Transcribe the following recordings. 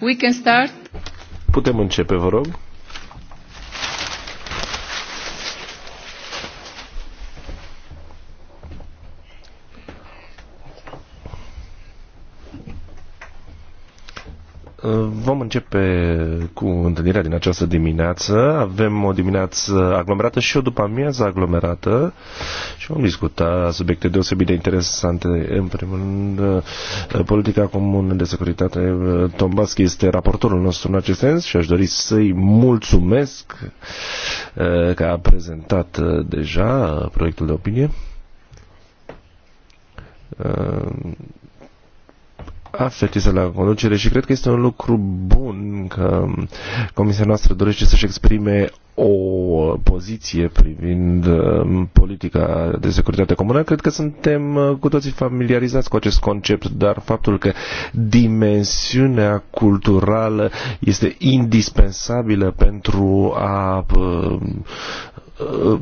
We can start. Putem începe, vă rog. Vom începe cu întâlnirea din această dimineață. Avem o dimineață aglomerată și o după amiază aglomerată și vom discuta subiecte deosebit de interesante. În primul rând, politica comună de securitate. Tom Baschi este raportorul nostru în acest sens și aș dori să-i mulțumesc eh, că a prezentat eh, deja proiectul de opinie eh, AFET la conducere și cred că este un lucru bun că Comisia noastră dorește să-și exprime o poziție privind um, politica de securitate comună. Cred că suntem uh, cu toții familiarizați cu acest concept, dar faptul că dimensiunea culturală este indispensabilă pentru a um, uh,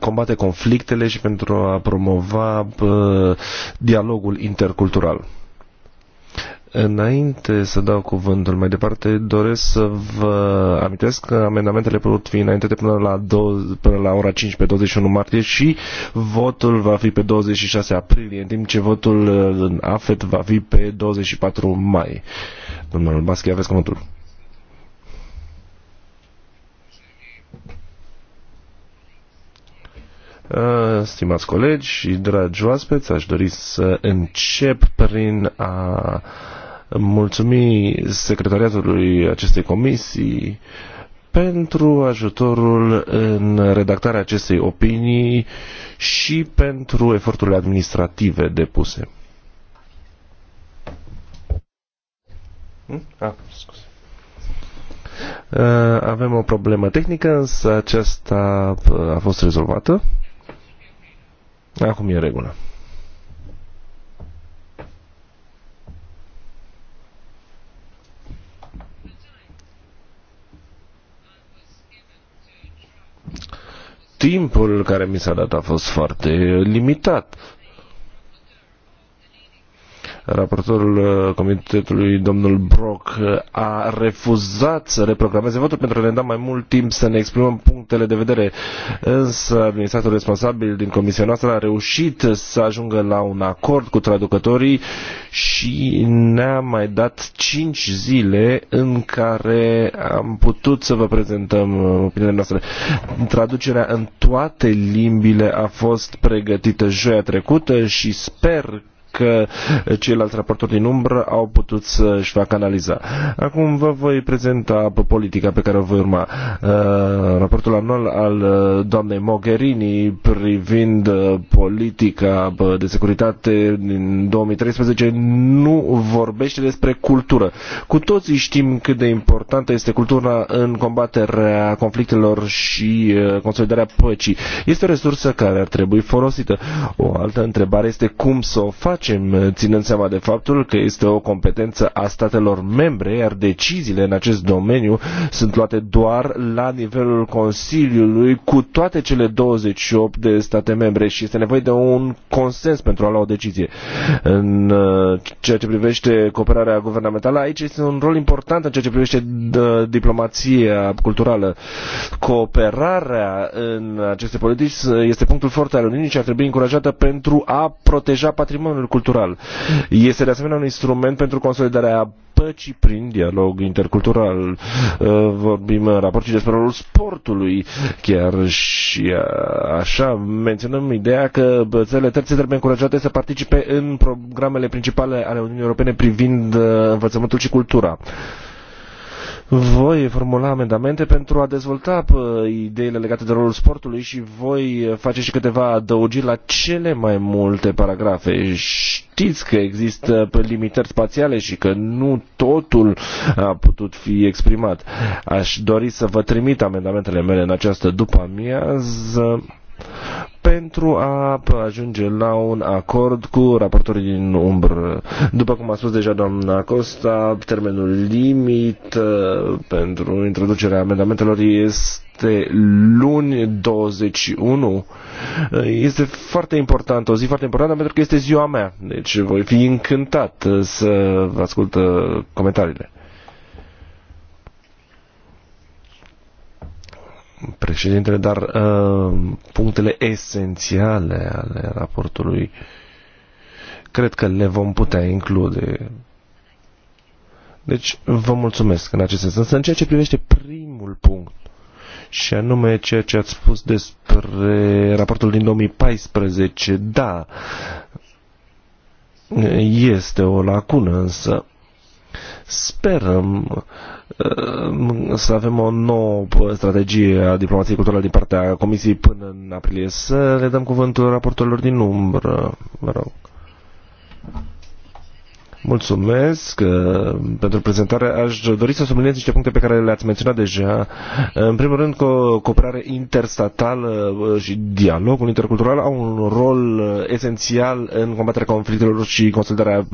combate conflictele și pentru a promova uh, dialogul intercultural. Înainte să dau cuvântul mai departe, doresc să vă amintesc că amendamentele pot fi înaintate până la, 20, până la ora 5 pe 21 martie și votul va fi pe 26 aprilie, în timp ce votul în AFET va fi pe 24 mai. Domnul Baschi, aveți cuvântul. Uh, stimați colegi și dragi oaspeți, aș dori să încep prin a mulțumi secretariatului acestei comisii pentru ajutorul în redactarea acestei opinii și pentru eforturile administrative depuse. Hmm? Ah, scuze. Uh, avem o problemă tehnică, însă aceasta uh, a fost rezolvată. Acum e în regulă. timpul care mi s-a dat a fost foarte limitat Raportorul uh, comitetului, domnul Brock, uh, a refuzat să reprogrameze votul pentru că ne da mai mult timp să ne exprimăm punctele de vedere. Însă administratorul responsabil din comisia noastră a reușit să ajungă la un acord cu traducătorii și ne-a mai dat 5 zile în care am putut să vă prezentăm uh, opiniile noastre. Traducerea în toate limbile a fost pregătită joia trecută și sper că ceilalți raportori din umbră au putut să-și facă analiza. Acum vă voi prezenta politica pe care o voi urma. Uh, raportul anual al uh, doamnei Mogherini privind uh, politica de securitate din 2013 nu vorbește despre cultură. Cu toții știm cât de importantă este cultura în combaterea conflictelor și consolidarea păcii. Este o resursă care ar trebui folosită. O altă întrebare este cum să o facem facem uh, ținând seama de faptul că este o competență a statelor membre, iar deciziile în acest domeniu sunt luate doar la nivelul Consiliului cu toate cele 28 de state membre și este nevoie de un consens pentru a lua o decizie. În uh, ceea ce privește cooperarea guvernamentală, aici este un rol important în ceea ce privește uh, diplomația culturală. Cooperarea în aceste politici este punctul foarte al Uniunii și ar trebui încurajată pentru a proteja patrimoniul intercultural. Este de asemenea un instrument pentru consolidarea păcii prin dialog intercultural. Uh, vorbim în raport și despre rolul sportului chiar și uh, așa menționăm ideea că țările terțe trebuie încurajate să participe în programele principale ale Uniunii Europene privind uh, învățământul și cultura voi formula amendamente pentru a dezvolta ideile legate de rolul sportului și voi face și câteva adăugiri la cele mai multe paragrafe. Știți că există limitări spațiale și că nu totul a putut fi exprimat. Aș dori să vă trimit amendamentele mele în această după amiază pentru a ajunge la un acord cu raportorii din umbră. După cum a spus deja doamna Costa, termenul limit uh, pentru introducerea amendamentelor este luni 21. Uh, este foarte important, o zi foarte importantă pentru că este ziua mea. Deci voi fi încântat uh, să ascult comentariile. președintele, dar uh, punctele esențiale ale raportului cred că le vom putea include. Deci, vă mulțumesc în acest sens. Însă, în ceea ce privește primul punct, și anume ceea ce ați spus despre raportul din 2014, da, este o lacună, însă sperăm să avem o nouă strategie a diplomației culturale din partea Comisiei până în aprilie. Să le dăm cuvântul raportorilor din umbră, vă mă rog. Mulțumesc uh, pentru prezentare. Aș dori să subliniez niște puncte pe care le-ați menționat deja. Uh, în primul rând, co- cooperare interstatală uh, și dialogul intercultural au un rol esențial în combaterea conflictelor și consolidarea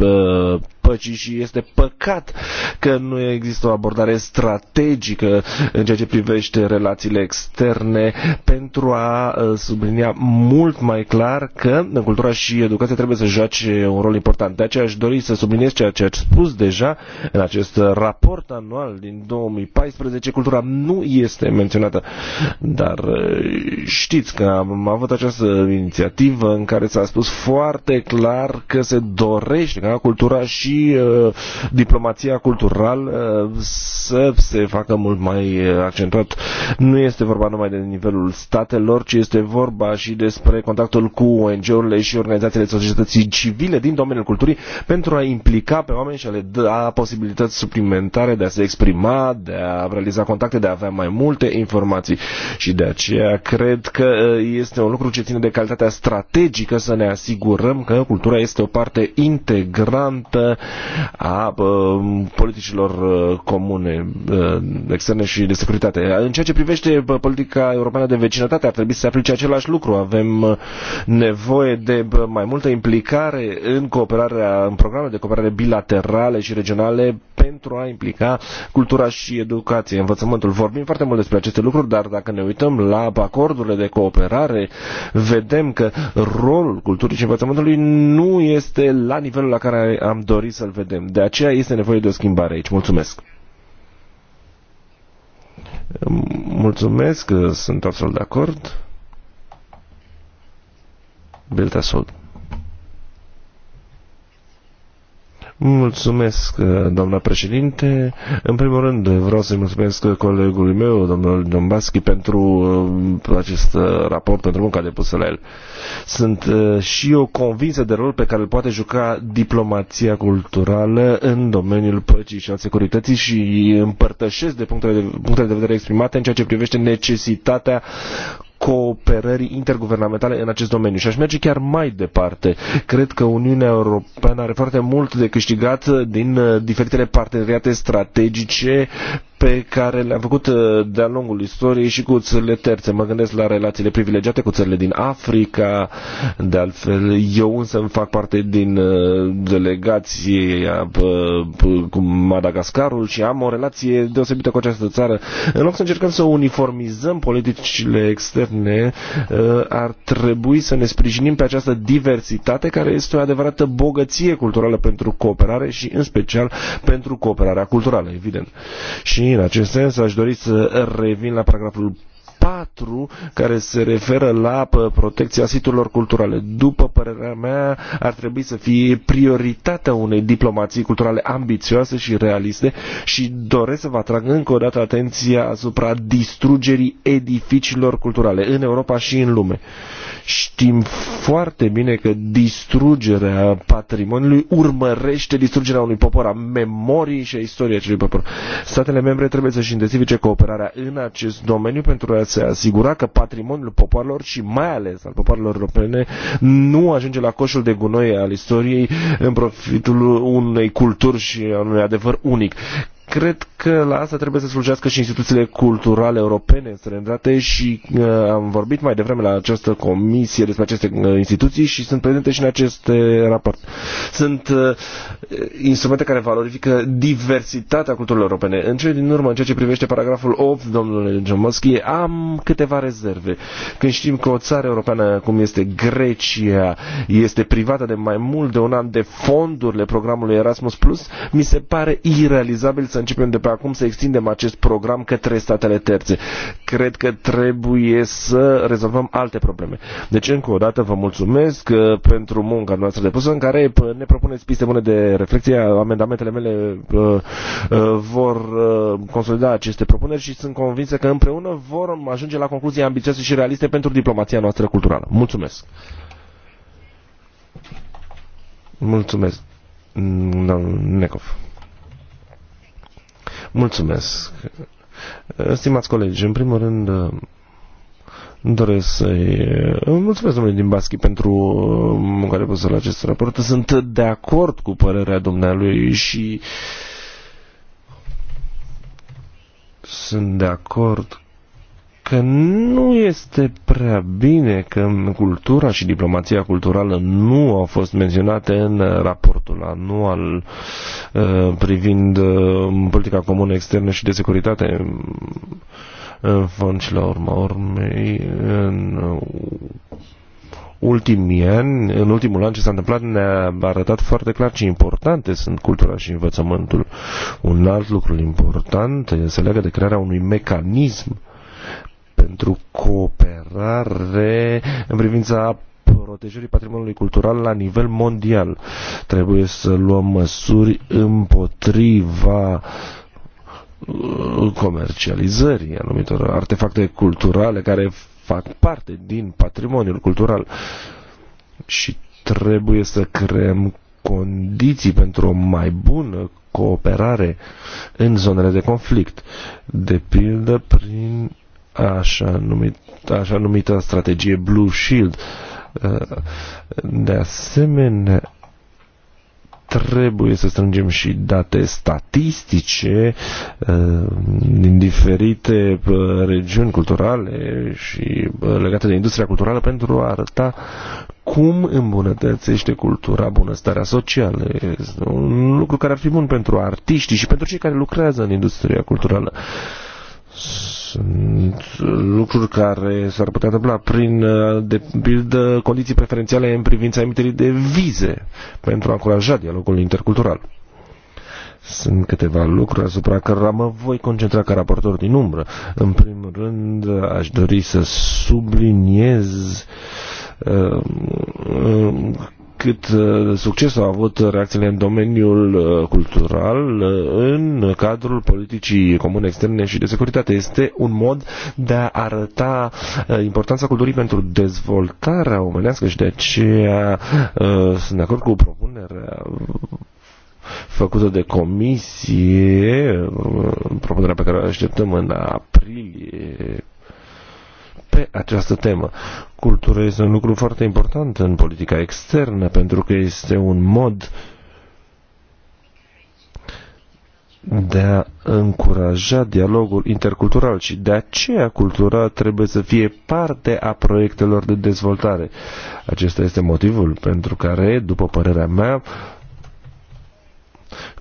păcii și este păcat că nu există o abordare strategică în ceea ce privește relațiile externe pentru a sublinia mult mai clar că cultura și educația trebuie să joace un rol important. De aceea aș dori să subliniez subliniez ceea ce ați spus deja în acest raport anual din 2014. Cultura nu este menționată, dar uh, știți că am avut această inițiativă în care s-a spus foarte clar că se dorește ca cultura și uh, diplomația culturală uh, să se facă mult mai uh, accentuat. Nu este vorba numai de nivelul statelor, ci este vorba și despre contactul cu ONG-urile și organizațiile societății civile din domeniul culturii pentru a implica pe oameni și a le da posibilități suplimentare de a se exprima, de a realiza contacte, de a avea mai multe informații. Și de aceea cred că uh, este un lucru ce ține de calitatea strategică să ne asigurăm că cultura este o parte integrantă a uh, politicilor uh, comune externe și de securitate. În ceea ce privește politica europeană de vecinătate, ar trebui să se aplice același lucru. Avem nevoie de mai multă implicare în cooperarea, în programul de cooperare colaborare bilaterale și regionale pentru a implica cultura și educația, învățământul. Vorbim foarte mult despre aceste lucruri, dar dacă ne uităm la acordurile de cooperare, vedem că rolul culturii și învățământului nu este la nivelul la care am dorit să-l vedem. De aceea este nevoie de o schimbare aici. Mulțumesc! Mulțumesc, sunt absolut de acord. Bilta Sol. Mulțumesc, uh, doamna președinte. În primul rând, vreau să-i mulțumesc colegului meu, domnul Dombaschi, pentru uh, acest uh, raport, pentru munca depusă la el. Sunt și eu convinsă de rol pe care îl poate juca diplomația culturală în domeniul păcii și al securității și împărtășesc de punctele de, punctele de vedere exprimate în ceea ce privește necesitatea cooperării interguvernamentale în acest domeniu. Și aș merge chiar mai departe. Cred că Uniunea Europeană are foarte mult de câștigat din uh, diferitele parteneriate strategice pe care le-am făcut uh, de-a lungul istoriei și cu țările terțe. Mă gândesc la relațiile privilegiate cu țările din Africa, de altfel eu însă îmi fac parte din uh, delegația uh, cu Madagascarul și am o relație deosebită cu această țară. În loc să încercăm să uniformizăm politicile externe, ar trebui să ne sprijinim pe această diversitate care este o adevărată bogăție culturală pentru cooperare și în special pentru cooperarea culturală, evident. Și în acest sens aș dori să revin la paragraful 4 care se referă la protecția siturilor culturale. După părerea mea, ar trebui să fie prioritatea unei diplomații culturale ambițioase și realiste și doresc să vă atrag încă o dată atenția asupra distrugerii edificiilor culturale în Europa și în lume. Știm foarte bine că distrugerea patrimoniului urmărește distrugerea unui popor, a memoriei și a istoriei acelui popor. Statele membre trebuie să-și intensifice cooperarea în acest domeniu pentru a se asigura că patrimoniul popoarelor și mai ales al popoarelor europene nu ajunge la coșul de gunoi al istoriei în profitul unei culturi și unui adevăr unic cred că la asta trebuie să slujească și instituțiile culturale europene străinătate și uh, am vorbit mai devreme la această comisie despre aceste uh, instituții și sunt prezente și în aceste rapoarte. Sunt uh, instrumente care valorifică diversitatea culturilor europene. În cele din urmă, în ceea ce privește paragraful 8, domnule Jomoschi, am câteva rezerve. Când știm că o țară europeană cum este Grecia este privată de mai mult de un an de fondurile programului Erasmus+, mi se pare irealizabil să să începem de pe acum să extindem acest program către statele terțe. Cred că trebuie să rezolvăm alte probleme. Deci, încă o dată, vă mulțumesc uh, pentru munca noastră depusă, în care uh, ne propuneți piste bune de reflexie. Amendamentele mele uh, vor consolida aceste propuneri și sunt convinsă că împreună vor ajunge la concluzii ambițioase și realiste pentru diplomația noastră culturală. Mulțumesc! Mulțumesc, domnul Necov. Mulțumesc. Stimați colegi, în primul rând doresc să-i mulțumesc domnului Dimbaschi pentru uh, munca depusă la acest raport. Sunt de acord cu părerea dumnealui și sunt de acord că nu este prea bine că cultura și diplomația culturală nu au fost menționate în raportul anual uh, privind uh, politica comună externă și de securitate în fond și la urma urmei în ultimii ani, în ultimul an ce s-a întâmplat ne-a arătat foarte clar ce importante sunt cultura și învățământul. Un alt lucru important se leagă de crearea unui mecanism uh, pentru cooperare în privința protejării patrimoniului cultural la nivel mondial. Trebuie să luăm măsuri împotriva uh, comercializării anumitor artefacte culturale care fac parte din patrimoniul cultural și trebuie să creăm condiții pentru o mai bună cooperare în zonele de conflict, de pildă prin așa, numit, așa numită strategie Blue Shield. De asemenea, trebuie să strângem și date statistice uh, din diferite uh, regiuni culturale și uh, legate de industria culturală pentru a arăta cum îmbunătățește cultura bunăstarea socială. Este un lucru care ar fi bun pentru artiștii și pentru cei care lucrează în industria culturală sunt lucruri care s-ar putea întâmpla prin, uh, de pildă, condiții preferențiale în privința emiterii de vize pentru a încuraja dialogul intercultural. Sunt câteva lucruri asupra cărora mă voi concentra ca raportor din umbră. În primul rând, aș dori să subliniez uh, uh, cât uh, succes au avut reacțiile în domeniul uh, cultural uh, în cadrul politicii comune externe și de securitate. Este un mod de a arăta importanța culturii pentru dezvoltarea omenească și de aceea sunt de acord cu propunerea făcută de comisie, propunerea pe care o așteptăm în aprilie pe această temă. Cultura este un lucru foarte important în politica externă pentru că este un mod de a încuraja dialogul intercultural și de aceea cultura trebuie să fie parte a proiectelor de dezvoltare. Acesta este motivul pentru care, după părerea mea,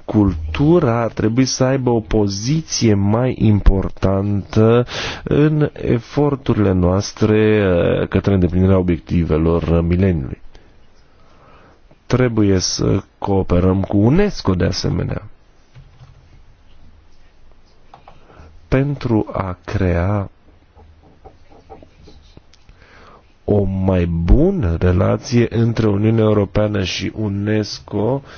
cultura ar trebui să aibă o poziție mai importantă în eforturile noastre eh, către îndeplinirea obiectivelor mileniului. Trebuie să cooperăm cu UNESCO de asemenea pentru a crea o mai bună relație între Uniunea Europeană și UNESCO uh,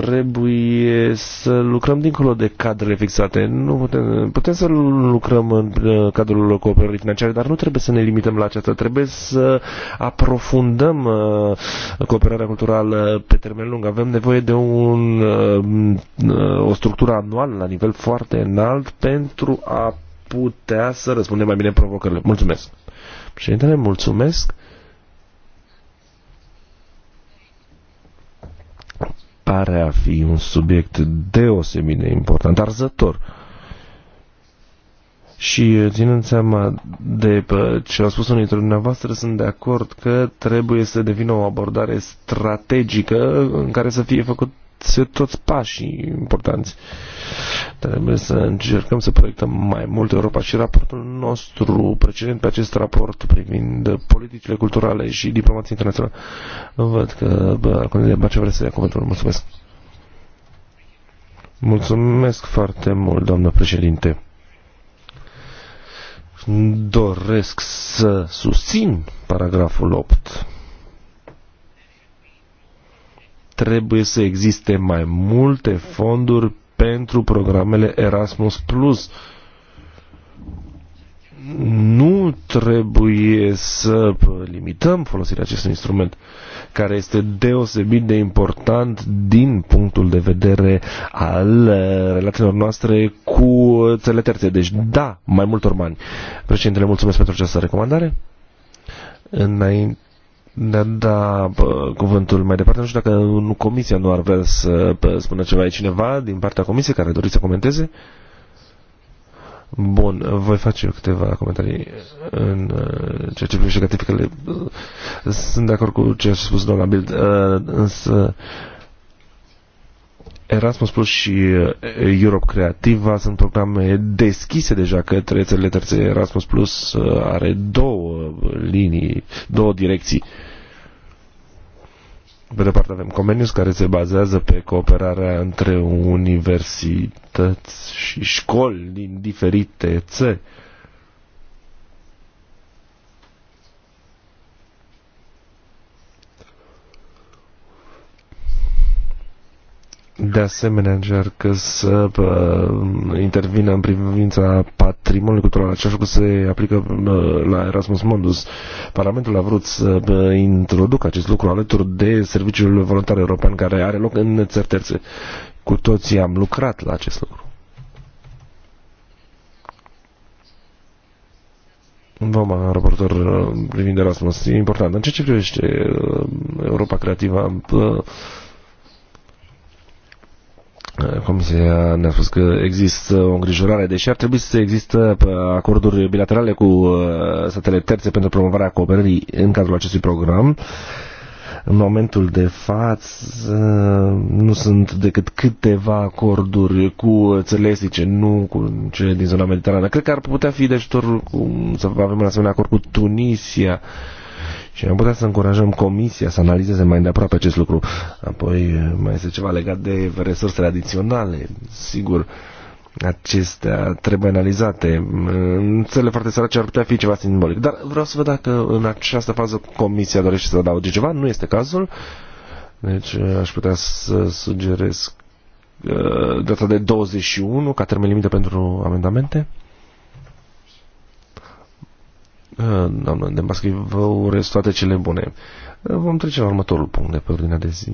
trebuie să lucrăm dincolo de cadrele fixate. Nu putem, putem să lucrăm în cadrul cooperării financiare, dar nu trebuie să ne limităm la aceasta. Trebuie să aprofundăm uh, cooperarea culturală pe termen lung. Avem nevoie de un, uh, o structură anuală la nivel foarte înalt pentru a putea să răspundem mai bine provocările. Mulțumesc! Președintele, mulțumesc! pare a fi un subiect deosebit de important, arzător. Și eh, ținând seama de ce a spus unii dintre dumneavoastră, sunt de acord că trebuie să devină o abordare strategică în care să fie făcut toți pașii importanți. Trebuie să încercăm să proiectăm mai mult Europa și raportul nostru precedent pe acest raport privind politicile culturale și diplomația internațională. Văd că Cornelia Bacea vrea să ia cuvântul. Mulțumesc. Mulțumesc foarte mult, doamnă președinte. Doresc să susțin paragraful 8 trebuie să existe mai multe fonduri pentru programele Erasmus+. Plus. Nu trebuie să limităm folosirea acestui instrument, care este deosebit de important din punctul de vedere al relațiilor noastre cu țările terțe. Deci da, mai multor bani. Președintele, mulțumesc pentru această recomandare. Înainte de da bă, cuvântul mai departe. Nu știu dacă nu, comisia nu ar vrea să bă, spună ceva. E cineva din partea comisiei care doriți să comenteze? Bun, voi face eu câteva comentarii în uh, ceea ce privește gratificările. Sunt de acord cu ce a spus doamna Bild, uh, însă Erasmus Plus și eh, Europe Creativa sunt programe deschise deja către țările terțe. Erasmus Plus eh, are două linii, două direcții. Pe de parte avem Comenius care se bazează pe cooperarea între universități și școli din diferite țări. de asemenea încearcă să uh, intervină în privința patrimoniului cultural. așa cum se aplică uh, la Erasmus Mundus. Parlamentul a vrut să uh, introducă acest lucru alături de Serviciul Voluntar European care are loc în țări Cu toții am lucrat la acest lucru. Vom uh, raportor uh, privind Erasmus. E important. În ceea ce privește uh, Europa Creativă, Eh, Comisia ne-a spus că există o îngrijorare, deși ar trebui să există eh, acorduri bilaterale cu eh, statele terțe pentru promovarea cooperării în cadrul acestui program. În momentul de față nu sunt decât câteva acorduri cu țările estice, nu cu cele din zona mediterană. Cred că ar putea fi de ajutor să avem un asemenea acord cu Tunisia, uh, și am putea să încurajăm comisia să analizeze mai de aproape acest lucru. Apoi mai este ceva legat de resursele adiționale. Sigur, acestea trebuie analizate. În țările foarte sărace ar putea fi ceva simbolic. Dar vreau să văd dacă în această fază comisia dorește să adauge ceva. Nu este cazul. Deci aș putea să sugerez uh, data de 21 ca termen limită pentru amendamente. Ah, doamnă Dembaschi, vă urez toate cele bune. Ah, vom trece la următorul punct de pe ordinea de zi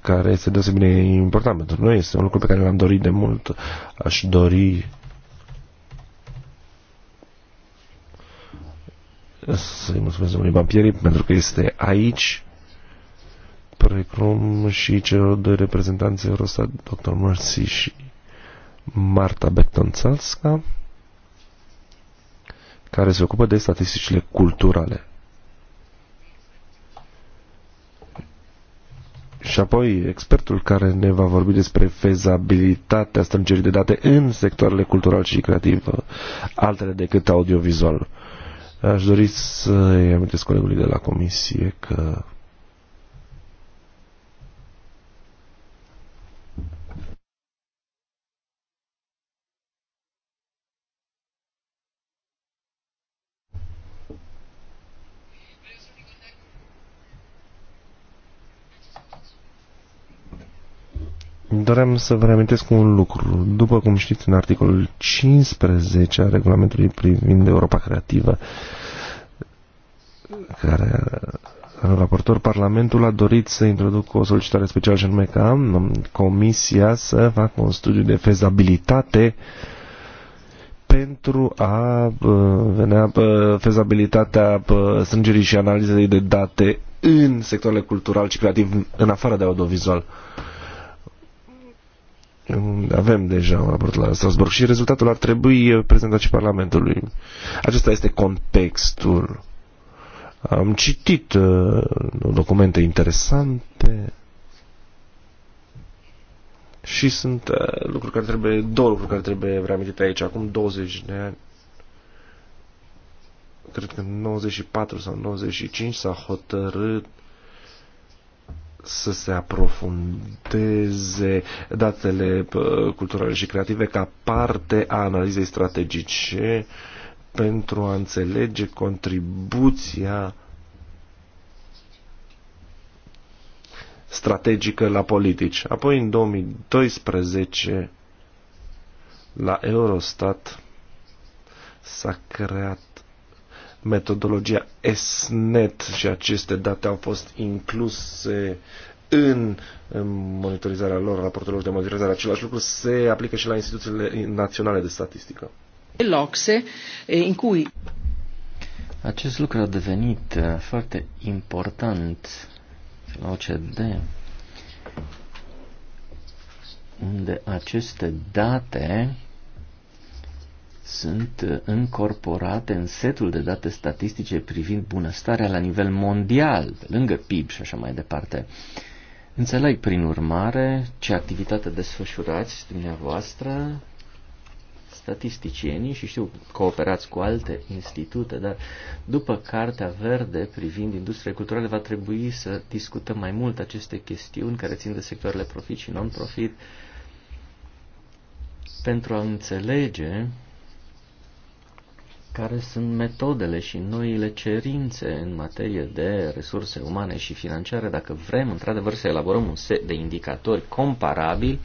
care este deosebit de important pentru noi, este un lucru pe care l-am dorit de mult. Aș dori să-i mulțumesc domnului Bampieri pentru că este aici precum și celor doi reprezentanți Eurostat, Dr. Mărsi și Marta becton care se ocupă de statisticile culturale. Și apoi expertul care ne va vorbi despre fezabilitatea strângerii de date în sectoarele cultural și creativ, altele decât audiovizual. Aș dori să-i amintesc colegului de la comisie că Doream să vă reamintesc un lucru. După cum știți, în articolul 15 a regulamentului privind Europa Creativă, care raportor, Parlamentul a dorit să introducă o solicitare specială și anume ca Comisia să facă un studiu de fezabilitate pentru a uh, venea uh, fezabilitatea uh, strângerii și analizei de date în sectoarele cultural și creativ în afară de audiovizual. vizual avem deja un raport la Strasbourg și rezultatul ar trebui prezentat și Parlamentului. Acesta este contextul. Am citit uh, documente interesante și sunt uh, lucruri care trebuie, două lucruri care trebuie reamintite aici. Acum 20 de ani cred că în 94 sau 95 s-a hotărât să se aprofundeze datele culturale și creative ca parte a analizei strategice pentru a înțelege contribuția strategică la politici. Apoi în 2012 la Eurostat s-a creat metodologia SNET și aceste date au fost incluse în monitorizarea lor, lor de monitorizare. Același lucru se aplică și la instituțiile naționale de statistică. L'Ocse, în cui... Acest lucru a devenit uh, foarte important la OCD, unde aceste date sunt uh, încorporate în setul de date statistice privind bunăstarea la nivel mondial, pe lângă PIB și așa mai departe. Uh, Înțeleg, prin urmare, ce activitate desfășurați dumneavoastră, statisticienii, și știu, cooperați cu alte institute, dar după Cartea Verde privind industria culturală va trebui să discutăm mai mult aceste chestiuni care țin de sectoarele profit și non-profit pentru a înțelege care sunt metodele și noile cerințe în materie de resurse umane și financiare, dacă vrem într-adevăr să elaborăm un set de indicatori comparabili,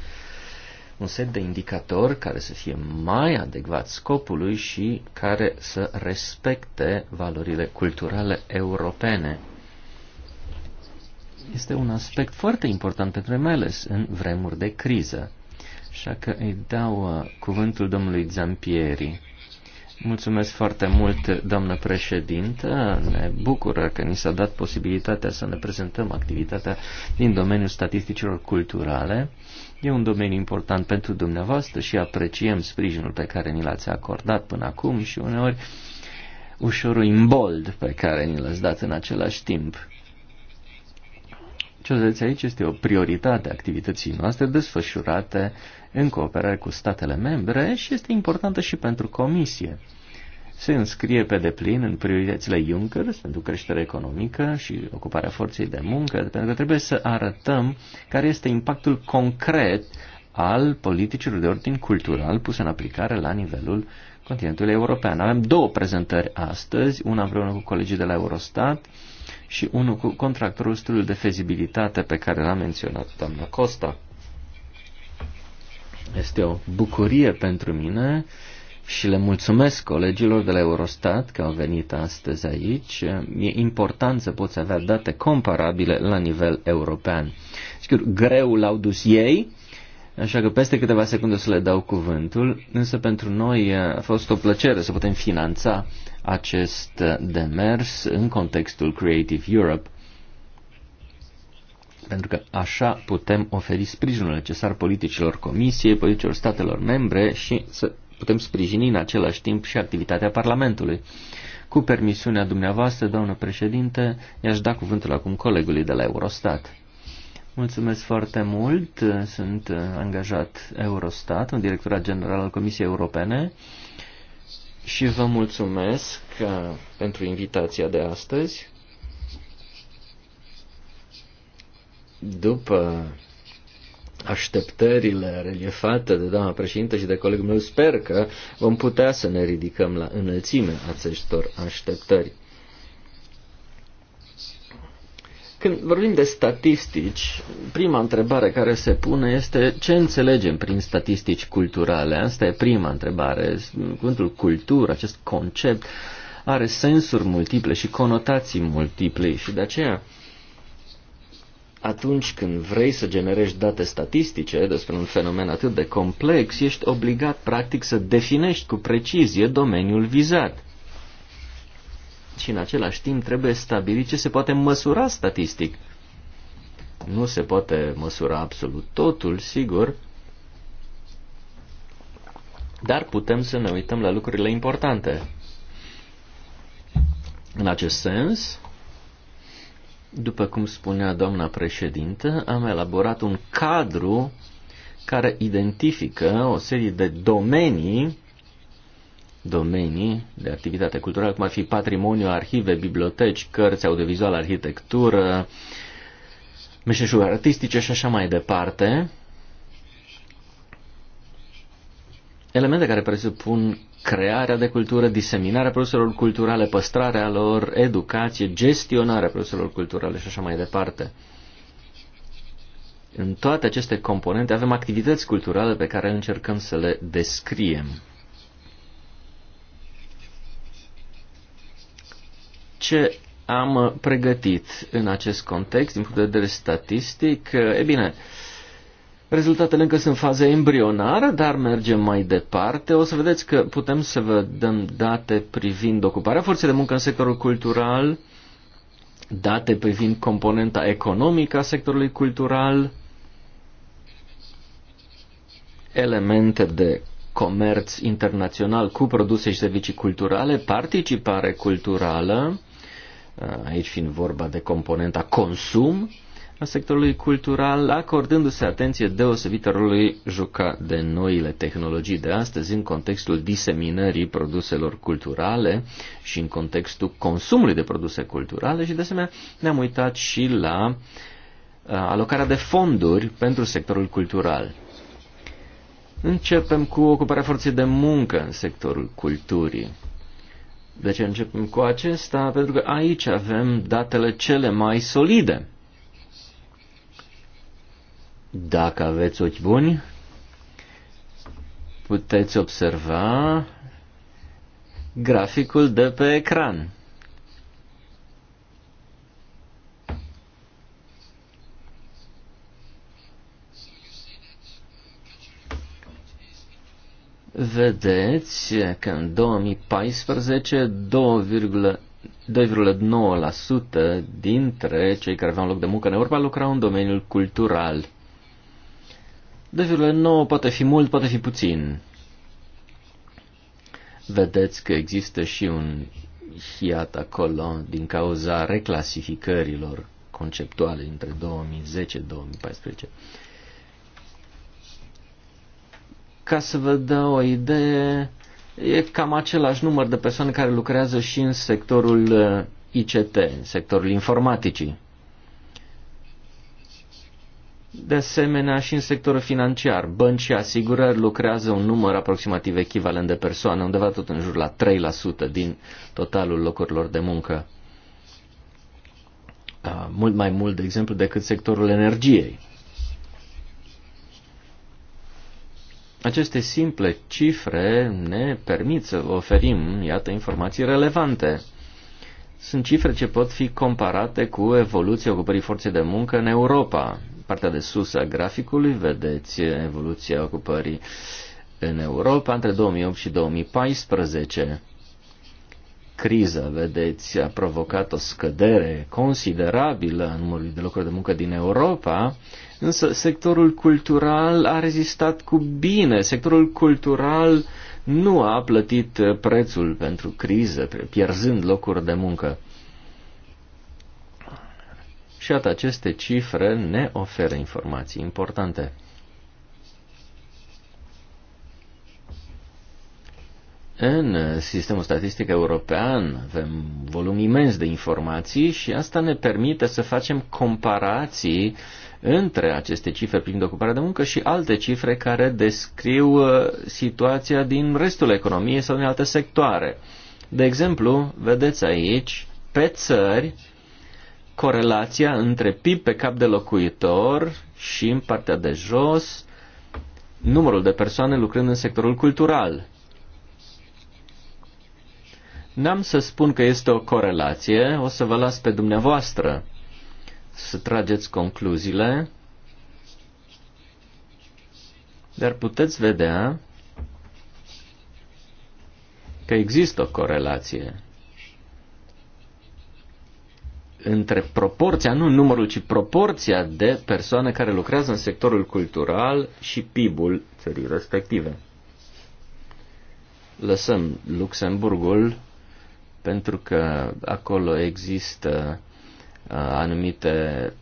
un set de indicatori care să fie mai adecvat scopului și care să respecte valorile culturale europene. Este un aspect foarte important pentru mai ales în vremuri de criză. Așa că îi dau uh, cuvântul domnului Zampieri. Mulțumesc foarte mult, doamnă președintă. Ne bucură că ni s-a dat posibilitatea să ne prezentăm activitatea din domeniul statisticilor culturale. E un domeniu important pentru dumneavoastră și apreciem sprijinul pe care ni l-ați acordat până acum și uneori ușorul imbold pe care ni l-ați dat în același timp. Ce o aici este o prioritate a activității noastre desfășurate în cooperare cu statele membre și este importantă și pentru Comisie. Se înscrie pe deplin în prioritățile Juncker pentru creștere economică și ocuparea forței de muncă, pentru că trebuie să arătăm care este impactul concret al politicilor de ordin cultural puse în aplicare la nivelul continentului european. Avem două prezentări astăzi, una împreună cu colegii de la Eurostat și unul cu contractorul studiul de fezibilitate pe care l-a menționat doamna Costa. Este o bucurie pentru mine și le mulțumesc colegilor de la Eurostat că au venit astăzi aici. E important să poți avea date comparabile la nivel european. Sigur, greu l-au dus ei, așa că peste câteva secunde o să le dau cuvântul, însă pentru noi a fost o plăcere să putem finanța acest demers în contextul Creative Europe pentru că așa putem oferi sprijinul necesar politicilor comisiei, politicilor statelor membre și să putem sprijini în același timp și activitatea Parlamentului. Cu permisiunea dumneavoastră, doamnă președinte, i-aș da cuvântul acum colegului de la Eurostat. Mulțumesc foarte mult. Sunt angajat Eurostat, un director general al Comisiei Europene și vă mulțumesc uh, pentru invitația de astăzi. după așteptările reliefate de doamna președintă și de colegul meu, sper că vom putea să ne ridicăm la înălțime acestor așteptări. Când vorbim de statistici, prima întrebare care se pune este ce înțelegem prin statistici culturale? Asta e prima întrebare. Cuvântul cultură, acest concept, are sensuri multiple și conotații multiple și de aceea atunci când vrei să generești date statistice despre un fenomen atât de complex, ești obligat practic să definești cu precizie domeniul vizat. Și în același timp trebuie stabilit ce se poate măsura statistic. Nu se poate măsura absolut totul, sigur, dar putem să ne uităm la lucrurile importante. În acest sens, după cum spunea doamna președintă, am elaborat un cadru care identifică o serie de domenii domenii de activitate culturală, cum ar fi patrimoniu, arhive, biblioteci, cărți, audiovizual, arhitectură, meșeșuri artistice și așa mai departe. Elemente care presupun crearea de cultură, diseminarea produselor culturale, păstrarea lor, educație, gestionarea produselor culturale și așa mai departe. În toate aceste componente avem activități culturale pe care încercăm să le descriem. Ce am pregătit în acest context, din punct de vedere statistic? E bine, uh, Rezultatele încă sunt fază embrionară, dar mergem mai departe. O să vedeți că putem să vă dăm date privind ocuparea forței de muncă în sectorul cultural, date privind componenta economică a sectorului cultural, elemente de comerț internațional cu produse și servicii culturale, participare culturală, aici fiind vorba de componenta consum, a sectorului cultural, acordându-se atenție deosebită rolului jucat de noile tehnologii de astăzi în contextul diseminării produselor culturale și în contextul consumului de produse culturale și de asemenea ne-am uitat și la uh, alocarea de fonduri pentru sectorul cultural. Începem cu ocuparea forței de muncă în sectorul culturii. De ce începem cu acesta? Pentru că aici avem datele cele mai solide. Dacă aveți ochi buni, puteți observa graficul de pe ecran. vedeți că în 2014 2,9% dintre cei care aveau loc de muncă în Europa lucrau în domeniul cultural. 2,9 poate fi mult, poate fi puțin. Vedeți că există și un hiat acolo din cauza reclasificărilor conceptuale între 2010-2014. Ca să vă dau o idee, e cam același număr de persoane care lucrează și în sectorul uh, ICT, în sectorul informaticii. De asemenea, și în sectorul financiar, bănci și asigurări lucrează un număr aproximativ echivalent de persoane, undeva tot în jur la 3% din totalul locurilor de muncă. Da, mult mai mult, de exemplu, decât sectorul energiei. Aceste simple cifre ne permit să oferim, iată, informații relevante. Sunt cifre ce pot fi comparate cu evoluția ocupării forței de muncă în Europa, partea de sus a graficului vedeți evoluția ocupării în Europa între 2008 și 2014. Criza, vedeți, a provocat o scădere considerabilă a numărului de locuri de muncă din Europa, însă sectorul cultural a rezistat cu bine. Sectorul cultural nu a plătit prețul pentru criză, pierzând locuri de muncă. Și atât aceste cifre ne oferă informații importante. În sistemul statistic european avem volum imens de informații și asta ne permite să facem comparații între aceste cifre privind ocuparea de muncă și alte cifre care descriu uh, situația din restul economiei sau din alte sectoare. De exemplu, vedeți aici, pe țări, corelația între PIB pe cap de locuitor și în partea de jos numărul de persoane lucrând în sectorul cultural. N-am să spun că este o corelație, o să vă las pe dumneavoastră să trageți concluziile, dar puteți vedea că există o corelație între proporția, nu numărul, ci proporția de persoane care lucrează în sectorul cultural și PIB-ul țării respective. Lăsăm Luxemburgul pentru că acolo există uh, anumite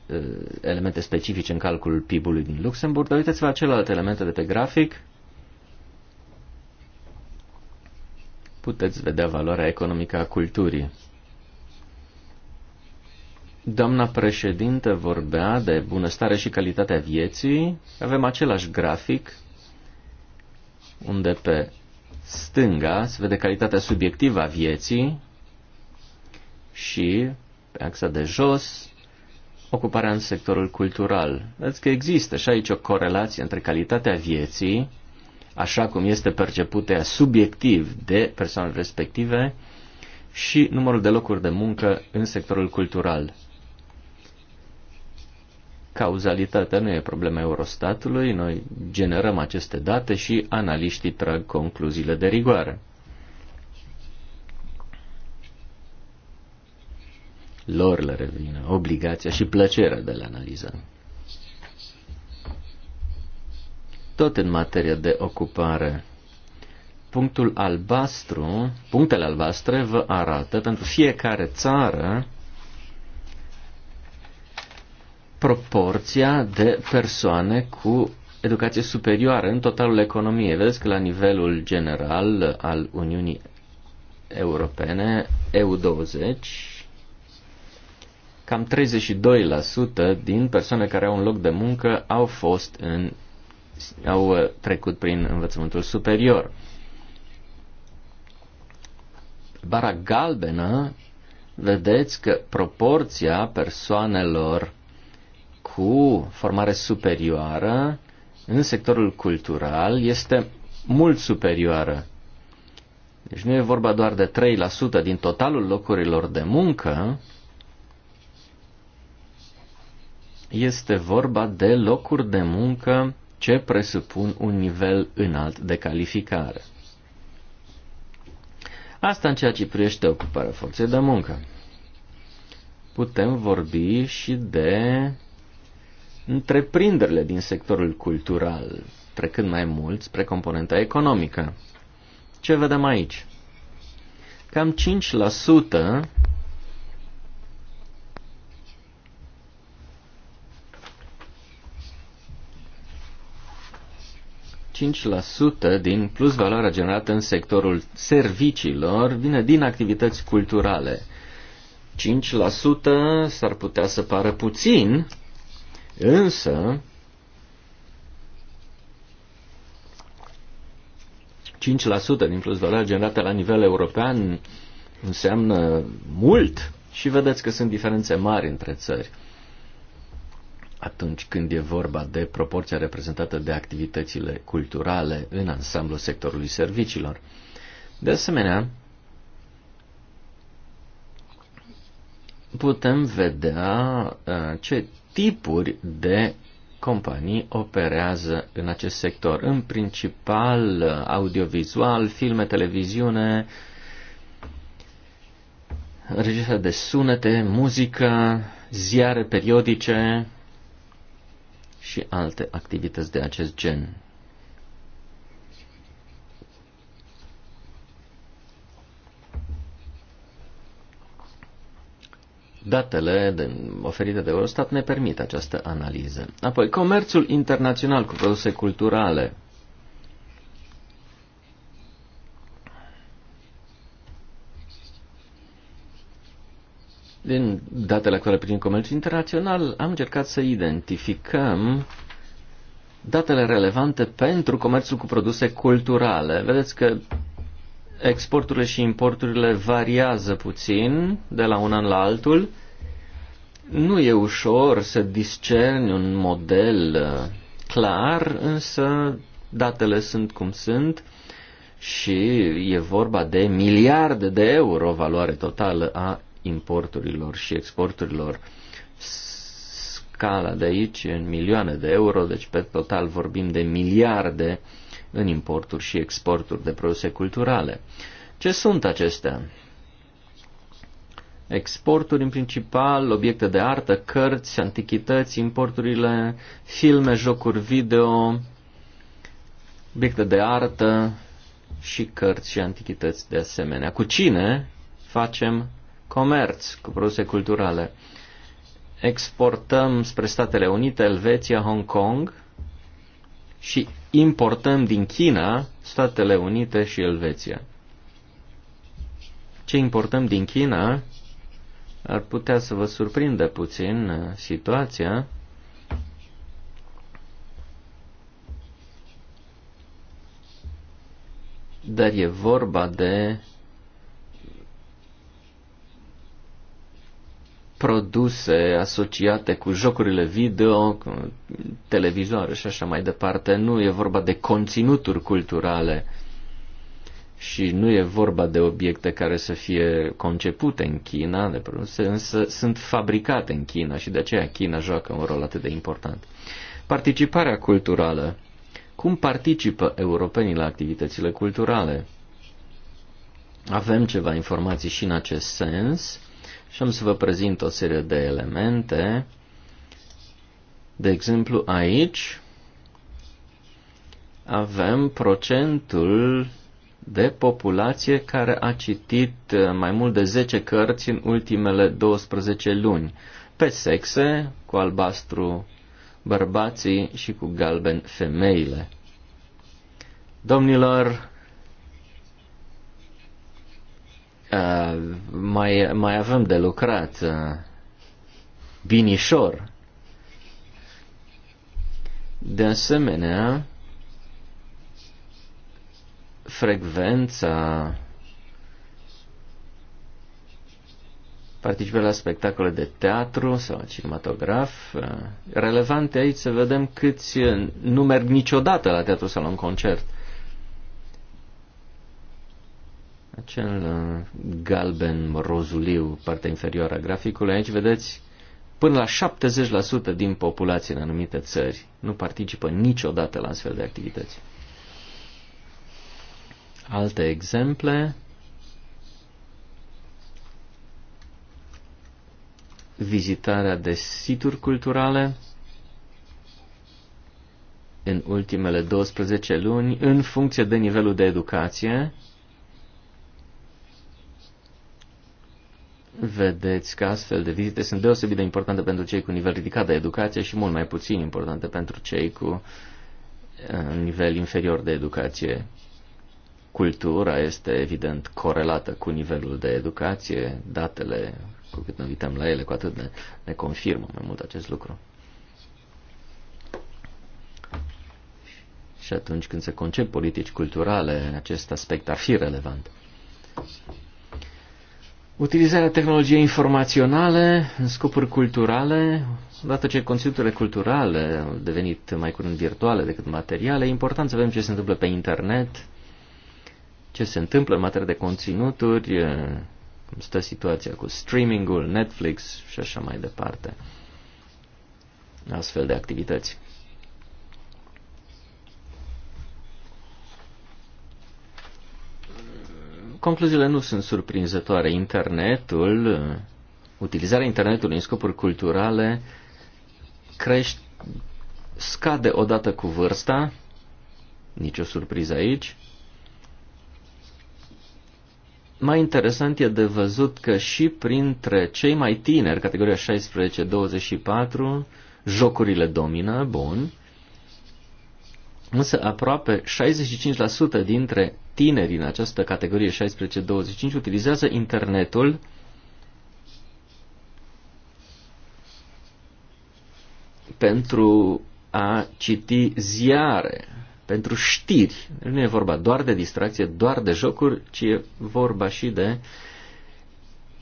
uh, elemente specifice în calculul PIB-ului din Luxemburg, dar uitați-vă la celelalte elemente de pe grafic. Puteți vedea valoarea economică a culturii. Doamna președinte vorbea de bunăstare și calitatea vieții. Avem același grafic unde pe stânga se vede calitatea subiectivă a vieții și pe axa de jos ocuparea în sectorul cultural. Vedeți că există și aici o corelație între calitatea vieții, așa cum este percepută subiectiv de persoanele respective, și numărul de locuri de muncă în sectorul cultural. Cauzalitatea nu e problema Eurostatului, noi generăm aceste date și analiștii trag concluziile de rigoare. Lor le revină obligația și plăcerea de le analiza. Tot în materie de ocupare, punctul albastru, punctele albastre vă arată pentru fiecare țară proporția de persoane cu educație superioară în totalul economiei. Vedeți că la nivelul general al Uniunii Europene, EU20, cam 32% din persoane care au un loc de muncă au fost în au uh, trecut prin învățământul superior. Bara galbenă, vedeți că proporția persoanelor cu formare superioară în sectorul cultural este mult superioară. Deci nu e vorba doar de 3% din totalul locurilor de muncă, este vorba de locuri de muncă ce presupun un nivel înalt de calificare. Asta în ceea ce privește ocuparea forței de muncă. Putem vorbi și de întreprinderile din sectorul cultural, trecând mai mult spre componenta economică. Ce vedem aici? Cam 5% ,5 din plus valoarea generată în sectorul serviciilor vine din activități culturale. 5% s-ar putea să pară puțin, Însă, 5% din plus valoare generată la nivel european înseamnă mult și vedeți că sunt diferențe mari între țări atunci când e vorba de proporția reprezentată de activitățile culturale în ansamblul sectorului serviciilor. De asemenea, putem vedea uh, ce tipuri de companii operează în acest sector. În principal, audiovizual, filme, televiziune, regizare de sunete, muzică, ziare periodice și alte activități de acest gen. Datele de, oferite de Eurostat ne permit această analiză. Apoi, comerțul internațional cu produse culturale. Din datele actuale privind comerțul internațional, am încercat să identificăm datele relevante pentru comerțul cu produse culturale. Vedeți că exporturile și importurile variază puțin de la un an la altul. Nu e ușor să discerni un model uh, clar, însă datele sunt cum sunt și e vorba de miliarde de euro valoare totală a importurilor și exporturilor. Scala de aici e în milioane de euro, deci pe total vorbim de miliarde în importuri și exporturi de produse culturale. Ce sunt acestea? Exporturi în principal, obiecte de artă, cărți, antichități, importurile, filme, jocuri video, obiecte de artă și cărți și antichități de asemenea. Cu cine facem comerț cu produse culturale? Exportăm spre Statele Unite, Elveția, Hong Kong și importăm din China Statele Unite și Elveția. Ce importăm din China ar putea să vă surprindă puțin uh, situația. Dar e vorba de produse asociate cu jocurile video, cu televizoare și așa mai departe. Nu e vorba de conținuturi culturale și nu e vorba de obiecte care să fie concepute în China, de produse, însă sunt fabricate în China și de aceea China joacă un rol atât de important. Participarea culturală. Cum participă europenii la activitățile culturale? Avem ceva informații și în acest sens. Și am să vă prezint o serie de elemente. De exemplu, aici avem procentul de populație care a citit uh, mai mult de 10 cărți în ultimele 12 luni, pe sexe, cu albastru bărbații și cu galben femeile. Domnilor, mai, mai avem de lucrat. Binișor. De asemenea, frecvența participă la spectacole de teatru sau cinematograf. Relevante aici să vedem câți nu merg niciodată la teatru sau la un concert. acel uh, galben rozuliu, partea inferioară a graficului, aici vedeți până la 70% din populație în anumite țări nu participă niciodată la astfel de activități. Alte exemple. Vizitarea de situri culturale în ultimele 12 luni în funcție de nivelul de educație vedeți că astfel de vizite sunt deosebit de importante pentru cei cu nivel ridicat de educație și mult mai puțin importante pentru cei cu uh, nivel inferior de educație. Cultura este evident corelată cu nivelul de educație, datele, cu cât ne uităm la ele, cu atât ne, ne confirmă mai mult acest lucru. Și atunci când se concep politici culturale, acest aspect ar fi relevant. Utilizarea tehnologiei informaționale în scopuri culturale, odată ce conținuturile culturale au devenit mai curând virtuale decât materiale, e important să vedem ce se întâmplă pe internet, ce se întâmplă în materie de conținuturi, eh, cum stă situația cu streamingul, Netflix și așa mai departe. Astfel de activități. Concluziile nu sunt surprinzătoare. Internetul, utilizarea internetului în scopuri culturale crește, scade odată cu vârsta, nicio surpriză aici. Mai interesant e de văzut că și printre cei mai tineri, categoria 16-24, jocurile domină, bun, însă aproape 65% dintre tinerii în această categorie 16-25 utilizează internetul pentru a citi ziare, pentru știri. Nu e vorba doar de distracție, doar de jocuri, ci e vorba și de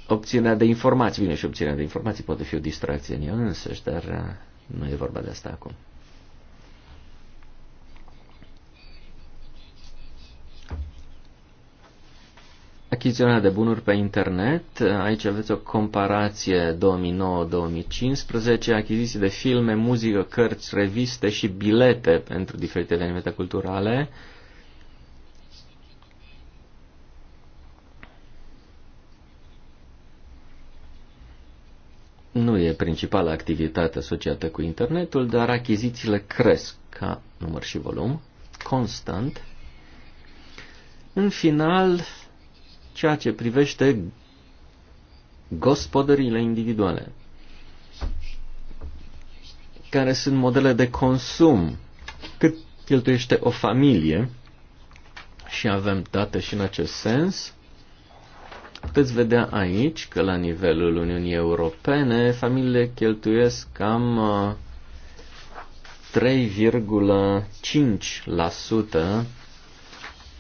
obținerea de informații. Bine, și obținerea de informații poate fi o distracție în ea însăși, dar nu e vorba de asta acum. Achiziționarea de bunuri pe internet, aici aveți o comparație 2009-2015, achiziții de filme, muzică, cărți, reviste și bilete pentru diferite evenimente culturale. Nu e principala activitate asociată cu internetul, dar achizițiile cresc ca număr și volum, constant. În final, ceea ce privește gospodăriile individuale, care sunt modele de consum, cât cheltuiește o familie, și avem date și în acest sens, puteți vedea aici că la nivelul Uniunii Europene familiile cheltuiesc cam 3,5% uh,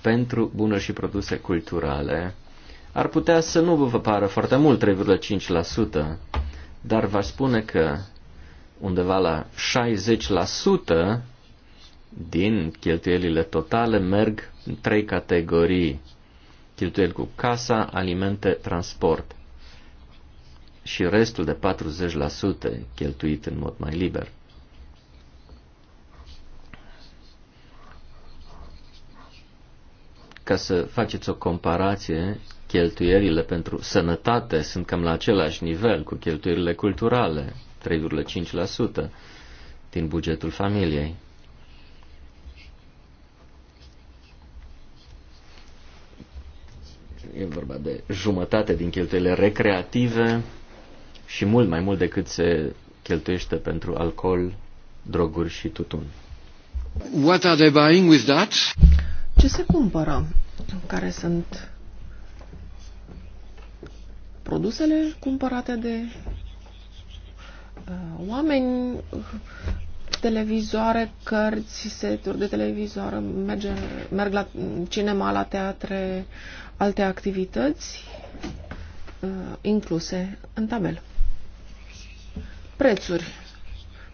pentru bunuri și produse culturale ar putea să nu vă pară foarte mult 3,5%, dar v-aș spune că undeva la 60% din cheltuielile totale merg în trei categorii. Cheltuieli cu casa, alimente, transport. Și restul de 40% cheltuit în mod mai liber. Ca să faceți o comparație, Cheltuierile pentru sănătate sunt cam la același nivel cu cheltuierile culturale, 3,5% din bugetul familiei. E vorba de jumătate din cheltuielile recreative și mult mai mult decât se cheltuiește pentru alcool, droguri și tutun. What are they buying with that? Ce se cumpără? Care sunt produsele cumpărate de uh, oameni, televizoare, cărți, seturi de televizoare, merge, merg la cinema, la teatre, alte activități uh, incluse în tabel. Prețuri.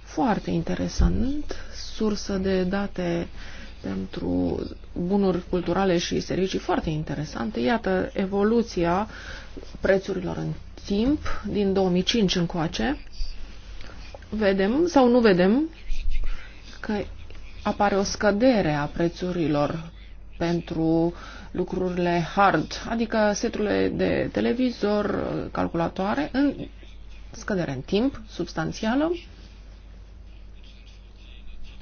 Foarte interesant. Sursă de date uh, pentru bunuri culturale și servicii foarte interesante. Iată evoluția prețurilor în timp, din 2005 încoace. Vedem sau nu vedem că apare o scădere a prețurilor pentru lucrurile hard, adică seturile de televizor, calculatoare, în scădere în timp substanțială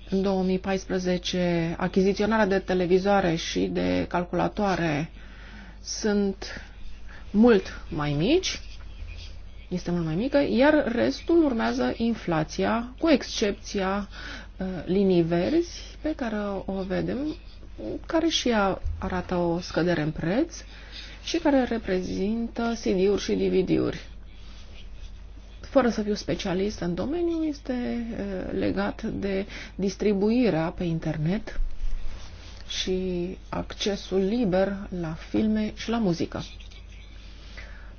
în 2014 achiziționarea de televizoare și de calculatoare sunt mult mai mici, este mult mai mică, iar restul urmează inflația, cu excepția uh, linii verzi pe care o vedem, care și ea arată o scădere în preț și care reprezintă CD-uri și DVD-uri fără să fiu specialist în domeniu, este legat de distribuirea pe internet și accesul liber la filme și la muzică.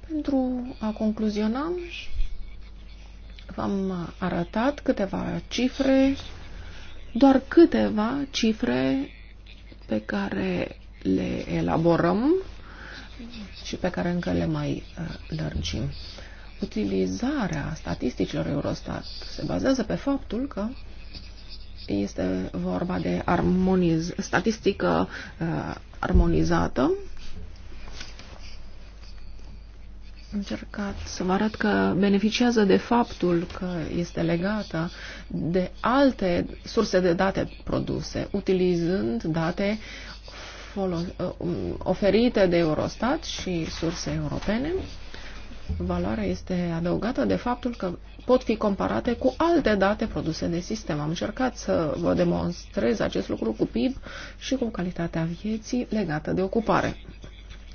Pentru a concluziona, v-am arătat câteva cifre, doar câteva cifre pe care le elaborăm și pe care încă le mai lărgim utilizarea statisticilor Eurostat se bazează pe faptul că este vorba de armoniz statistică uh, armonizată. Am încercat să vă arăt că beneficiază de faptul că este legată de alte surse de date produse, utilizând date uh, oferite de Eurostat și surse europene valoarea este adăugată de faptul că pot fi comparate cu alte date produse de sistem. Am încercat să vă demonstrez acest lucru cu PIB și cu calitatea vieții legată de ocupare.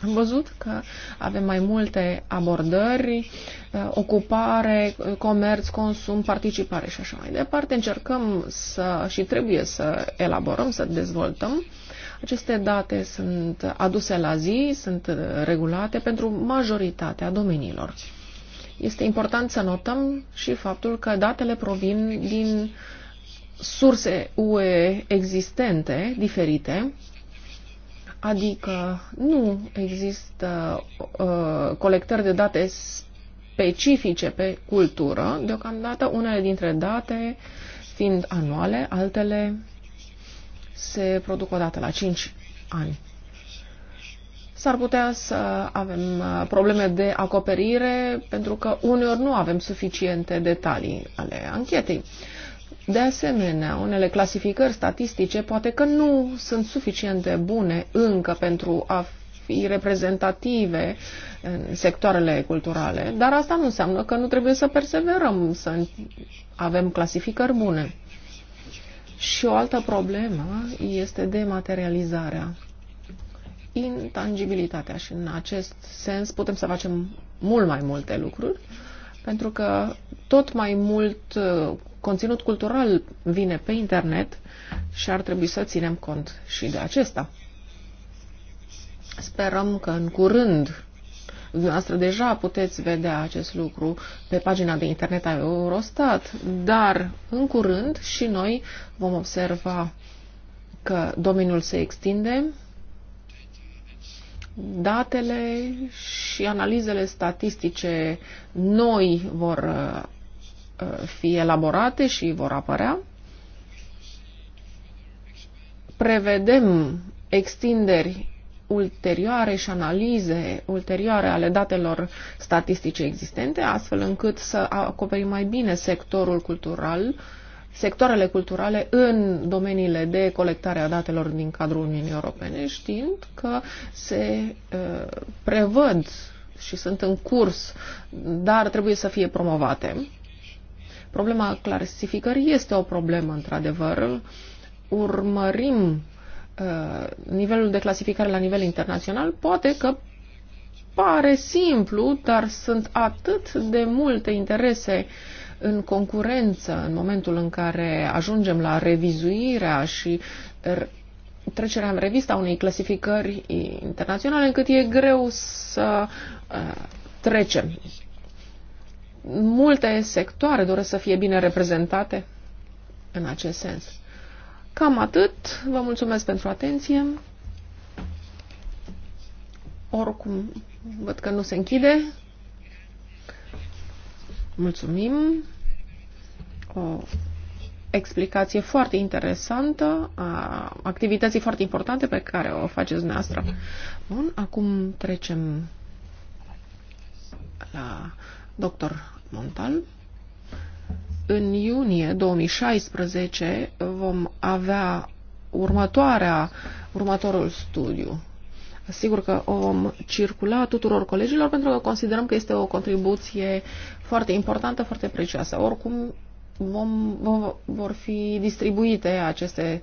Am văzut că avem mai multe abordări, uh, ocupare, uh, comerț, consum, participare și așa mai departe. Încercăm să și trebuie să elaborăm, să dezvoltăm aceste date sunt aduse la zi, sunt regulate pentru majoritatea domeniilor. Este important să notăm și faptul că datele provin din surse UE existente, diferite, adică nu există uh, colectări de date specifice pe cultură. Deocamdată unele dintre date fiind anuale, altele se produc odată la 5 ani. S-ar putea să avem uh, probleme de acoperire pentru că uneori nu avem suficiente detalii ale anchetei. De asemenea, unele clasificări statistice poate că nu sunt suficient de bune încă pentru a fi reprezentative în sectoarele culturale, dar asta nu înseamnă că nu trebuie să perseverăm, să avem clasificări bune. Și o altă problemă este dematerializarea, intangibilitatea și în acest sens putem să facem mult mai multe lucruri, pentru că tot mai mult uh, conținut cultural vine pe internet și ar trebui să ținem cont și de acesta. Sperăm că în curând Dumneavoastră deja puteți vedea acest lucru pe pagina de internet a Eurostat, dar în curând și noi vom observa că domeniul se extinde, datele și analizele statistice noi vor uh, uh, fi elaborate și vor apărea. Prevedem extinderi ulterioare și analize ulterioare ale datelor statistice existente, astfel încât să acoperim mai bine sectorul cultural, sectoarele culturale în domeniile de colectare a datelor din cadrul Uniunii Europene, știind că se uh, prevăd și sunt în curs, dar trebuie să fie promovate. Problema clasificării este o problemă, într-adevăr. Urmărim Uh, nivelul de clasificare la nivel internațional, poate că pare simplu, dar sunt atât de multe interese în concurență în momentul în care ajungem la revizuirea și trecerea în revista unei clasificări internaționale, încât e greu să uh, trecem. Multe sectoare doresc să fie bine reprezentate în acest sens. Cam atât. Vă mulțumesc pentru atenție. Oricum, văd că nu se închide. Mulțumim. O explicație foarte interesantă a activității foarte importante pe care o faceți dumneavoastră. Bun, acum trecem la doctor Montal. În iunie 2016 vom avea următoarea, următorul studiu. Sigur că o vom circula tuturor colegilor pentru că considerăm că este o contribuție foarte importantă, foarte precioasă. Oricum, vom, vom, vor fi distribuite aceste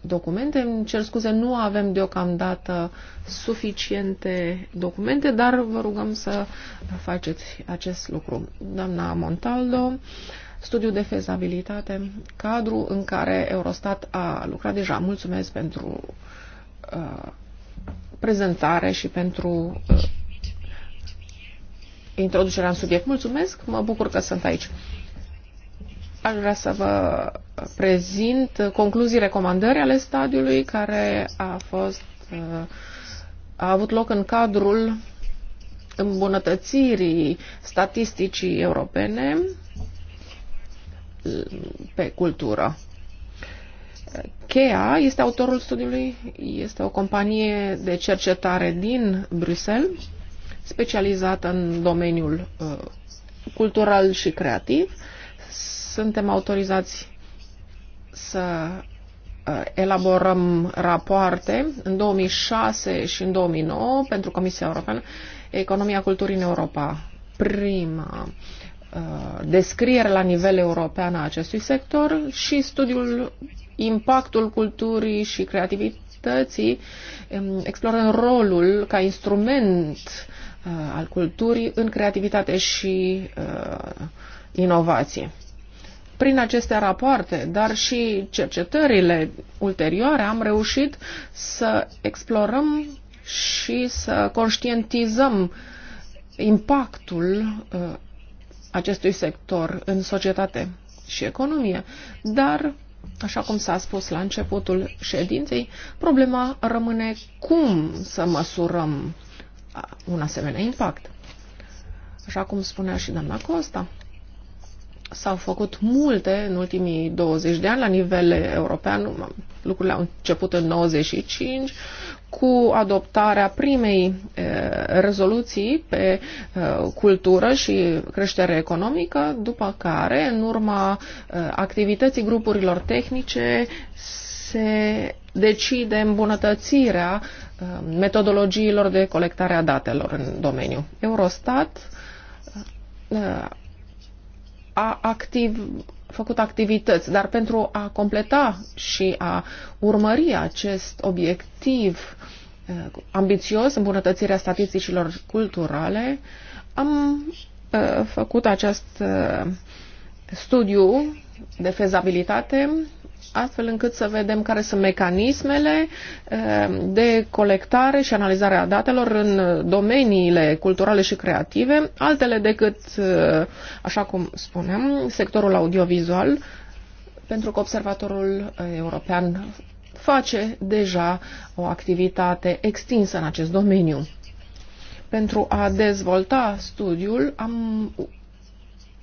documente. Îmi cer scuze, nu avem deocamdată suficiente documente, dar vă rugăm să faceți acest lucru. Doamna Montaldo studiu de fezabilitate, cadru în care Eurostat a lucrat deja. Mulțumesc pentru uh, prezentare și pentru uh, introducerea în subiect. Mulțumesc, mă bucur că sunt aici. Aș vrea să vă prezint concluzii, recomandări ale stadiului care a fost uh, a avut loc în cadrul îmbunătățirii statisticii europene pe cultură. KEA este autorul studiului, este o companie de cercetare din Bruxelles, specializată în domeniul uh, cultural și creativ. Suntem autorizați să uh, elaborăm rapoarte în 2006 și în 2009 pentru Comisia Europeană Economia Culturii în Europa. Prima uh, Uh, descriere la nivel european a acestui sector și studiul impactul culturii și creativității, um, explorând rolul ca instrument uh, al culturii în creativitate și uh, inovație. Prin aceste rapoarte, dar și cercetările ulterioare, am reușit să explorăm și să conștientizăm impactul acestui sector în societate și economie, dar, așa cum s-a spus la începutul ședinței, problema rămâne cum să măsurăm un asemenea impact. Așa cum spunea și doamna Costa, s-au făcut multe în ultimii 20 de ani la nivel european. Lucrurile au început în 95 cu adoptarea primei rezoluții pe cultură și creștere economică, după care, în urma activității grupurilor tehnice, se decide îmbunătățirea metodologiilor de colectare a datelor în domeniu. Eurostat a activ, făcut activități, dar pentru a completa și a urmări acest obiectiv eh, ambițios, îmbunătățirea statisticilor culturale, am eh, făcut acest eh, studiu de fezabilitate astfel încât să vedem care sunt mecanismele eh, de colectare și analizare a datelor în domeniile culturale și creative, altele decât, eh, așa cum spuneam, sectorul audiovizual, pentru că Observatorul eh, European face deja o activitate extinsă în acest domeniu. Pentru a dezvolta studiul am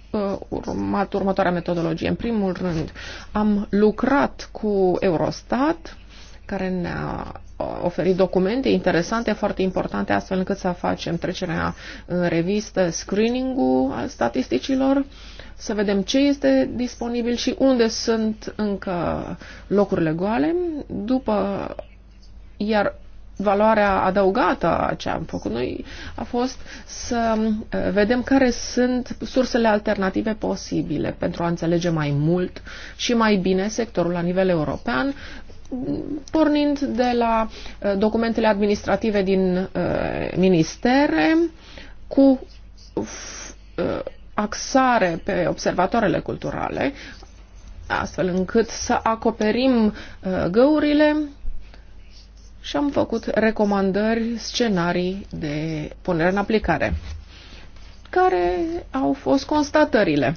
Uh, urmat următoarea metodologie. În primul rând, am lucrat cu Eurostat, care ne-a uh, oferit documente interesante, foarte importante, astfel încât să facem trecerea în revistă, screening-ul al statisticilor, să vedem ce este disponibil și unde sunt încă locurile goale. După iar valoarea adăugată a ce am făcut noi a fost să uh, vedem care sunt sursele alternative posibile pentru a înțelege mai mult și mai bine sectorul la nivel european, pornind de la uh, documentele administrative din uh, ministere cu axare pe observatoarele culturale, astfel încât să acoperim găurile și am făcut recomandări, scenarii de punere în aplicare. Care au fost constatările?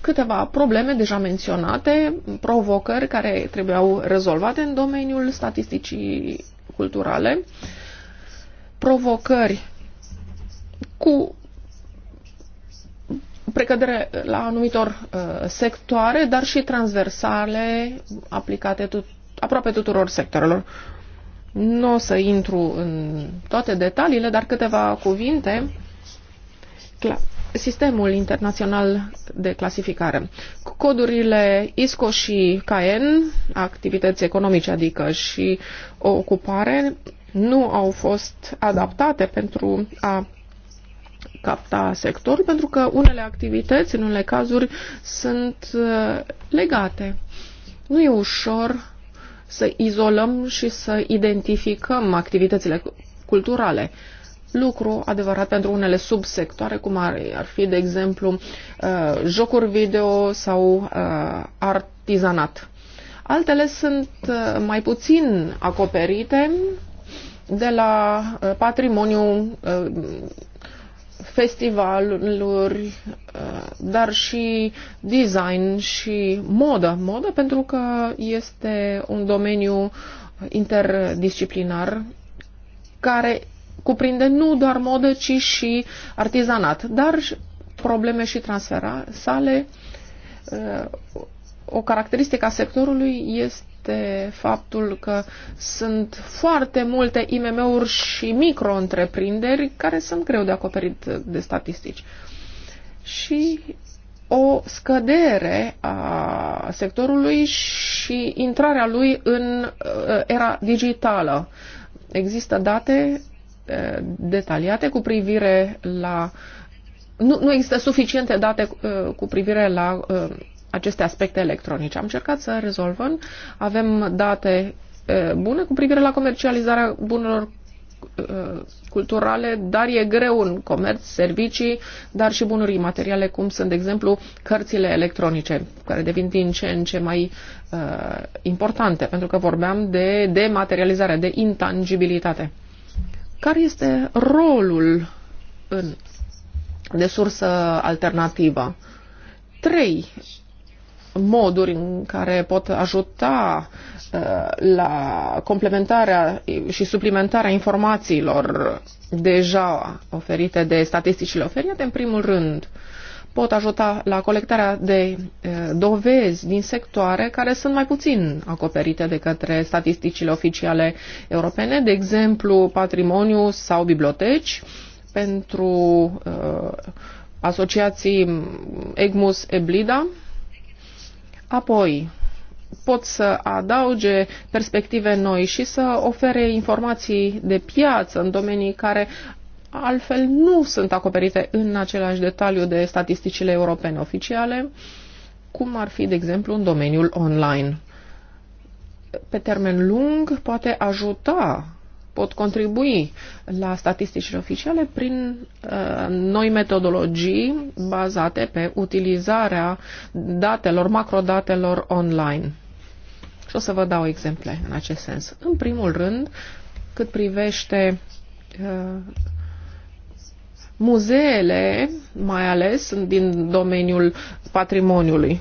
câteva probleme deja menționate, provocări care trebuiau rezolvate în domeniul statisticii culturale, provocări cu precădere la anumitor uh, sectoare, dar și transversale aplicate tut aproape tuturor sectorelor. Nu o să intru în toate detaliile, dar câteva cuvinte. Cla- Sistemul internațional de clasificare. Codurile ISCO și CAEN, activități economice, adică și ocupare, nu au fost adaptate pentru a capta sectorul, pentru că unele activități, în unele cazuri, sunt uh, legate. Nu e ușor să izolăm și să identificăm activitățile culturale. Lucru adevărat pentru unele subsectoare, cum ar, ar fi, de exemplu, uh, jocuri video sau uh, artizanat. Altele sunt mai puțin acoperite de la patrimoniu festivaluri, uh, dar și design și modă. Modă pentru că este un domeniu interdisciplinar care cuprinde nu doar modă, ci și artizanat, dar probleme și transfera sale. Uh, o caracteristică a sectorului este este faptul că sunt foarte multe IMM-uri și micro-întreprinderi care sunt greu de acoperit de statistici. Și o scădere a sectorului și intrarea lui în uh, era digitală. Există date uh, detaliate cu privire la. Nu, nu există suficiente date uh, cu privire la aceste aspecte electronice. Am încercat să rezolvăm, avem date bune cu privire la comercializarea bunurilor culturale, dar e greu în comerț, servicii, dar și bunuri materiale, cum sunt, de exemplu, cărțile electronice, care devin din ce în ce mai uh, importante, pentru că vorbeam de dematerializare, de intangibilitate. Care este rolul în, de sursă alternativă? Trei moduri în care pot ajuta uh, la complementarea și suplimentarea informațiilor deja oferite de statisticile oferite, în primul rând, pot ajuta la colectarea de uh, dovezi din sectoare care sunt mai puțin acoperite de către statisticile oficiale europene, de exemplu patrimoniu sau biblioteci, pentru uh, asociații EGMUS-EBLIDA, Apoi, pot să adauge perspective noi și să ofere informații de piață în domenii care altfel nu sunt acoperite în același detaliu de statisticile europene oficiale, cum ar fi, de exemplu, în domeniul online. Pe termen lung poate ajuta pot contribui la statisticile oficiale prin uh, noi metodologii bazate pe utilizarea datelor, macrodatelor online. Și o să vă dau exemple în acest sens. În primul rând, cât privește uh, muzeele, mai ales din domeniul patrimoniului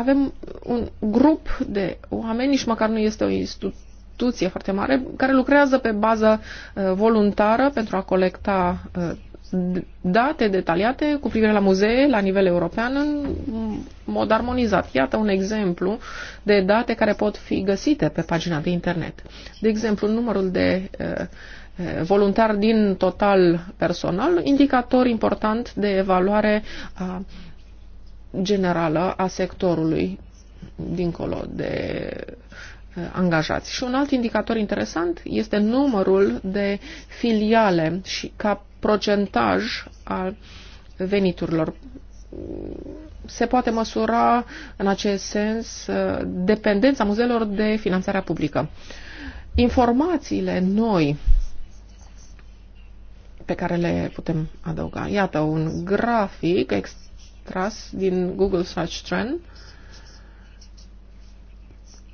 avem un grup de oameni, nici măcar nu este o instituție foarte mare, care lucrează pe bază uh, voluntară pentru a colecta uh, date detaliate cu privire la muzee la nivel european în mod armonizat. Iată un exemplu de date care pot fi găsite pe pagina de internet. De exemplu, numărul de uh, voluntari din total personal, indicator important de evaluare a generală a sectorului, dincolo de eh, angajați. Și un alt indicator interesant este numărul de filiale și ca procentaj al veniturilor. Se poate măsura în acest sens eh, dependența muzeelor de finanțarea publică. Informațiile noi pe care le putem adăuga. Iată un grafic extrem tras din Google Search Trend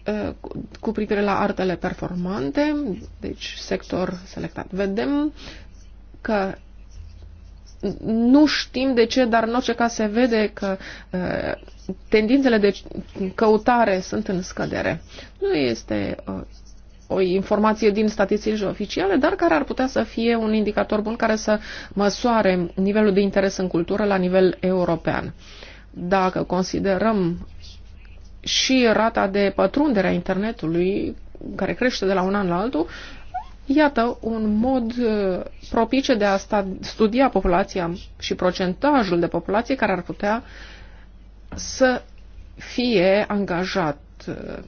uh, cu privire la artele performante, deci sector selectat. Vedem că nu știm de ce, dar în orice caz se vede că uh, tendințele de căutare sunt în scădere. Nu este uh, o informație din statistici oficiale, dar care ar putea să fie un indicator bun care să măsoare nivelul de interes în cultură la nivel european. Dacă considerăm și rata de pătrundere a internetului, care crește de la un an la altul, iată un mod uh, propice de a studia populația și procentajul de populație care ar putea să fie angajat uh,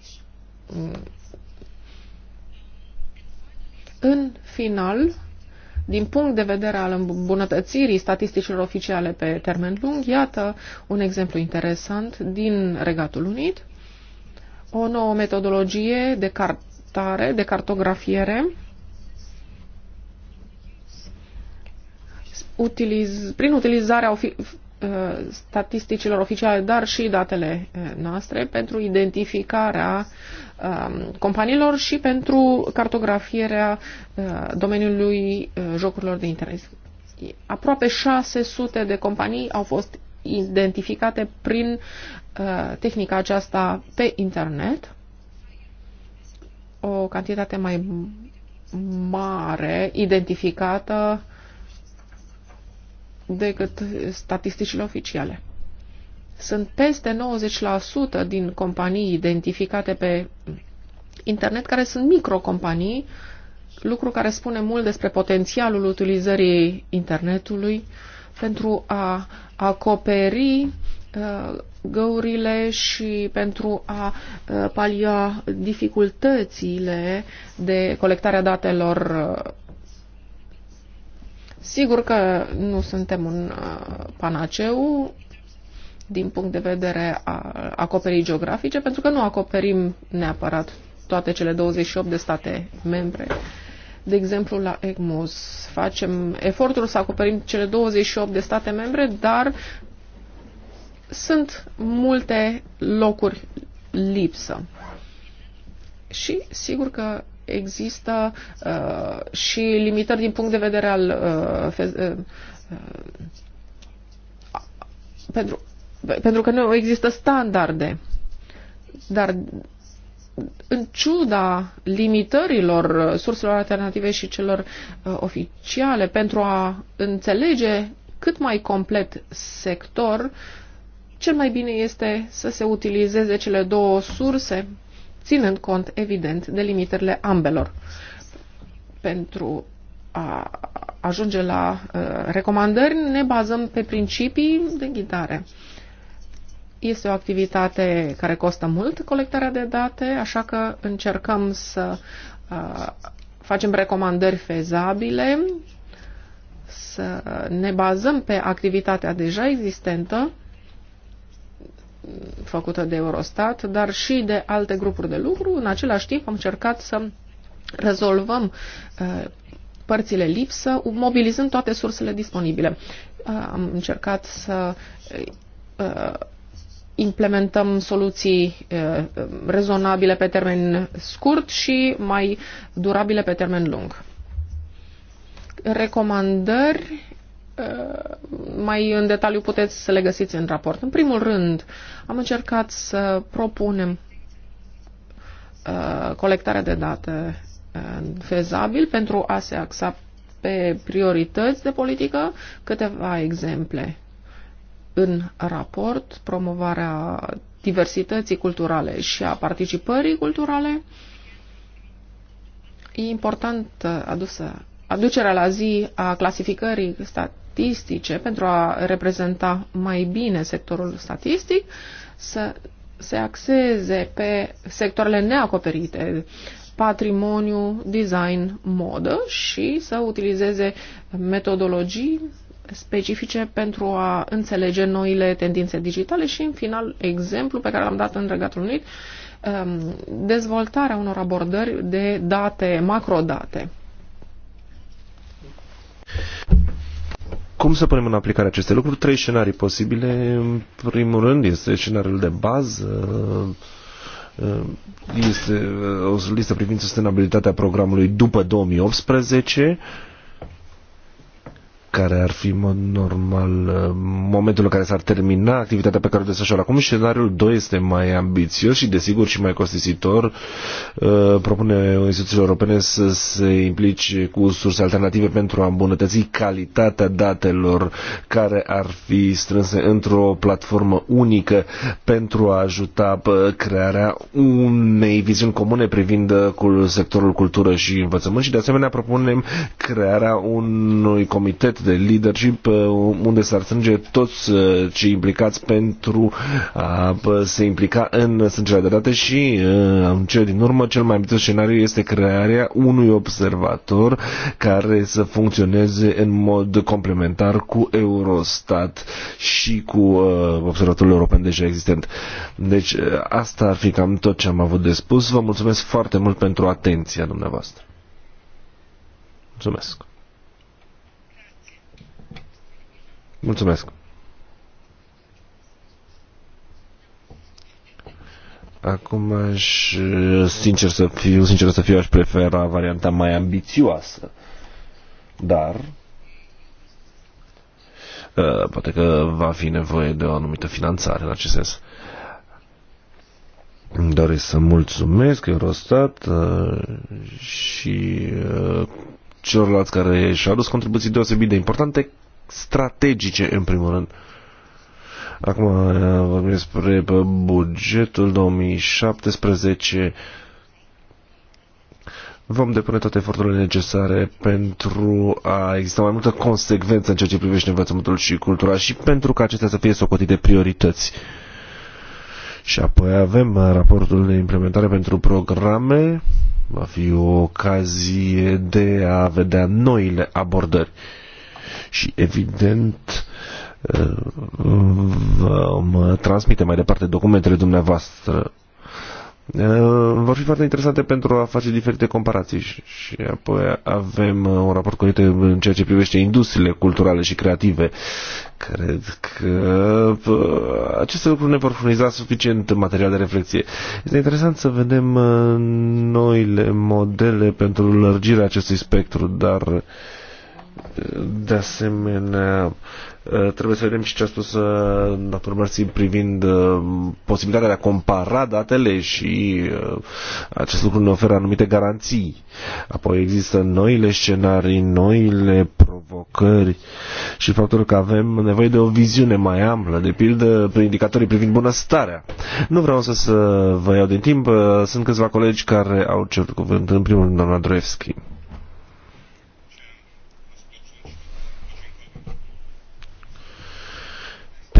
în final, din punct de vedere al îmbunătățirii statisticilor oficiale pe termen lung, iată un exemplu interesant din Regatul Unit, o nouă metodologie de cartare, de cartografiere, utiliz, prin utilizarea ofi, uh, statisticilor oficiale, dar și datele uh, noastre pentru identificarea Um, companiilor și pentru cartografierea uh, domeniului uh, jocurilor de interes. Aproape 600 de companii au fost identificate prin uh, tehnica aceasta pe internet. O cantitate mai mare identificată decât statisticile oficiale sunt peste 90% din companii identificate pe internet care sunt microcompanii, lucru care spune mult despre potențialul utilizării internetului pentru a acoperi uh, găurile și pentru a uh, palia dificultățile de colectarea datelor. Sigur că nu suntem un uh, panaceu, din punct de vedere a acoperii geografice, pentru că nu acoperim neapărat toate cele 28 de state membre. De exemplu, la ECMOS facem efortul să acoperim cele 28 de state membre, dar sunt multe locuri lipsă. Și sigur că există uh, și limitări din punct de vedere al uh, uh, uh, pentru pentru că nu există standarde. Dar în ciuda limitărilor surselor alternative și celor uh, oficiale, pentru a înțelege cât mai complet sector, cel mai bine este să se utilizeze cele două surse, ținând cont, evident, de limitările ambelor. Pentru a ajunge la uh, recomandări, ne bazăm pe principii de ghidare. Uh, este o activitate care costă mult, colectarea de date, așa că încercăm să uh, facem recomandări fezabile, să ne bazăm pe activitatea deja existentă făcută de Eurostat, dar și de alte grupuri de lucru. În același timp am încercat să rezolvăm uh, părțile lipsă, mobilizând toate sursele disponibile. Uh, am încercat să implementăm soluții eh, rezonabile pe termen scurt și mai durabile pe termen lung. Recomandări eh, mai în detaliu puteți să le găsiți în raport. În primul rând, am încercat să propunem eh, colectarea de date fezabil pentru a se axa pe priorități de politică câteva exemple în raport promovarea diversității culturale și a participării culturale, e important uh, adusă aducerea la zi a clasificării statistice pentru a reprezenta mai bine sectorul statistic, să se axeze pe sectoarele neacoperite, patrimoniu, design, modă și să utilizeze metodologii specifice pentru a înțelege noile tendințe digitale și, în final, exemplu pe care l-am dat în Regatul Unit, um, dezvoltarea unor abordări de date, macrodate. Cum să punem în aplicare aceste lucruri? Trei scenarii posibile. În primul rând este scenariul de bază, este o listă privind sustenabilitatea programului după 2018, care ar fi în mod normal uh, momentul în care s-ar termina activitatea pe care o desfășoară acum. Scenariul 2 este mai ambițios și desigur și mai costisitor. Uh, propune instituțiilor europene să se implice cu surse alternative pentru a îmbunătăți calitatea datelor care ar fi strânse într-o platformă unică pentru a ajuta pe uh, crearea unei viziuni comune privind sectorul cultură și învățământ și de asemenea propunem crearea unui comitet summit de leadership uh, unde s-ar strânge toți uh, cei implicați pentru a uh, se implica în strângerea de date și în cele din urmă cel mai ambițios scenariu este crearea unui observator care să funcționeze în mod complementar cu Eurostat și cu observatorul european deja existent. Deci asta ar fi cam tot ce am avut de spus. Vă mulțumesc foarte mult pentru atenția dumneavoastră. Mulțumesc. Mulțumesc. Acum aș, sincer să fiu, sincer să fiu, aș prefera varianta mai ambițioasă. Dar uh, poate că va fi nevoie de o anumită finanțare în acest sens. Îmi doresc să mulțumesc Eurostat uh, și uh, celorlalți care și-au adus contribuții deosebit de importante strategice, în primul rând. Acum eh, vorbim despre eh, bugetul 2017. Vom depune toate eforturile necesare pentru a exista mai multă consecvență în ceea ce privește învățământul și cultura și pentru ca acestea să fie socotite priorități. Și apoi avem eh, raportul de implementare pentru programe. Va fi o ocazie de a vedea noile abordări. Uh, și evident vă transmite mai departe documentele dumneavoastră vor fi foarte interesante pentru a face diferite comparații și, și apoi avem un raport corect în ceea ce privește industriile culturale și creative. Cred că aceste lucruri ne vor furniza suficient material de reflexie. Este interesant să vedem uh, noile modele pentru lărgirea acestui spectru, dar uh, de asemenea, trebuie să vedem și ce a spus uh, doctor Mărții privind uh, posibilitatea de a compara datele și uh, acest lucru ne oferă anumite garanții. Apoi există noile scenarii, noile provocări și faptul că avem nevoie de o viziune mai amplă, de pildă prin indicatorii privind bunăstarea. Nu vreau să, să vă iau din timp, sunt câțiva colegi care au cerut cuvânt, în primul rând doamna Droevski.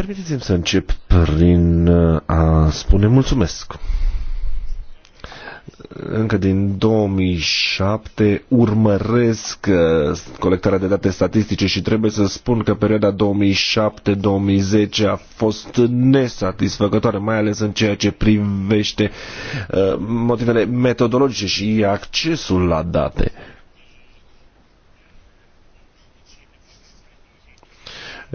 Permiteți-mi să încep prin uh, a spune mulțumesc. Încă din 2007 urmăresc uh, colectarea de date statistice și trebuie să spun că perioada 2007-2010 a fost nesatisfăcătoare, mai ales în ceea ce privește uh, motivele metodologice și accesul la date. Uh,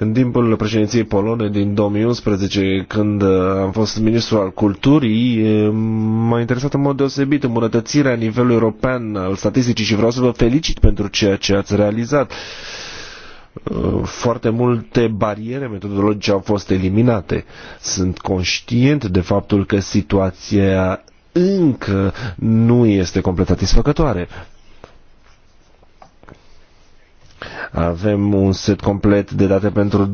În timpul președinției polone din 2011, când uh, am fost ministru al culturii, m-a interesat în mod deosebit îmbunătățirea nivelului european al statisticii și vreau să vă felicit pentru ceea ce ați realizat. Uh, foarte multe bariere metodologice au fost eliminate. Sunt conștient de faptul că situația încă nu este complet satisfăcătoare. Avem un set complet de date pentru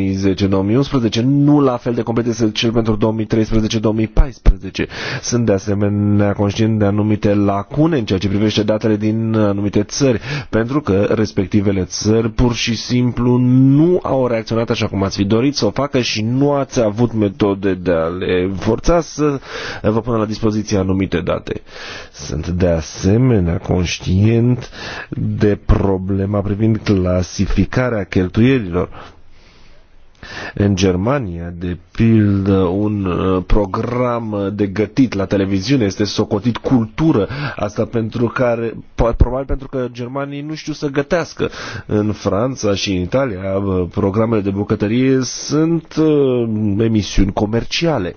2010-2011, nu la fel de complet este cel pentru 2013-2014. Sunt de asemenea conștient de anumite lacune în ceea ce privește datele din anumite țări, pentru că respectivele țări pur și simplu nu au reacționat așa cum ați fi dorit să o facă și nu ați avut metode de a le forța să vă pună la dispoziție anumite date. Sunt de asemenea conștient de problema privind clasificarea cheltuielilor. În Germania, de pildă, un uh, program de gătit la televiziune este socotit cultură, asta pentru care, probabil pentru că germanii nu știu să gătească. În Franța și în Italia, uh, programele de bucătărie sunt uh, emisiuni comerciale.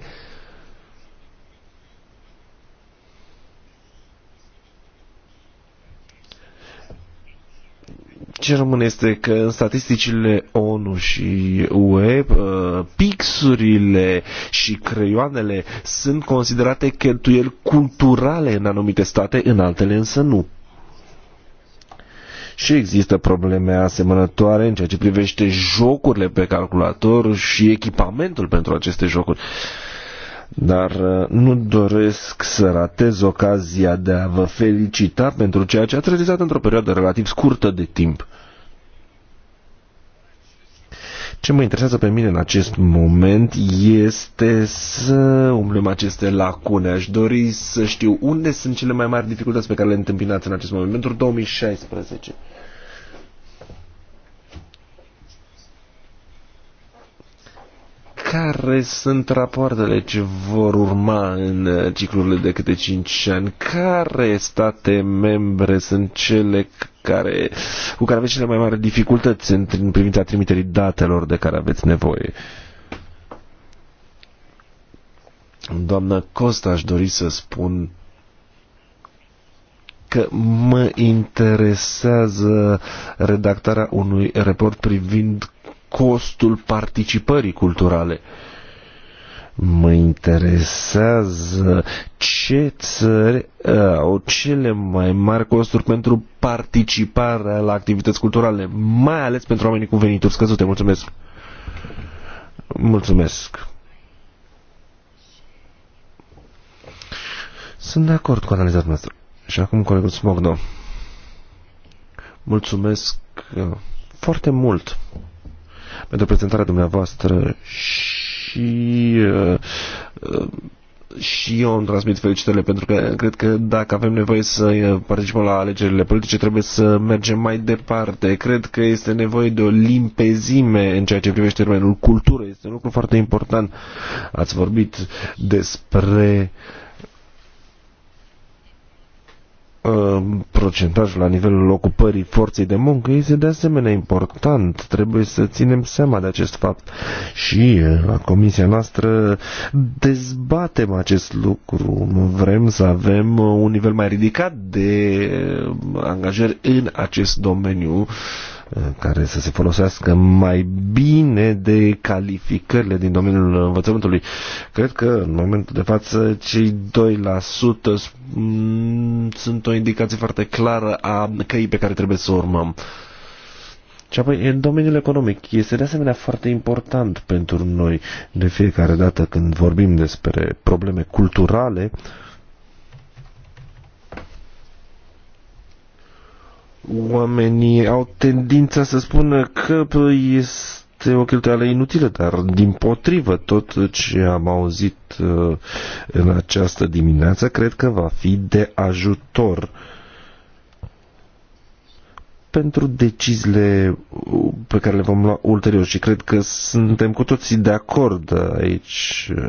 ce rămâne este că în statisticile ONU și UE uh, pixurile și creioanele sunt considerate cheltuieli culturale în anumite state, în altele însă nu. Și există probleme asemănătoare în ceea ce privește jocurile pe calculator și echipamentul pentru aceste jocuri. Uh, dar uh, nu doresc să ratez ocazia de a vă felicita pentru ceea ce ați realizat într-o perioadă relativ scurtă de timp. Ce mă interesează pe mine în acest moment este să umplem aceste lacune. Aș dori să știu unde sunt cele mai mari dificultăți pe care le întâmpinați în acest moment pentru 2016. care sunt rapoartele ce vor urma în uh, ciclurile de câte 5 ani? Care state membre sunt cele care, cu care aveți cele mai mari dificultăți în, în privința trimiterii datelor de care aveți nevoie? Doamna Costa, aș dori să spun că mă interesează redactarea unui report privind costul participării culturale. Mă interesează ce țări uh, au cele mai mari costuri pentru participarea la activități culturale, mai ales pentru oamenii cu venituri scăzute. Mulțumesc! Mulțumesc! Sunt de acord cu analiza noastră. Și acum colegul Smogno. Mulțumesc uh, foarte mult pentru prezentarea dumneavoastră și uh, uh, și eu îmi transmit felicitările pentru că cred că dacă avem nevoie să uh, participăm la alegerile politice trebuie să mergem mai departe. Cred că este nevoie de o limpezime în ceea ce privește termenul cultură. Este un lucru foarte important. Ați vorbit despre uh, Um, procentajul la nivelul ocupării forței de muncă este de asemenea important. Trebuie să ținem seama de acest fapt și uh, la comisia noastră dezbatem acest lucru. Vrem să avem uh, un nivel mai ridicat de uh, angajări în acest domeniu care să se folosească mai bine de calificările din domeniul învățământului. Cred că în momentul de față cei 2% sunt o indicație foarte clară a căii pe care trebuie să urmăm. Și apoi, în domeniul economic, este de asemenea foarte important pentru noi de fiecare dată când vorbim despre probleme culturale, uh, oamenii au tendința să spună că este o cheltuială inutilă, dar din potrivă tot ce am auzit uh, în această dimineață cred că va fi de ajutor pentru deciziile uh, pe care le vom lua ulterior și cred că suntem cu toții de acord aici uh,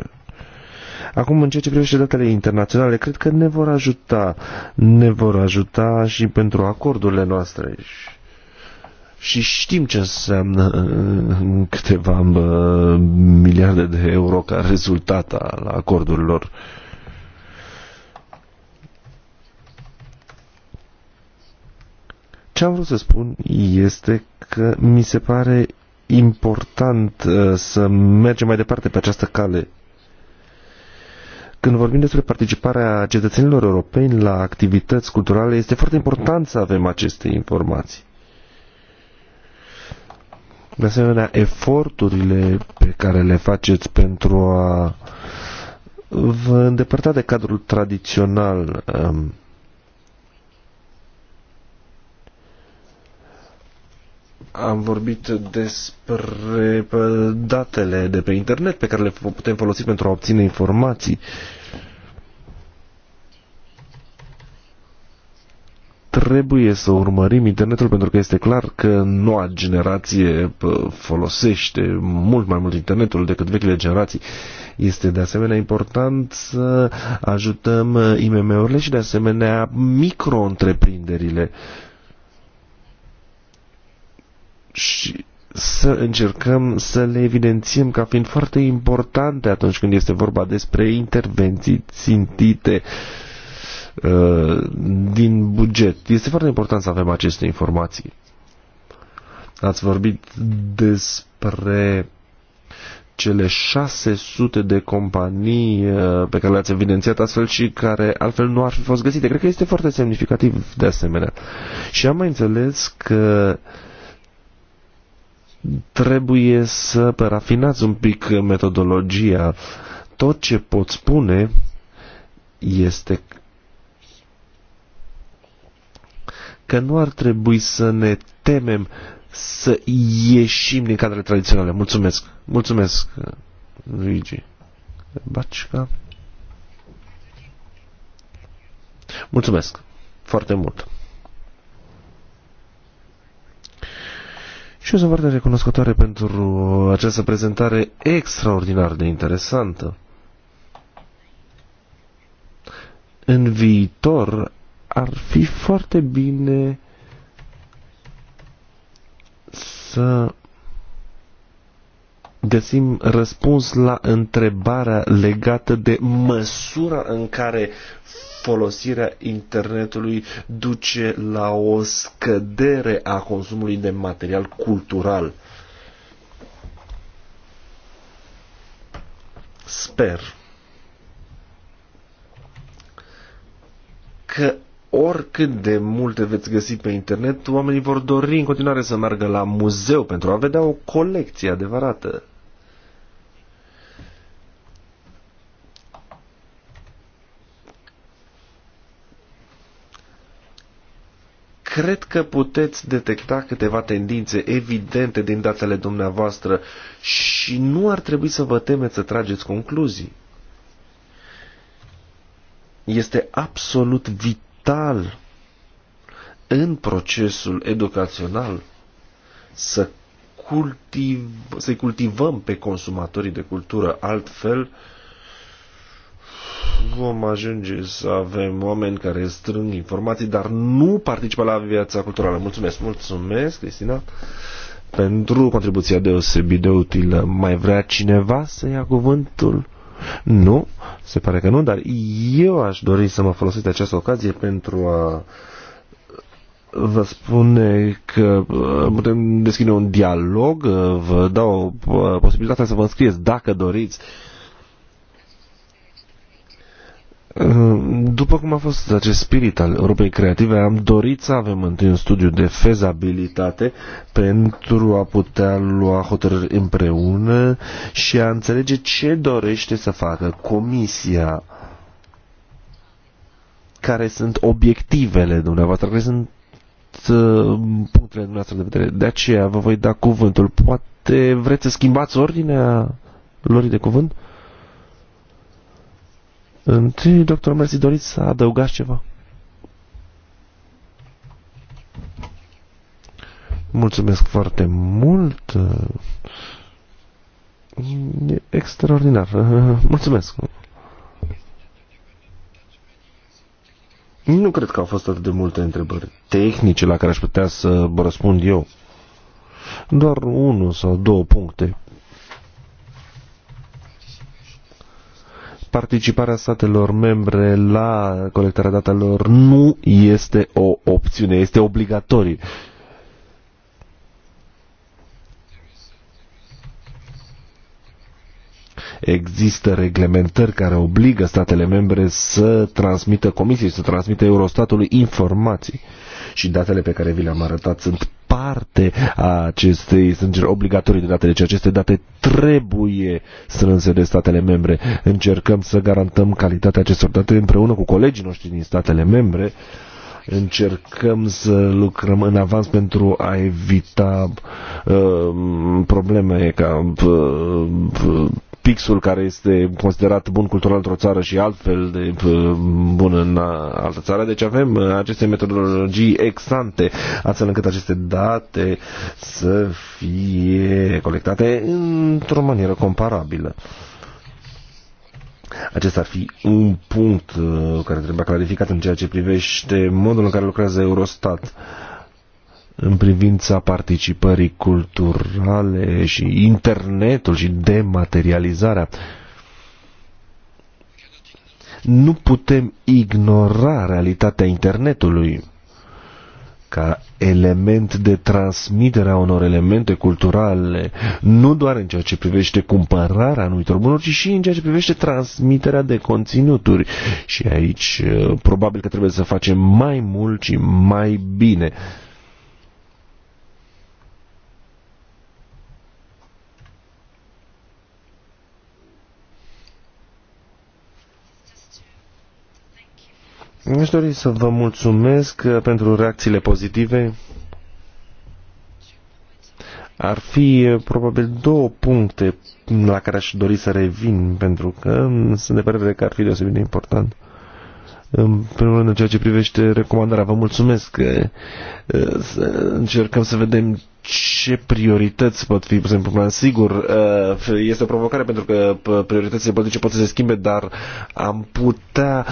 Acum, în ceea ce privește datele internaționale, cred că ne vor ajuta. Ne vor ajuta și pentru acordurile noastre. Și știm ce înseamnă uh, câteva uh, miliarde de euro ca rezultat al acordurilor. Ce am vrut să spun este că mi se pare important uh, să mergem mai departe pe această cale când vorbim despre participarea cetățenilor europeni la activități culturale, este foarte important să avem aceste informații. De asemenea, eforturile pe care le faceți pentru a vă îndepărta de cadrul tradițional um, am vorbit despre datele de pe internet pe care le putem folosi pentru a obține informații. Trebuie să urmărim internetul pentru că este clar că noua generație folosește mult mai mult internetul decât vechile generații. Este de asemenea important să ajutăm uh, IMM-urile și de asemenea micro-întreprinderile și să încercăm să le evidențiem ca fiind foarte importante atunci când este vorba despre intervenții țintite uh, din buget. Este foarte important să avem aceste informații. Ați vorbit despre cele 600 de companii uh, pe care le-ați evidențiat astfel și care altfel nu ar fi fost găsite. Cred că este foarte semnificativ de asemenea. Și am mai înțeles că uh, trebuie să rafinați un pic metodologia. Tot ce pot spune este că nu ar trebui să ne temem să ieșim din cadrele tradiționale. Mulțumesc. Mulțumesc, Luigi. Bacica. Mulțumesc foarte mult. Și eu sunt foarte recunoscătoare pentru această prezentare extraordinar de interesantă. În viitor ar fi foarte bine să găsim răspuns la întrebarea legată de măsura în care folosirea internetului duce la o scădere a consumului de material cultural. Sper că oricât de multe veți găsi pe internet, oamenii vor dori în continuare să meargă la muzeu pentru a vedea o colecție adevărată. cred că puteți detecta câteva tendințe evidente din datele dumneavoastră și nu ar trebui să vă temeți să trageți concluzii. Este absolut vital în procesul educațional să cultiv, să-i cultivăm pe consumatorii de cultură altfel uh, vom ajunge să avem oameni care strâng informații, dar nu participă la viața culturală. Mulțumesc, mulțumesc, Cristina, pentru contribuția deosebit de utilă. Mai vrea cineva să ia cuvântul? Nu, se pare că nu, dar eu aș dori să mă folosesc de această ocazie pentru a vă spune că uh, putem deschide un dialog, uh, vă dau uh, posibilitatea să vă înscrieți dacă doriți Ehm, după cum a fost acest spirit al Europei Creative, am dorit să avem întâi un studiu de fezabilitate pentru a putea lua hotărâri împreună și a înțelege ce dorește să facă Comisia, care sunt obiectivele dumneavoastră, care sunt ehm, punctele dumneavoastră de vedere. De aceea vă voi da cuvântul. Poate vreți să schimbați ordinea lorii de cuvânt? Uh, Întâi, doctor Mersi, doriți să adăugați ceva? Mulțumesc foarte mult. E extraordinar. Mulțumesc. Nu cred că au fost atât de multe întrebări tehnice la care aș putea să răspund eu. Doar unul sau două puncte. participarea statelor membre la colectarea datelor nu este o opțiune, este obligatorie. Există reglementări care obligă statele membre să transmită comisiei, să transmită Eurostatului informații. Uh, și datele pe care vi le-am arătat sunt parte a acestei strângeri obligatorii de date. Deci aceste date trebuie strânse de statele membre. Încercăm să garantăm calitatea acestor date împreună cu colegii noștri din statele membre încercăm să lucrăm în avans pentru a evita uh, probleme ca uh, uh pixul care este considerat bun cultural într-o țară și altfel de uh, bun în altă țară. Deci avem uh, aceste metodologii exante, astfel încât aceste date să fie colectate într-o manieră comparabilă. Acesta ar fi un punct uh, care trebuie clarificat în ceea ce privește modul în care lucrează Eurostat. Uh, în privința participării culturale și internetul și dematerializarea. Nu putem ignora realitatea internetului ca element de transmitere a unor elemente culturale, nu doar în ceea ce privește cumpărarea anumitor bunuri, ci și în ceea ce privește transmiterea de conținuturi. Și aici uh, probabil că trebuie să facem mai mult și mai bine. Aș dori să vă mulțumesc uh, pentru reacțiile pozitive. Ar fi uh, probabil două puncte la care aș dori să revin, pentru că mm, sunt de părere că ar fi deosebit de important. Uh, în primul rând în ceea ce privește recomandarea. Vă mulțumesc că încercăm să vedem ce priorități pot fi pe în plan. Sigur, este o provocare pentru că prioritățile politice pot să se schimbe, dar am putea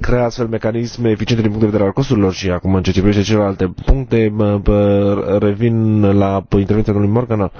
crea astfel mecanisme eficiente din punct de vedere al costurilor și acum în ceea ce privește celelalte puncte, revin la intervenția domnului Morgan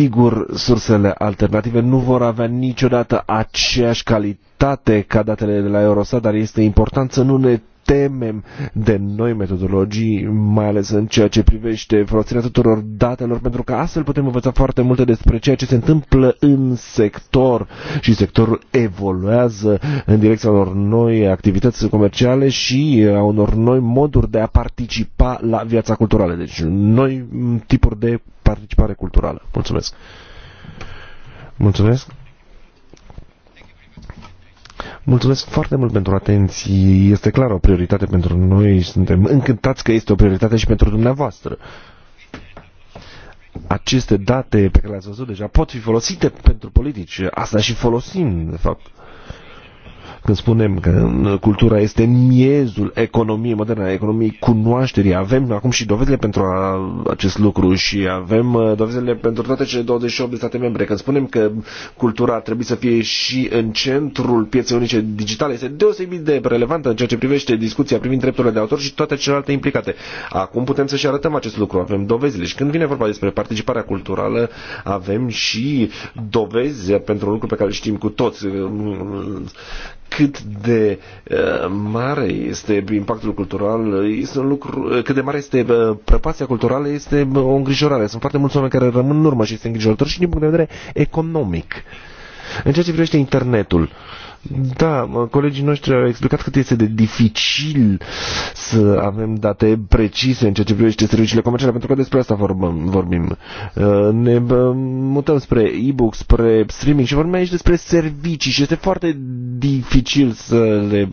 sigur, sursele alternative nu vor avea niciodată aceeași calitate ca datele de la Eurostat, dar este important să nu ne temem de noi metodologii, mai ales în ceea ce privește folosirea tuturor datelor, pentru că astfel putem învăța foarte multe despre ceea ce se întâmplă în sector și sectorul evoluează în direcția unor noi activități comerciale și a unor noi moduri de a participa la viața culturală. Deci noi tipuri de participare culturală. Mulțumesc! Mulțumesc! Mulțumesc foarte mult pentru atenție. Este clar o prioritate pentru noi. Suntem încântați că este o prioritate și pentru dumneavoastră. Aceste date pe care le-ați văzut deja pot fi folosite pentru politici. Asta și folosim, de fapt. Când spunem că cultura este miezul economiei moderne, economiei cunoașterii, avem acum și dovezile pentru a, acest lucru și avem uh, dovezile pentru toate cele 28 de state membre. Când spunem că cultura ar trebui să fie și în centrul pieței unice digitale, este deosebit de relevantă în ceea ce privește discuția privind drepturile de autor și toate celelalte implicate. Acum putem să și arătăm acest lucru, avem dovezile și când vine vorba despre participarea culturală, avem și dovezi pentru un lucru pe care îl știm cu toți cât de uh, mare este impactul cultural, este un lucru, uh, cât de mare este uh, prăpația culturală, este o îngrijorare. Sunt foarte mulți oameni care rămân în urmă și este îngrijorător și din punct de vedere economic. În ceea ce privește internetul, da, colegii noștri au explicat cât este de dificil să avem date precise în ceea ce privește serviciile comerciale, pentru că despre asta vorbim. vorbim. Uh, ne mutăm spre e-book, spre streaming și vorbim aici despre servicii și este foarte dificil să le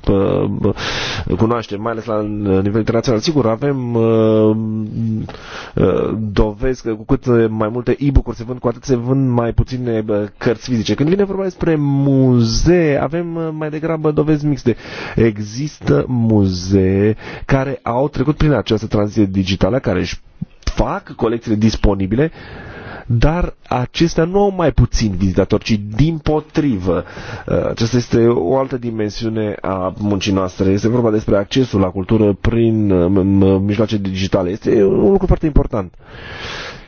cunoaștem, mai ales la nivel internațional. Sigur, avem uh, uh, dovezi că cu cât mai multe e-book-uri se vând, cu atât se vând mai puține cărți fizice. Când vine vorba despre muzee, avem avem uh, mai degrabă dovezi mixte. Există muzee care au trecut prin această tranziție digitală, care își fac colecțiile disponibile, dar acestea nu au mai puțin vizitatori, ci din potrivă. Uh, aceasta este o altă dimensiune a muncii noastre. Este vorba despre accesul la cultură prin uh, mijloace digitale. Este un lucru foarte important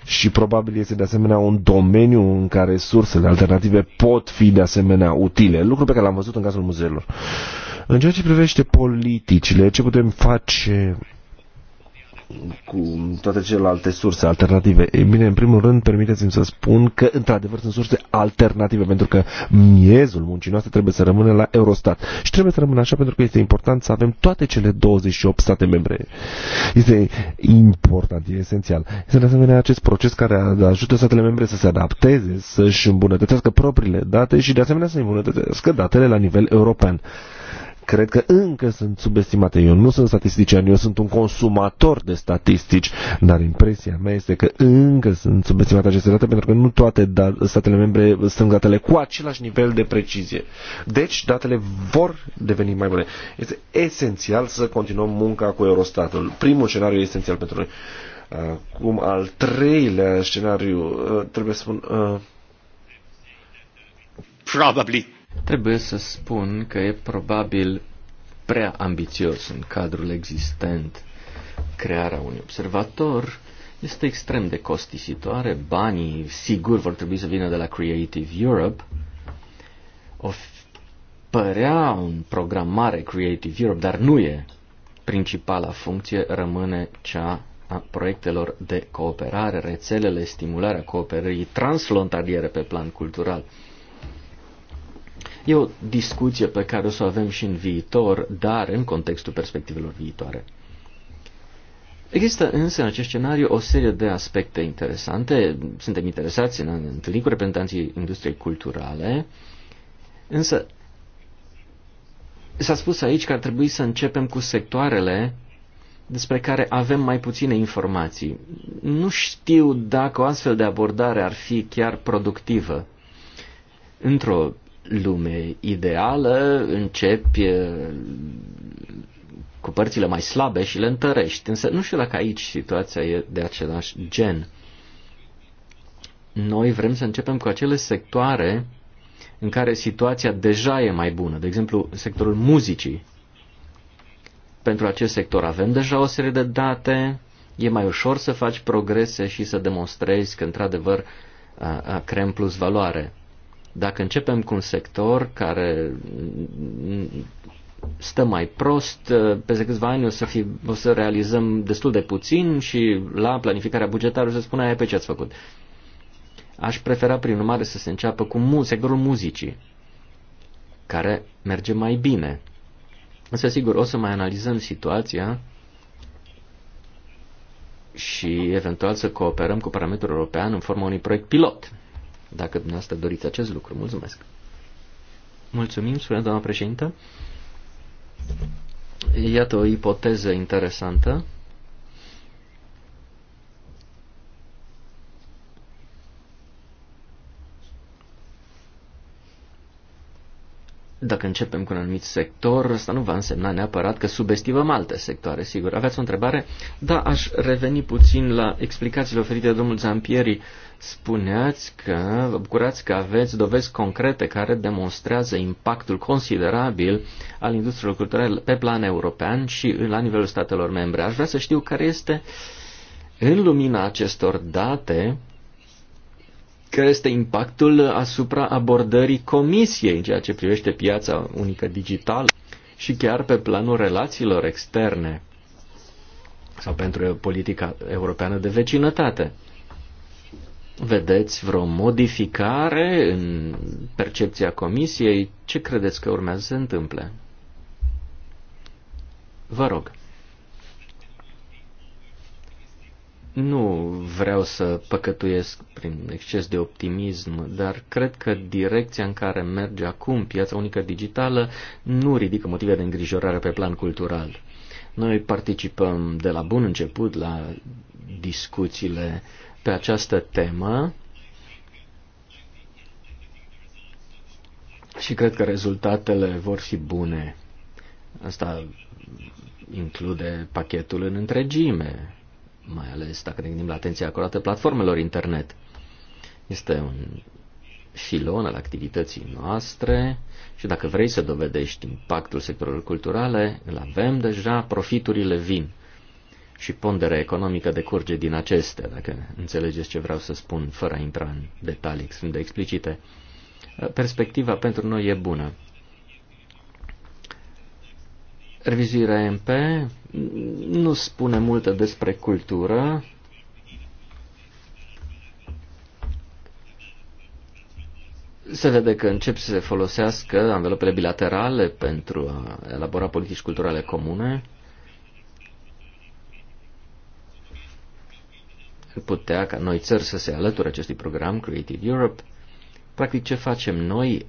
și probabil este de asemenea un domeniu în care sursele alternative pot fi de asemenea utile, lucru pe care l-am văzut în cazul muzeelor. În ceea ce privește politicile, ce putem face cu toate celelalte surse alternative? E bine, în primul rând, permiteți-mi să spun că, într-adevăr, sunt surse alternative, pentru că miezul muncii noastre trebuie să rămână la Eurostat. Și trebuie să rămână așa pentru că este important să avem toate cele 28 state membre. Este important, e esențial. Este de asemenea acest proces care ajută statele membre să se adapteze, să-și îmbunătățească propriile date și, de asemenea, să îmbunătățească datele la nivel european cred că încă sunt subestimate. Eu nu sunt statistician, eu sunt un consumator de statistici, dar impresia mea este că încă sunt subestimate aceste date pentru că nu toate da, statele membre sunt datele cu același nivel de precizie. Deci, datele vor deveni mai bune. Este esențial să continuăm munca cu Eurostatul. Primul scenariu este esențial pentru noi. Cum al treilea scenariu, uh, trebuie să spun... Uh, Probably Trebuie să spun că e probabil prea ambițios în cadrul existent. Crearea unui observator este extrem de costisitoare. Banii, sigur, vor trebui să vină de la Creative Europe. O părea un program mare Creative Europe, dar nu e. Principala funcție rămâne cea a proiectelor de cooperare, rețelele, stimularea cooperării transfrontaliere pe plan cultural. E o discuție pe care o să o avem și în viitor, dar în contextul perspectivelor viitoare. Există însă în acest scenariu o serie de aspecte interesante. Suntem interesați în a întâlni cu reprezentanții industriei culturale, însă s-a spus aici că ar trebui să începem cu sectoarele despre care avem mai puține informații. Nu știu dacă o astfel de abordare ar fi chiar productivă. Într-o lume ideală, începi eh, cu părțile mai slabe și le întărești. Însă nu știu dacă aici situația e de același gen. Noi vrem să începem cu acele sectoare în care situația deja e mai bună. De exemplu, sectorul muzicii. Pentru acest sector avem deja o serie de date, e mai ușor să faci progrese și să demonstrezi că într adevăr creăm plus valoare. Dacă începem cu un sector care stă mai prost, peste câțiva ani o să, fi, o să realizăm destul de puțin și la planificarea bugetară o să spună aia pe ce ați făcut. Aș prefera, prin urmare, să se înceapă cu mu- sectorul muzicii, care merge mai bine. Însă, sigur, o să mai analizăm situația și eventual să cooperăm cu Parlamentul European în forma unui proiect pilot dacă dumneavoastră doriți acest lucru. Mulțumesc. Mulțumim, spune doamna președintă. Iată o ipoteză interesantă. dacă începem cu un anumit sector, asta nu va însemna neapărat că subestimăm alte sectoare, sigur. Aveți o întrebare? Da, aș reveni puțin la explicațiile oferite de domnul Zampieri. Spuneați că vă bucurați că aveți dovezi concrete care demonstrează impactul considerabil al industriei culturale pe plan european și la nivelul statelor membre. Aș vrea să știu care este, în lumina acestor date, care este impactul asupra abordării comisiei în ceea ce privește piața unică digitală și chiar pe planul relațiilor externe sau pentru politica europeană de vecinătate. Vedeți vreo modificare în percepția comisiei? Ce credeți că urmează să se întâmple? Vă rog. Nu vreau să păcătuiesc prin exces de optimism, dar cred că direcția în care merge acum piața unică digitală nu ridică motive de îngrijorare pe plan cultural. Noi participăm de la bun început la discuțiile pe această temă și cred că rezultatele vor fi bune. Asta include pachetul în întregime, mai ales dacă ne gândim la atenția acordată platformelor internet. Este un filon al activității noastre și dacă vrei să dovedești impactul sectorului culturale, îl avem deja, profiturile vin și ponderea economică decurge din acestea, dacă înțelegeți ce vreau să spun, fără a intra în detalii extrem de explicite. Perspectiva pentru noi e bună. Revizuirea MP nu spune multe despre cultură. Se vede că încep să se folosească anvelopele bilaterale pentru a elabora politici culturale comune. Ar putea ca noi țări să se alăture acestui program Creative Europe. Practic ce facem noi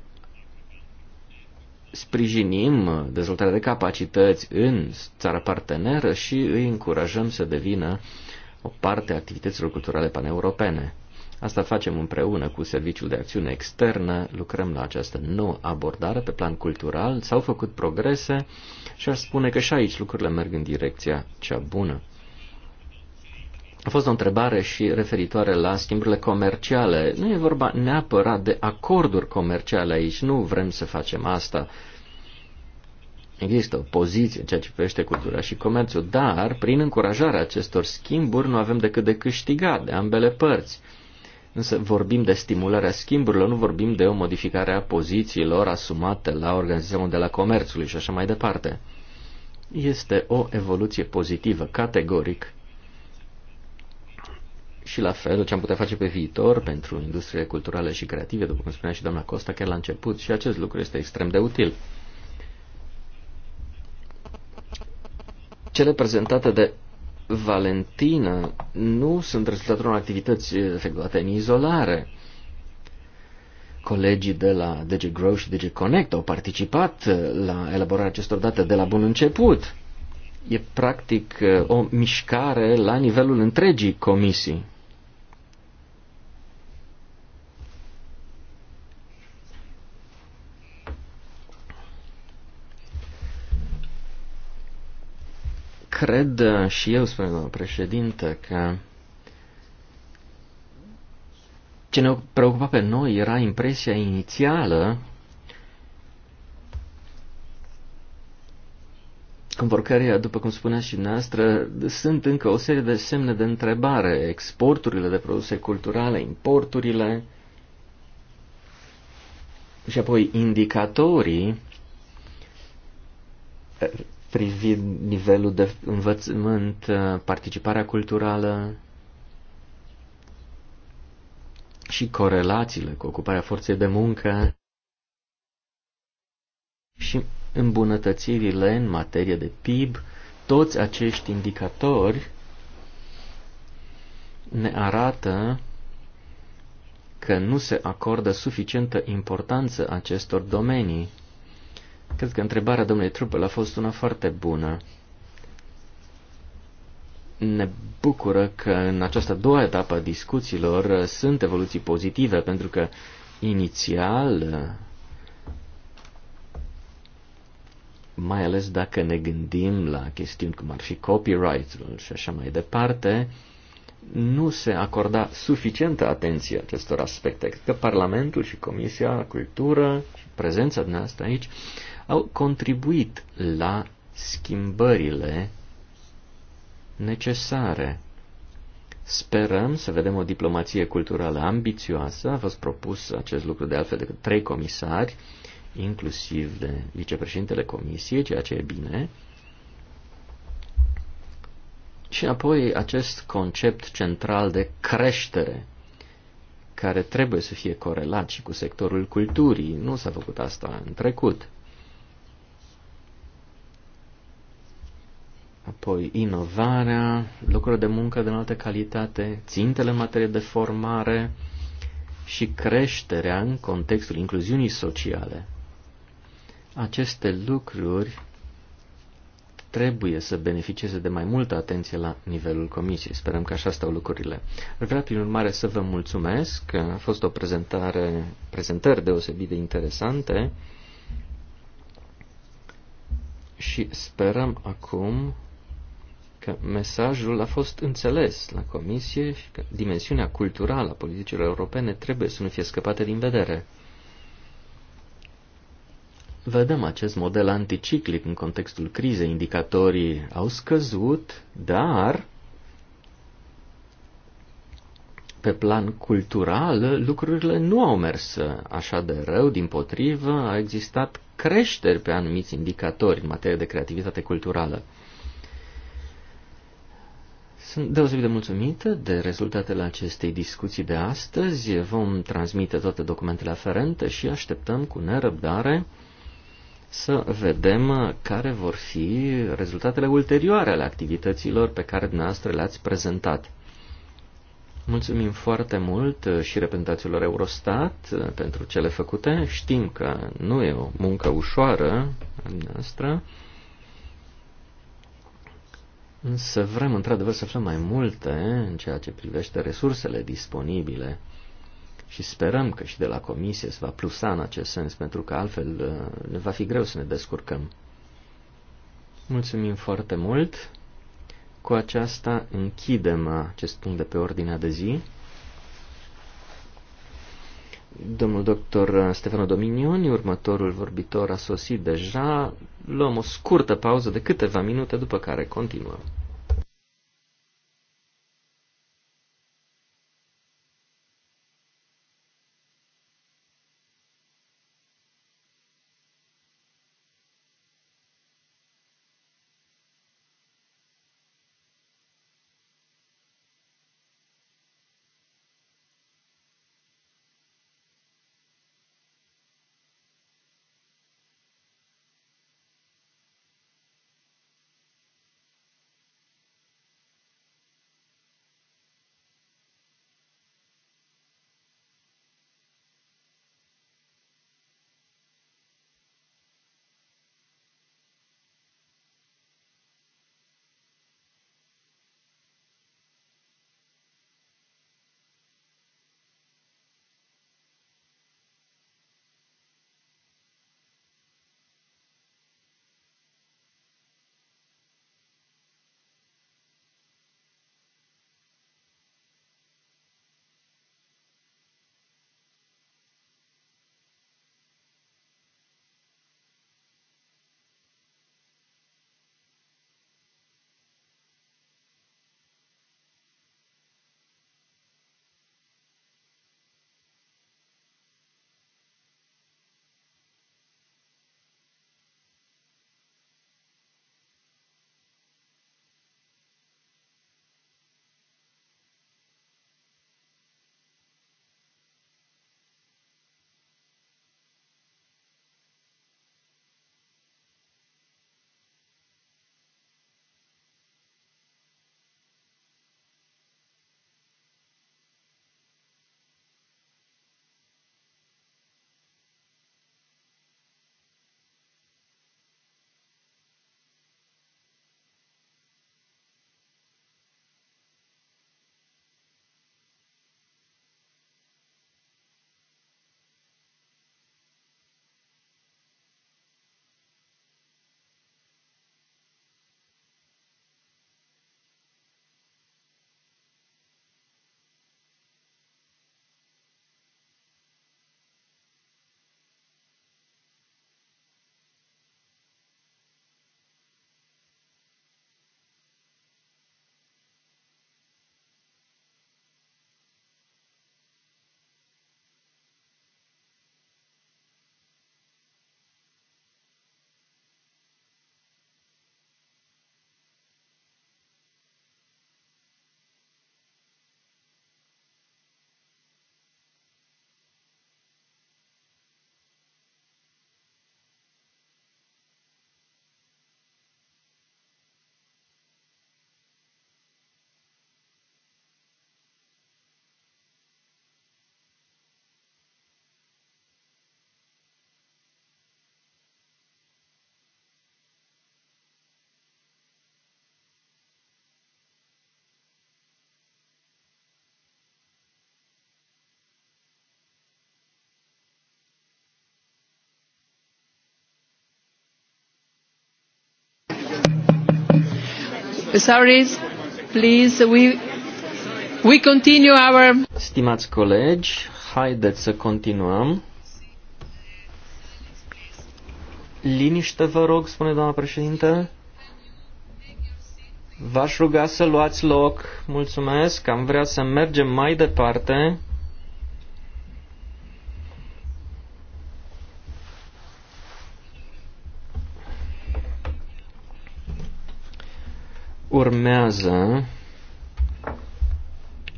sprijinim dezvoltarea de capacități în țara parteneră și îi încurajăm să devină o parte a activităților culturale paneuropene. Asta facem împreună cu Serviciul de Acțiune Externă, lucrăm la această nouă abordare pe plan cultural, s-au făcut progrese și aș spune că și aici lucrurile merg în direcția cea bună. A fost o întrebare și referitoare la schimburile comerciale. Nu e vorba neapărat de acorduri comerciale aici, nu vrem să facem asta. Există o poziție în ceea ce privește cultura și comerțul, dar prin încurajarea acestor schimburi nu avem decât de câștigat de ambele părți. Însă vorbim de stimularea schimburilor, nu vorbim de o modificare a pozițiilor asumate la Organizația Mondială a Comerțului și așa mai departe. Este o evoluție pozitivă, categoric și la fel ce am putea face pe viitor pentru industriile culturale și creative, după cum spunea și doamna Costa chiar la început, și acest lucru este extrem de util. Cele prezentate de Valentina nu sunt rezultatul unor activități eh, efectuate în izolare. Colegii de la DG Grow și DG Connect au participat eh, la elaborarea acestor date de la bun început. E practic eh, o mișcare la nivelul întregii comisii. Cred uh, și eu, spune doamna președinte, că ce ne preocupa pe noi era impresia inițială conform căreia, după cum spunea și noastră, sunt încă o serie de semne de întrebare. Exporturile de produse culturale, importurile și apoi indicatorii privind nivelul de învățământ, uh, participarea culturală și corelațiile cu ocuparea forței de muncă și îmbunătățirile în materie de PIB, toți acești indicatori ne arată că nu se acordă suficientă importanță acestor domenii. Cred că întrebarea domnului Trupel a fost una foarte bună. Ne bucură că în această doua etapă a discuțiilor sunt evoluții pozitive, pentru că inițial, mai ales dacă ne gândim la chestiuni cum ar fi copyright-ul și așa mai departe, nu se acorda suficientă atenție acestor aspecte. Cred că Parlamentul și Comisia Cultură și prezența dumneavoastră aici au contribuit la schimbările necesare. Sperăm să vedem o diplomație culturală ambițioasă. A fost propus acest lucru de altfel de trei comisari, inclusiv de vicepreședintele comisiei, ceea ce e bine. Și apoi acest concept central de creștere, care trebuie să fie corelat și cu sectorul culturii. Nu s-a făcut asta în trecut. apoi inovarea, locuri de muncă de înaltă calitate, țintele în materie de formare și creșterea în contextul incluziunii sociale. Aceste lucruri trebuie să beneficieze de mai multă atenție la nivelul comisiei. Sperăm că așa stau lucrurile. Vreau, prin urmare, să vă mulțumesc. A fost o prezentare, prezentări deosebit de interesante și sperăm acum că mesajul a fost înțeles la comisie și că dimensiunea culturală a politicilor europene trebuie să nu fie scăpată din vedere. Vedem acest model anticiclic în contextul crizei. Indicatorii au scăzut, dar pe plan cultural lucrurile nu au mers așa de rău, din potrivă, a existat creșteri pe anumiți indicatori în materie de creativitate culturală. Sunt deosebit de mulțumit de rezultatele acestei discuții de astăzi. Vom transmite toate documentele aferente și așteptăm cu nerăbdare să vedem care vor fi rezultatele ulterioare ale activităților pe care dumneavoastră le-ați prezentat. Mulțumim foarte mult și reprezentanților Eurostat pentru cele făcute. Știm că nu e o muncă ușoară a noastră. Însă vrem într-adevăr să aflăm mai multe în ceea ce privește resursele disponibile și sperăm că și de la comisie se va plusa în acest sens, pentru că altfel uh, ne va fi greu să ne descurcăm. Mulțumim foarte mult! Cu aceasta închidem acest punct de pe ordinea de zi. Domnul doctor Stefano Dominioni, următorul vorbitor, a sosit deja. Luăm o scurtă pauză de câteva minute, după care continuăm. Sorry, please, we, we continue our... Stimați colegi, haideți să continuăm. Liniște, vă rog, spune doamna președinte. V-aș ruga să luați loc. Mulțumesc, am vrea să mergem mai departe. Urmează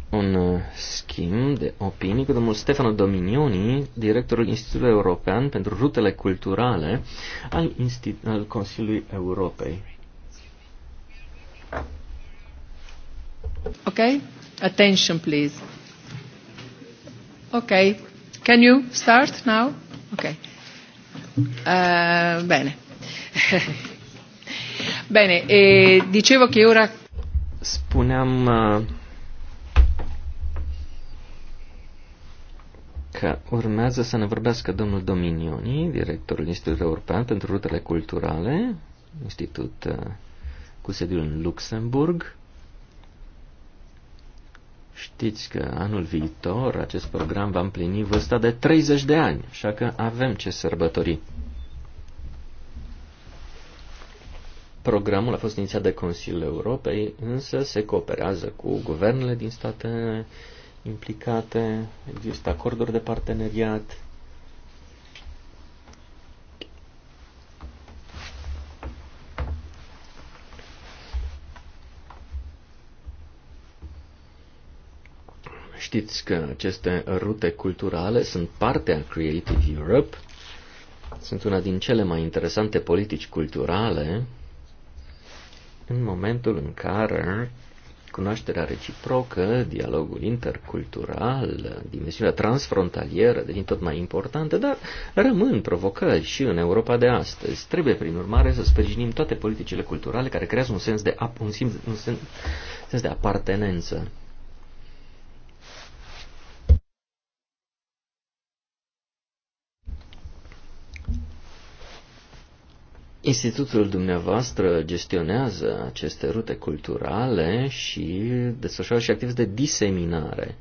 un uh, schimb de opinii cu domnul Stefano Dominioni, directorul Institutului European pentru Rutele Culturale al, Insti- al Consiliului Europei. Okay? Attention, please. Okay. Can you start now? Okay. Uh, bene. Bine, e, dicevo che ora... Spuneam uh, că urmează să ne vorbească domnul Dominioni, directorul Institutului European pentru Rutele Culturale, institut uh, cu sediul în Luxemburg. Știți că anul viitor acest program va împlini vârsta de 30 de ani, așa că avem ce sărbători. Programul a fost inițiat de Consiliul Europei, însă se cooperează cu guvernele din state implicate, există acorduri de parteneriat. Știți că aceste rute culturale sunt parte a Creative Europe, sunt una din cele mai interesante politici culturale în momentul în care cunoașterea reciprocă, dialogul intercultural, dimensiunea transfrontalieră devin tot mai importantă, dar rămân provocări și în Europa de astăzi. Trebuie, prin urmare, să sprijinim toate politicile culturale care creează un sens de, un simț, un sens, sens de apartenență. Institutul dumneavoastră gestionează aceste rute culturale și desfășoară și activități de diseminare.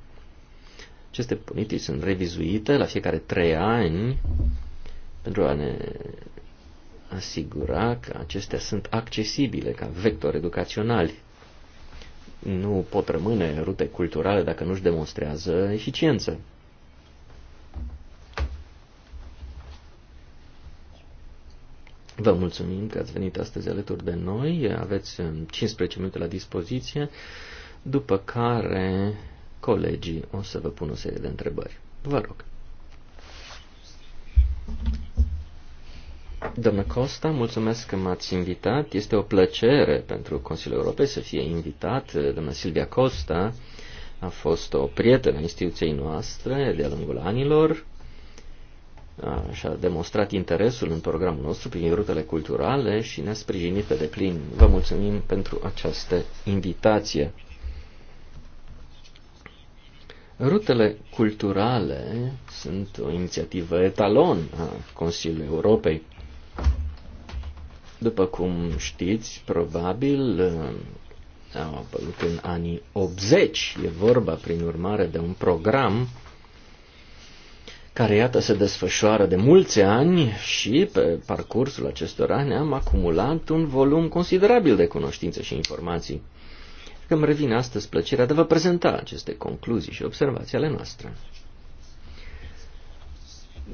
Aceste politici sunt revizuite la fiecare trei ani pentru a ne asigura că acestea sunt accesibile ca vectori educaționali. Nu pot rămâne rute culturale dacă nu-și demonstrează eficiență. Vă mulțumim că ați venit astăzi alături de noi. Aveți 15 um, minute la dispoziție, după care colegii o să vă pun o serie de întrebări. Vă rog. Doamna Costa, mulțumesc că m-ați invitat. Este o plăcere pentru Consiliul Europei să fie invitat. Doamna Silvia Costa a fost o prietenă a instituției noastre de-a lungul anilor și-a demonstrat interesul în programul nostru prin rutele culturale și ne-a sprijinit pe deplin. Vă mulțumim pentru această invitație. Rutele culturale sunt o inițiativă etalon a Consiliului Europei. După cum știți, probabil au apărut în anii 80. E vorba, prin urmare, de un program care, iată, se desfășoară de mulți ani și pe parcursul acestor ani am acumulat un volum considerabil de cunoștințe și informații. Că îmi revine astăzi plăcerea de a vă prezenta aceste concluzii și observații ale noastre.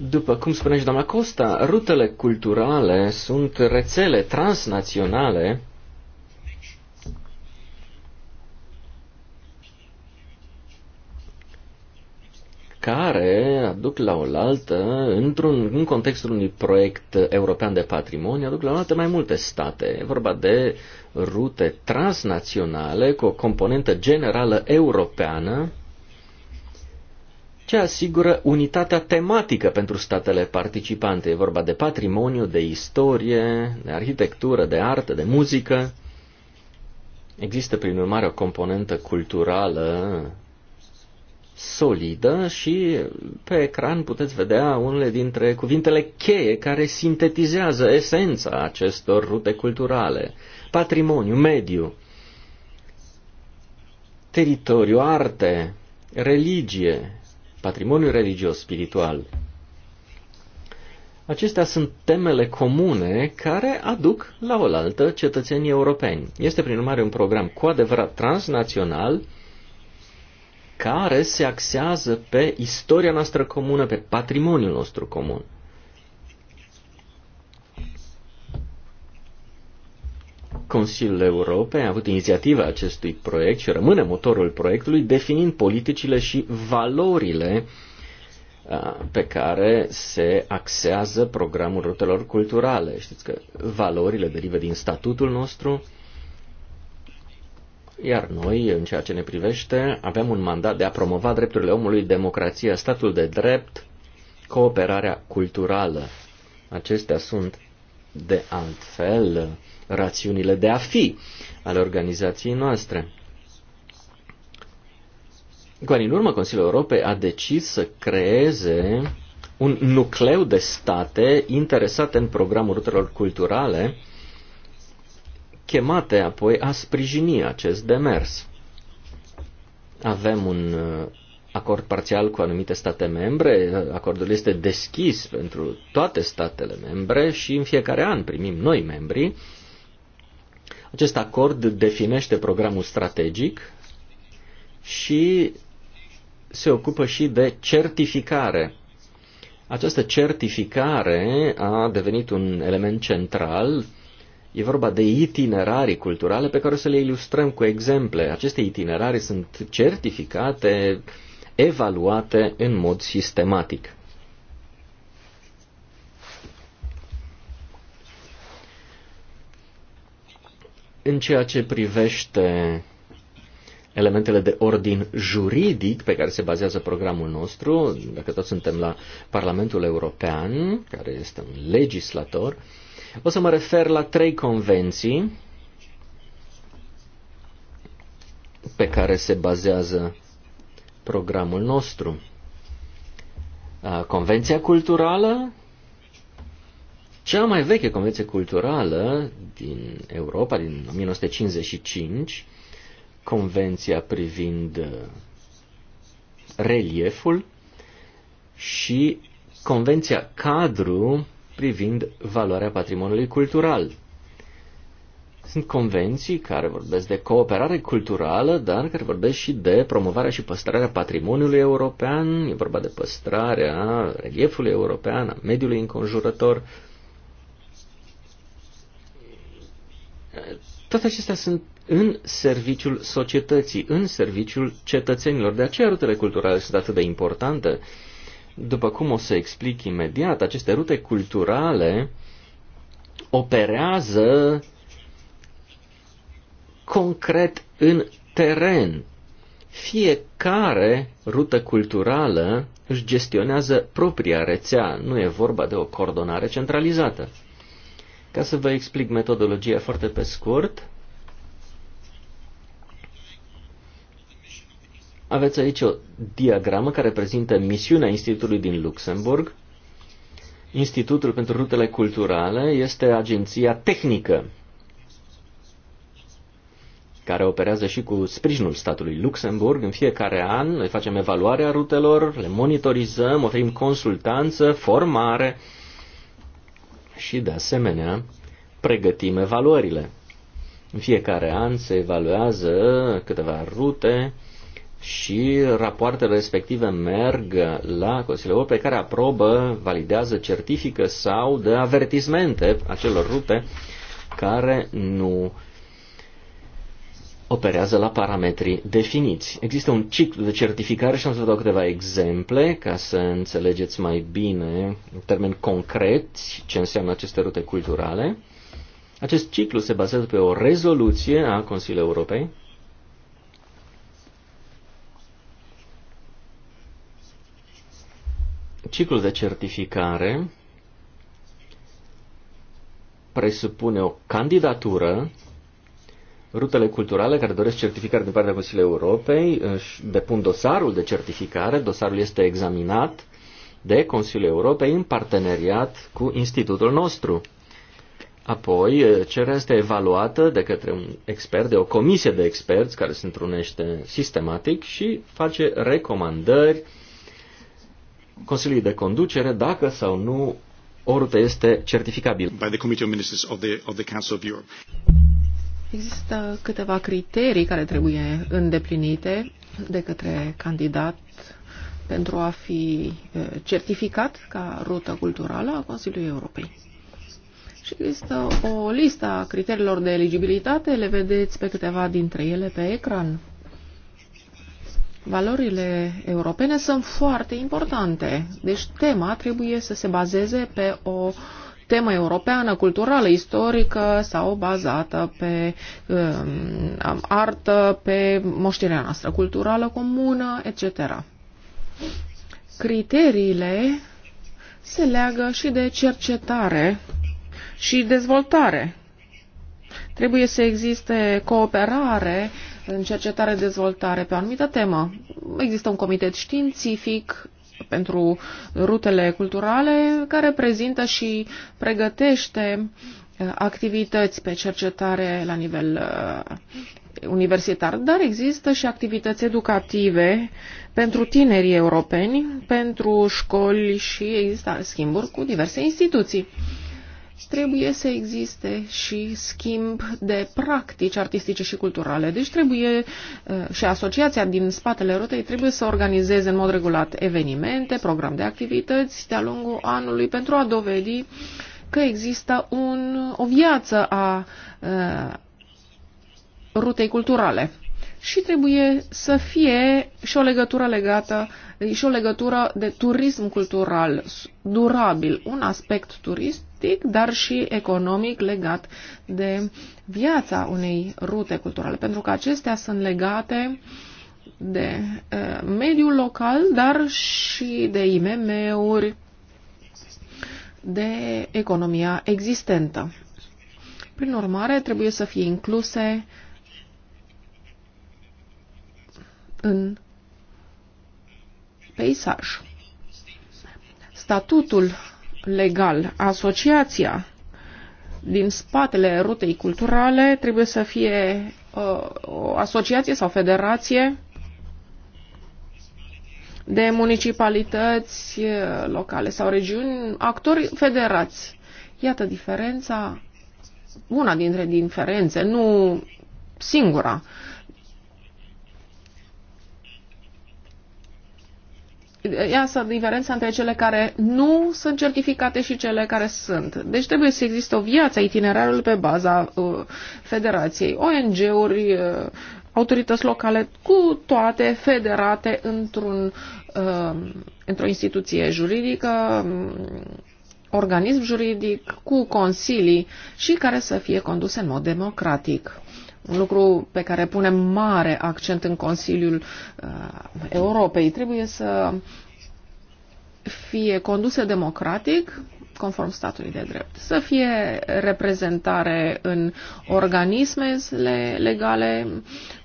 După cum spunea doamna Costa, rutele culturale sunt rețele transnaționale care aduc la oaltă, într-un, în contextul unui proiect european de patrimoniu, aduc la oaltă mai multe state. E vorba de rute transnaționale cu o componentă generală europeană, ce asigură unitatea tematică pentru statele participante. E vorba de patrimoniu, de istorie, de arhitectură, de artă, de muzică. Există, prin urmare, o componentă culturală solidă și pe ecran puteți vedea unele dintre cuvintele cheie care sintetizează esența acestor rute culturale. Patrimoniu, mediu, teritoriu, arte, religie, patrimoniu religios, spiritual. Acestea sunt temele comune care aduc la oaltă cetățenii europeni. Este, prin urmare, un program cu adevărat transnațional care se axează pe istoria noastră comună, pe patrimoniul nostru comun. Consiliul Europei a avut inițiativa acestui proiect și rămâne motorul proiectului, definind politicile și valorile pe care se axează programul rutelor culturale. Știți că valorile derivă din statutul nostru, iar noi, în ceea ce ne privește, avem un mandat de a promova drepturile omului, democrația, statul de drept, cooperarea culturală. Acestea sunt, de altfel, rațiunile de a fi ale organizației noastre. Cu ani în urmă, Consiliul Europei a decis să creeze un nucleu de state interesate în programul rutelor culturale chemate apoi a sprijini acest demers. Avem un uh, acord parțial cu anumite state membre, uh, acordul este deschis pentru toate statele membre și în fiecare an primim noi membri. Acest acord definește programul strategic și se ocupă și de certificare. Această certificare a devenit un element central E vorba de itinerarii culturale pe care o să le ilustrăm cu exemple. Aceste itinerarii sunt certificate, evaluate în mod sistematic. În ceea ce privește elementele de ordin juridic pe care se bazează programul nostru, dacă toți suntem la Parlamentul European, care este un legislator, uh, o să mă refer la trei convenții pe care se bazează programul nostru. Convenția culturală, cea mai veche convenție culturală din Europa, din 1955, convenția privind uh, relieful și convenția cadru privind valoarea patrimoniului cultural. Sunt convenții care vorbesc de cooperare culturală, dar care vorbesc și de promovarea și păstrarea patrimoniului european, e vorba de păstrarea reliefului european, a mediului înconjurător. Toate acestea sunt în serviciul societății, în serviciul cetățenilor. De aceea rutele culturale sunt atât de importante. Uh, după cum o să explic imediat, aceste rute culturale operează concret în teren. Fiecare rută culturală își gestionează propria rețea, nu e vorba de o coordonare centralizată. Ca să vă explic metodologia foarte pe scurt, Aveți aici o diagramă care prezintă misiunea Institutului din Luxemburg. Institutul pentru Rutele Culturale este agenția tehnică care operează și cu sprijinul statului Luxemburg. În fiecare an noi facem evaluarea rutelor, le monitorizăm, oferim consultanță, formare și, de asemenea, pregătim evaluările. În fiecare an se evaluează câteva rute și rapoartele respective merg la Consiliul Europei care aprobă, validează, certifică sau dă avertismente acelor rupe care nu operează la parametrii definiți. Există un ciclu de certificare și am să vă dau câteva exemple ca să înțelegeți mai bine, în termeni concreți, ce înseamnă aceste rute culturale. Acest ciclu se bazează pe o rezoluție a Consiliului Europei Ciclul de certificare presupune o candidatură rutele culturale care doresc certificare din partea Consiliului Europei își depun dosarul de certificare, dosarul este examinat de Consiliul Europei în parteneriat cu institutul nostru. Apoi, cererea este evaluată de către un expert, de o comisie de experți care se întrunește sistematic și face recomandări Consiliului de Conducere dacă sau nu o rută este certificabilă. By the Committee of Ministers of the, of the Council of Europe. Există câteva criterii care trebuie îndeplinite de către candidat pentru a fi eh, certificat ca rută culturală a Consiliului Europei. Și există o listă a criteriilor de eligibilitate, le vedeți pe câteva dintre ele pe ecran. Valorile europene sunt foarte importante, deci tema trebuie să se bazeze pe o temă europeană, culturală, istorică sau bazată pe um, artă, pe moștirea noastră culturală comună, etc. Criteriile se leagă și de cercetare și dezvoltare. Trebuie să existe cooperare uh, în cercetare-dezvoltare pe o anumită temă. Există un comitet științific pentru rutele culturale care prezintă și pregătește uh, activități pe cercetare la nivel uh, universitar, dar există și activități educative pentru tinerii europeni, pentru școli și există schimburi cu diverse instituții trebuie să existe și schimb de practici artistice și culturale. Deci trebuie uh, și asociația din spatele rotei trebuie să organizeze în mod regulat evenimente, program de activități de-a lungul anului pentru a dovedi că există un, o viață a a uh, rutei culturale și trebuie să fie și o legătură legată și o legătură de turism cultural durabil. Un aspect turist turistic, dar și economic legat de viața unei rute culturale, pentru că acestea sunt legate de uh, mediul local, dar și de IMM-uri, de economia existentă. Prin urmare, trebuie să fie incluse în peisaj. Statutul legal. Asociația din spatele rutei culturale trebuie să fie uh, o asociație sau federație de municipalități uh, locale sau regiuni, actori federați. Iată diferența, una dintre diferențe, nu singura. Uh, iasă diferența între cele care nu sunt certificate și cele care sunt. Deci trebuie să existe o viață itinerarul pe baza uh, federației, ONG-uri, uh, autorități locale, cu toate federate într-un, uh, într-o instituție juridică, um, organism juridic, cu consilii și care să fie conduse în mod democratic un lucru pe care punem mare accent în Consiliul uh, Europei. Trebuie să fie conduse democratic, conform statului de drept, să fie reprezentare în organismele legale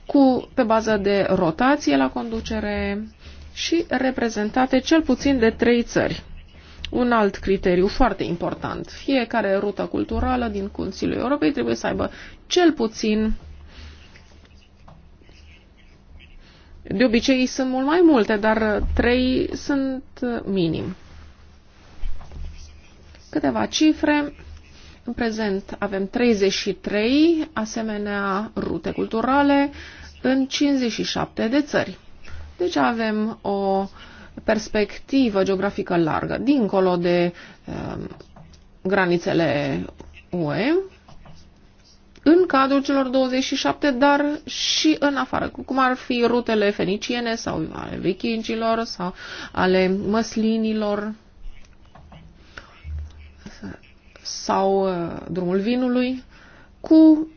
cu, pe bază de rotație la conducere și reprezentate cel puțin de trei țări. Un alt criteriu foarte important. Fiecare rută culturală din Consiliul Europei trebuie să aibă cel puțin De obicei sunt mult mai multe, dar trei sunt uh, minim. Câteva cifre. În prezent avem 33 asemenea rute culturale în 57 de țări. Deci avem o perspectivă geografică largă, dincolo de uh, granițele UE, în cadrul celor 27, dar și în afară, cum ar fi rutele feniciene sau ale vikingilor sau ale măslinilor sau uh, drumul vinului, cu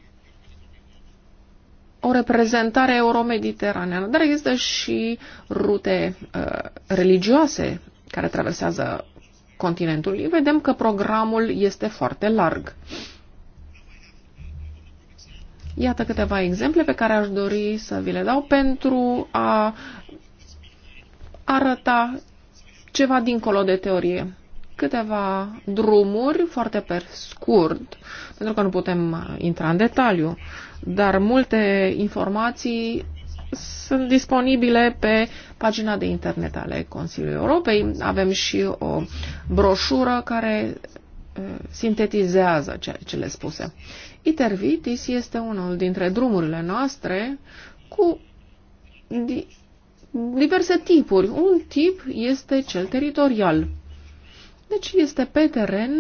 o reprezentare euromediteraneană, dar există și rute uh, religioase care traversează continentul. Vedem că programul este foarte larg. Uh, Iată câteva exemple pe care aș dori să vi le dau pentru a arăta ceva dincolo de teorie. Câteva drumuri foarte pe scurt, pentru că nu putem uh, intra în detaliu, dar multe informații sunt disponibile pe pagina de internet ale Consiliului Europei. Avem și o broșură care uh, sintetizează cele spuse. Itervitis este unul dintre drumurile noastre cu di diverse tipuri. Un tip este cel teritorial. Deci este pe teren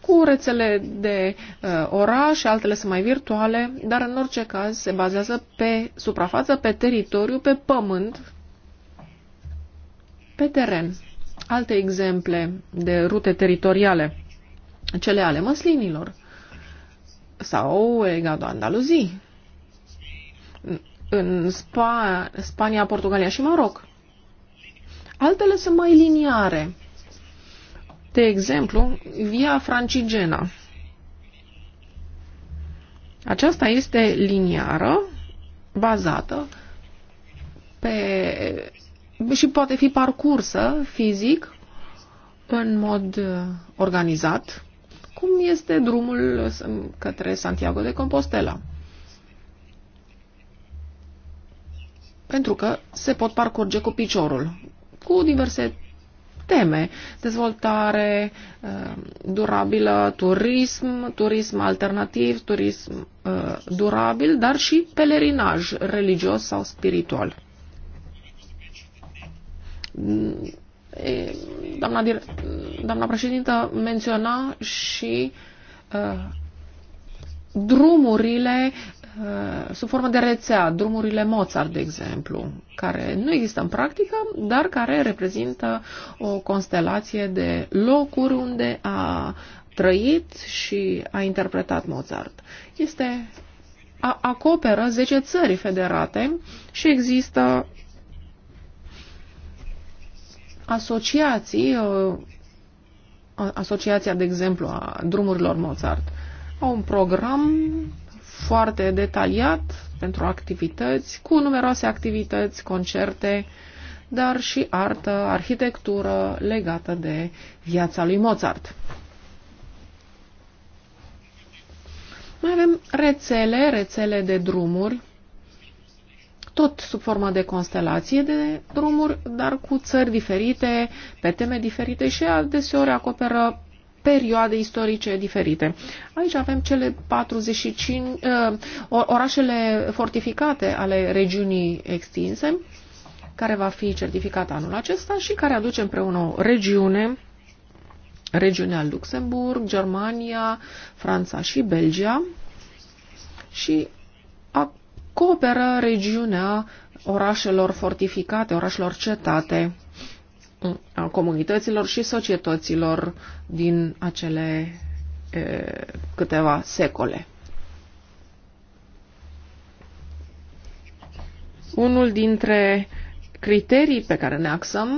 cu rețele de uh, oraș, altele sunt mai virtuale, dar în orice caz se bazează pe suprafață, pe teritoriu, pe pământ, pe teren. Alte exemple de rute teritoriale cele ale măslinilor sau Egado Andaluzii, în Spa, Spania, Portugalia și Maroc. Altele sunt mai liniare. De exemplu, via francigena. Aceasta este liniară, bazată pe și poate fi parcursă fizic în mod organizat cum este drumul către Santiago de Compostela. Pentru că se pot parcurge cu piciorul, cu diverse teme, dezvoltare uh, durabilă, turism, turism alternativ, turism uh, durabil, dar și pelerinaj religios sau spiritual doamna, doamna președintă menționa și drumurile sub formă de rețea, drumurile Mozart, de exemplu, care nu există în practică, dar care reprezintă o constelație de locuri unde a trăit și a interpretat Mozart. Este a, acoperă 10 țări federate și există asociații, uh, asociația, de exemplu, a drumurilor Mozart, au un program foarte detaliat pentru activități, cu numeroase activități, concerte, dar și artă, arhitectură legată de viața lui Mozart. Mai avem rețele, rețele de drumuri tot sub forma de constelație de drumuri, dar cu țări diferite, pe teme diferite și adeseori acoperă perioade istorice diferite. Aici avem cele 45 uh, orașele fortificate ale regiunii extinse, care va fi certificat anul acesta și care aduce împreună o regiune, regiunea Luxemburg, Germania, Franța și Belgia și cooperă regiunea orașelor fortificate, orașelor cetate, a comunităților și societăților din acele e, câteva secole. Unul dintre criterii pe care ne axăm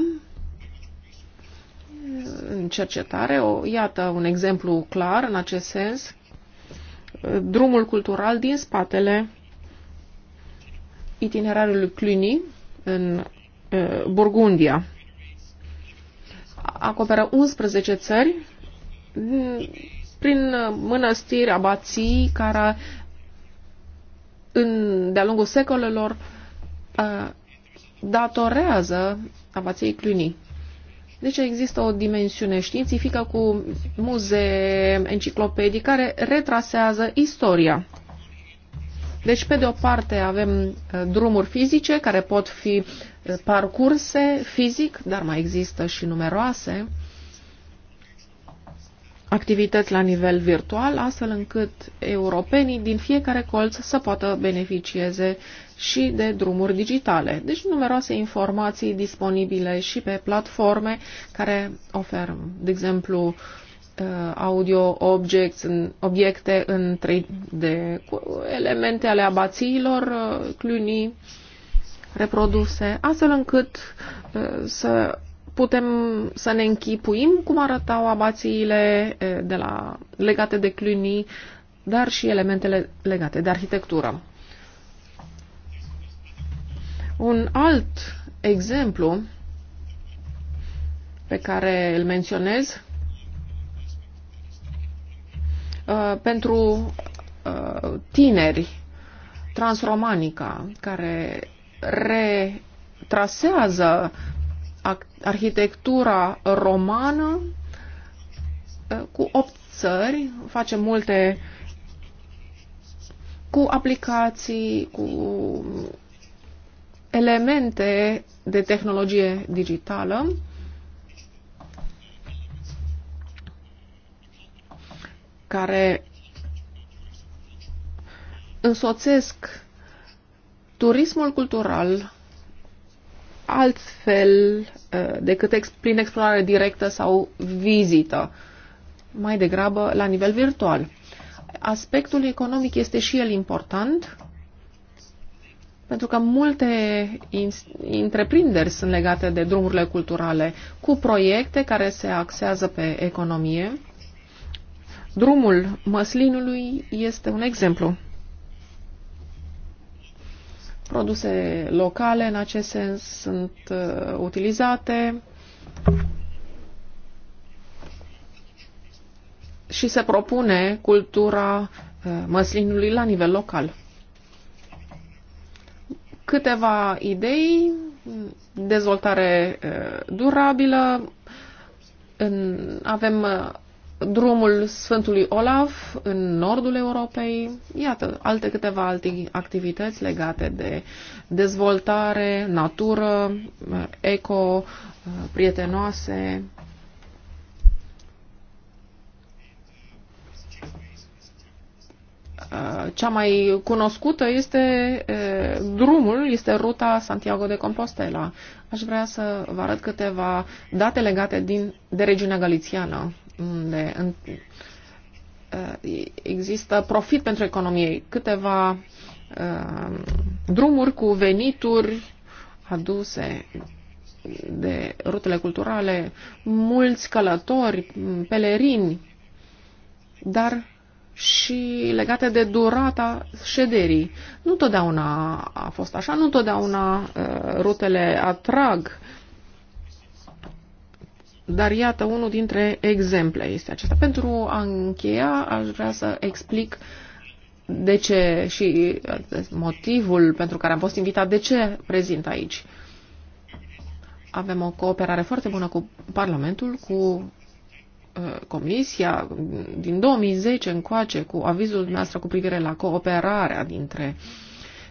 în cercetare, o, iată un exemplu clar în acest sens, drumul cultural din spatele Itinerarul lui Cluny în Burgundia. Acoperă 11 țări prin mănăstiri, abații care de-a lungul secolelor datorează abației Cluny. Deci există o dimensiune științifică cu muzee, enciclopedii care retrasează istoria. Deci, pe de o parte, avem uh, drumuri fizice care pot fi uh, parcurse fizic, dar mai există și numeroase activități la nivel virtual, astfel încât europenii din fiecare colț să poată beneficieze și de drumuri digitale. Deci numeroase informații disponibile și pe platforme care oferă, de exemplu, Uh, audio objects, în, obiecte în 3D, cu elemente ale abațiilor, uh, clunii reproduse, astfel încât uh, să putem să ne închipuim cum arătau abațiile de la, legate de clunii, dar și elementele legate de arhitectură. Un alt exemplu pe care îl menționez Uh, pentru uh, tineri, Transromanica, care retrasează arhitectura romană uh, cu opt țări, face multe cu aplicații, cu elemente de tehnologie digitală care însoțesc turismul cultural altfel uh, decât ex, prin explorare directă sau vizită, mai degrabă la nivel virtual. Aspectul economic este și el important, pentru că multe întreprinderi sunt legate de drumurile culturale, cu proiecte care se axează pe economie Drumul măslinului este un exemplu. Produse locale în acest sens sunt uh, utilizate și se propune cultura uh, măslinului la nivel local. Câteva idei, dezvoltare uh, durabilă, în, avem uh, drumul Sfântului Olaf în nordul Europei, iată, alte câteva alte activități legate de dezvoltare, natură, eco, prietenoase. Cea mai cunoscută este drumul, este ruta Santiago de Compostela. Aș vrea să vă arăt câteva date legate din, de regiunea galițiană unde în, uh, există profit pentru economie, câteva uh, drumuri cu venituri aduse de rutele culturale, mulți călători, pelerini, dar și legate de durata șederii. Nu totdeauna a fost așa, nu totdeauna uh, rutele atrag dar iată unul dintre exemple este acesta. Pentru a încheia, aș vrea să explic de ce și uh, motivul pentru care am fost invitat, de ce prezint aici. Avem o cooperare foarte bună cu Parlamentul, cu uh, Comisia din 2010 încoace cu avizul noastră cu privire la cooperarea dintre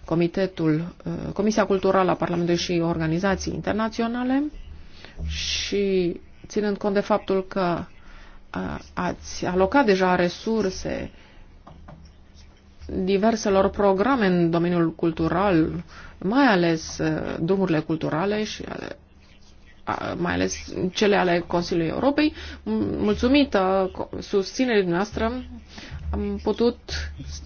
Comitetul, uh, Comisia Culturală a Parlamentului și organizații internaționale și ținând cont de faptul că ați alocat deja resurse diverselor programe în domeniul cultural, mai ales drumurile culturale și ale, mai ales cele ale Consiliului Europei. Mulțumită susținerii noastre am putut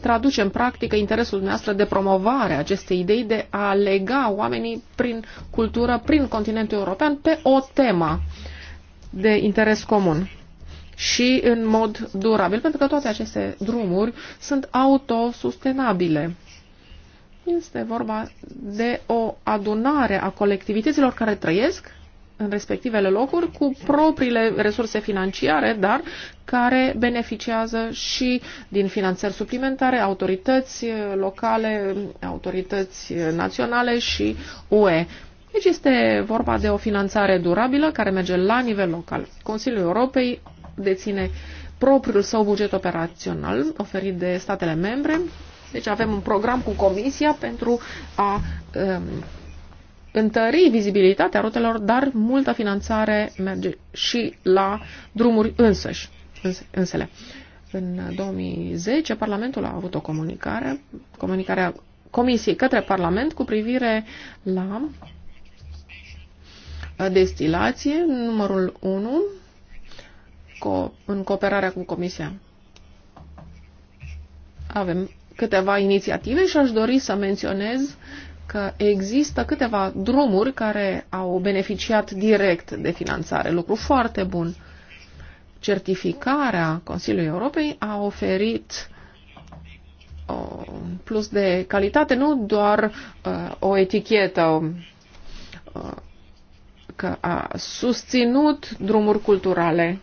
traduce în practică interesul noastră de promovare a acestei idei de a lega oamenii prin cultură, prin continentul european, pe o temă de interes comun și în mod durabil, pentru că toate aceste drumuri sunt autosustenabile. Este vorba de o adunare a colectivităților care trăiesc în respectivele locuri cu propriile resurse financiare, dar care beneficiază și din finanțări suplimentare, autorități locale, autorități naționale și UE. Deci este vorba de o finanțare durabilă care merge la nivel local. Consiliul Europei deține propriul său buget operațional oferit de statele membre. Deci avem un program cu Comisia pentru a um, întări vizibilitatea rutelor, dar multă finanțare merge și la drumuri însăși, însele. În 2010, Parlamentul a avut o comunicare, comunicarea Comisiei către Parlament cu privire la destilație, numărul 1, co- în cooperarea cu Comisia. Avem câteva inițiative și aș dori să menționez că există câteva drumuri care au beneficiat direct de finanțare, lucru foarte bun. Certificarea Consiliului Europei a oferit o plus de calitate, nu doar uh, o etichetă uh, că a susținut drumuri culturale.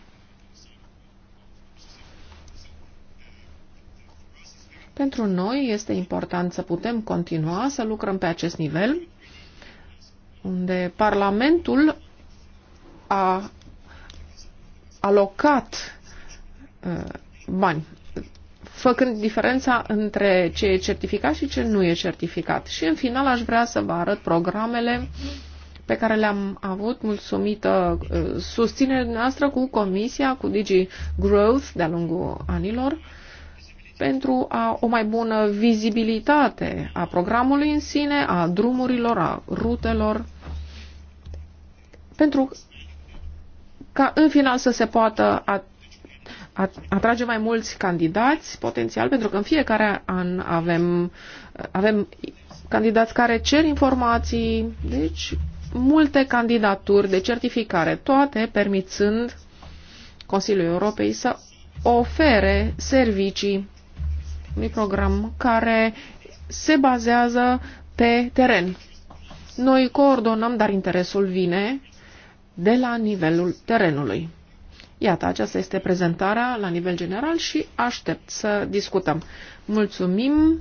Pentru noi este important să putem continua să lucrăm pe acest nivel, unde Parlamentul a alocat uh, bani, făcând diferența între ce e certificat și ce nu e certificat. Și în final aș vrea să vă arăt programele uh, pe care le-am avut mulțumită uh, susținerea noastră cu Comisia, cu Digi Growth de-a lungul anilor, pentru a, o mai bună vizibilitate a programului în sine, a drumurilor, a rutelor, pentru ca în final să se poată atrage mai mulți candidați potențial, pentru că în fiecare an avem, avem candidați care cer informații, deci multe candidaturi de certificare, toate permițând Consiliul Europei să ofere servicii unui program care se bazează pe teren. Noi coordonăm, dar interesul vine de la nivelul terenului. Iată, aceasta este prezentarea la nivel general și aștept să discutăm. Mulțumim,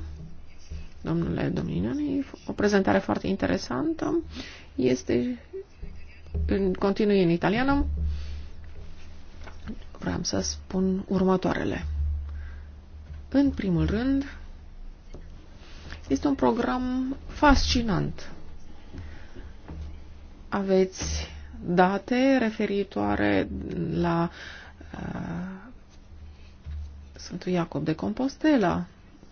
domnule Domninioni, o prezentare foarte interesantă este în, continui în italiană. Vreau să spun următoarele. În primul rând, este un program fascinant. Aveți date referitoare la uh, Sfântul Iacob de Compostela,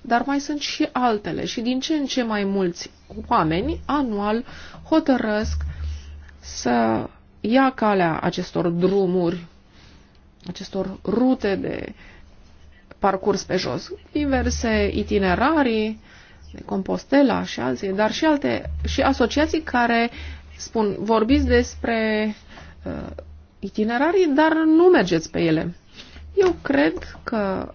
dar mai sunt și altele și din ce în ce mai mulți oameni anual hotărăsc să ia calea acestor drumuri, acestor rute de parcurs pe jos, diverse itinerarii, de Compostela și alții, dar și alte și asociații care spun, vorbiți despre uh, itinerarii, dar nu mergeți pe ele. Eu cred că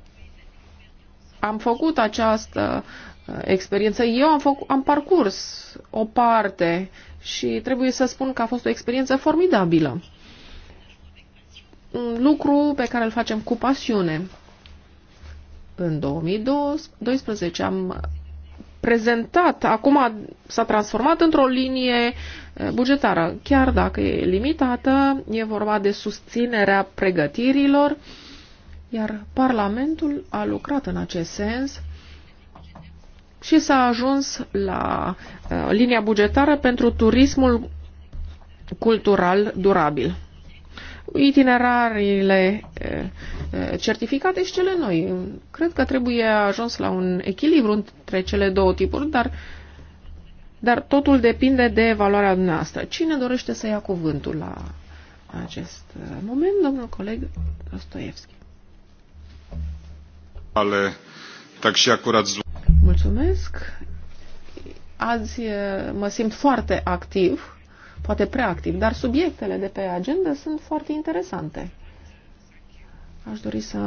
am făcut această uh, experiență. Eu am, făcut, am parcurs o parte și trebuie să spun că a fost o experiență formidabilă. Un lucru pe care îl facem cu pasiune. În 2012 am prezentat, acum s-a transformat într-o linie uh, bugetară. Chiar dacă e limitată, e vorba de susținerea pregătirilor uh, iar Parlamentul a lucrat în acest sens și s-a ajuns la uh, linia bugetară pentru turismul cultural durabil. Itinerariile uh, uh, certificate și cele noi. Cred că trebuie ajuns la un echilibru între cele două tipuri, dar, dar totul depinde de evaluarea noastră. Cine dorește să ia cuvântul la acest moment? Domnul coleg Rostoevski ale tak și Mulțumesc. Azi mă simt foarte activ, poate prea activ, dar subiectele de pe agenda sunt foarte interesante. Aș dori să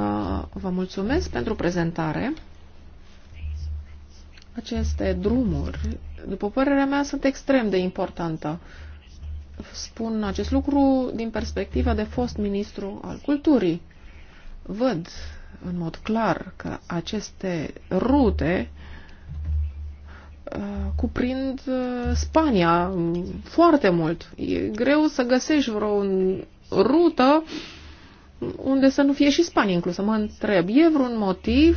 vă mulțumesc pentru prezentare. Aceste drumuri, după părerea mea, sunt extrem de importante. Spun acest lucru din perspectiva de fost ministru al culturii. Văd în mod clar că aceste rute uh, cuprind uh, Spania foarte mult. E greu să găsești vreo rută unde să nu fie și Spania inclusă. Mă întreb, e vreun motiv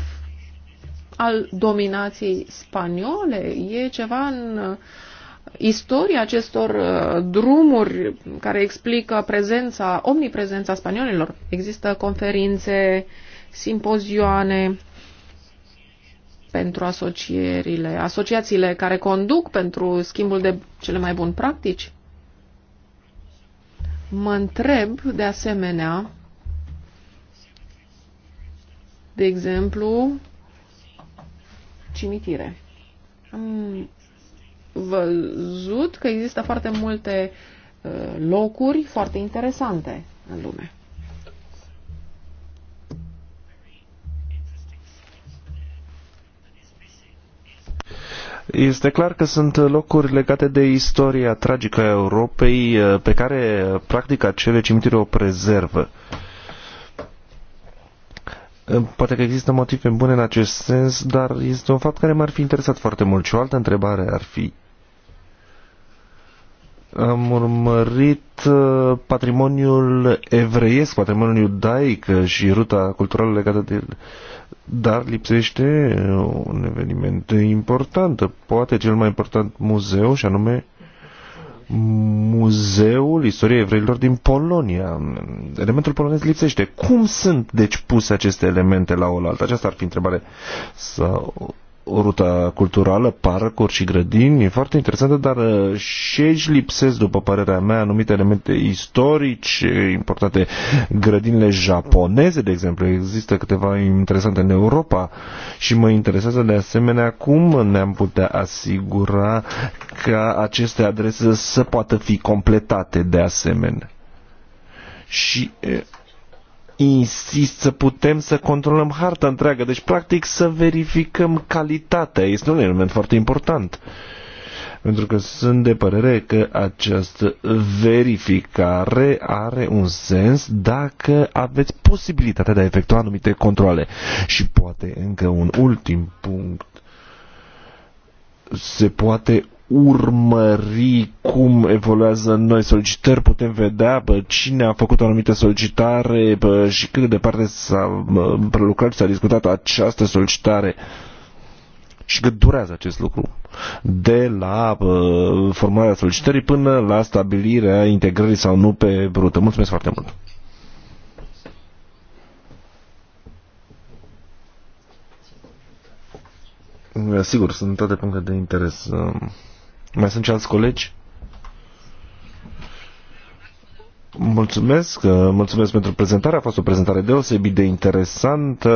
al dominației spaniole? E ceva în uh, istoria acestor drumuri care explică prezența, omniprezența spaniolilor? Există conferințe uh, simpozioane pentru asocierile, asociațiile care conduc pentru schimbul de cele mai buni practici? Mă întreb, de asemenea, de exemplu, cimitire. Am văzut că există foarte multe uh, locuri foarte interesante în lume. Este clar că sunt locuri legate de istoria tragică a Europei eh, pe care eh, practic acele cimitire o prezervă. Eh, poate că există motive bune în acest sens, dar este un fapt care m-ar fi interesat foarte mult. Și o altă întrebare ar fi, am urmărit patrimoniul evreiesc, patrimoniul iudaic și ruta culturală legată de el dar lipsește uh, un eveniment important, poate cel mai important muzeu, și anume Muzeul Istoriei Evreilor din Polonia. Elementul polonez lipsește. Cum sunt, deci, puse aceste elemente la oaltă? Aceasta ar fi întrebare. Sau o rută culturală, parcuri și grădini, e foarte interesantă, dar uh, și aici lipsesc, după părerea mea, anumite elemente istorice importante. Grădinile japoneze, de exemplu, există câteva interesante în Europa și mă interesează de asemenea cum ne-am putea asigura ca aceste adrese să poată fi completate de asemenea. Și insist să putem să controlăm harta întreagă, deci practic să verificăm calitatea. Este un element foarte important. Pentru că sunt de părere că această verificare are un sens dacă aveți posibilitatea de a efectua anumite controle. Și poate încă un ultim punct se poate urmări cum evoluează noi solicitări, putem vedea bă, cine a făcut o anumită solicitare bă, și cât de departe s-a prelucrat și s-a discutat această solicitare și cât durează acest lucru. De la bă, formularea solicitării până la stabilirea integrării sau nu pe brută. Mulțumesc foarte mult! Sigur, sunt toate puncte de interes. Um, mai sunt și alți colegi? Mulțumesc, uh, mulțumesc pentru prezentare. A fost o prezentare deosebit de interesantă.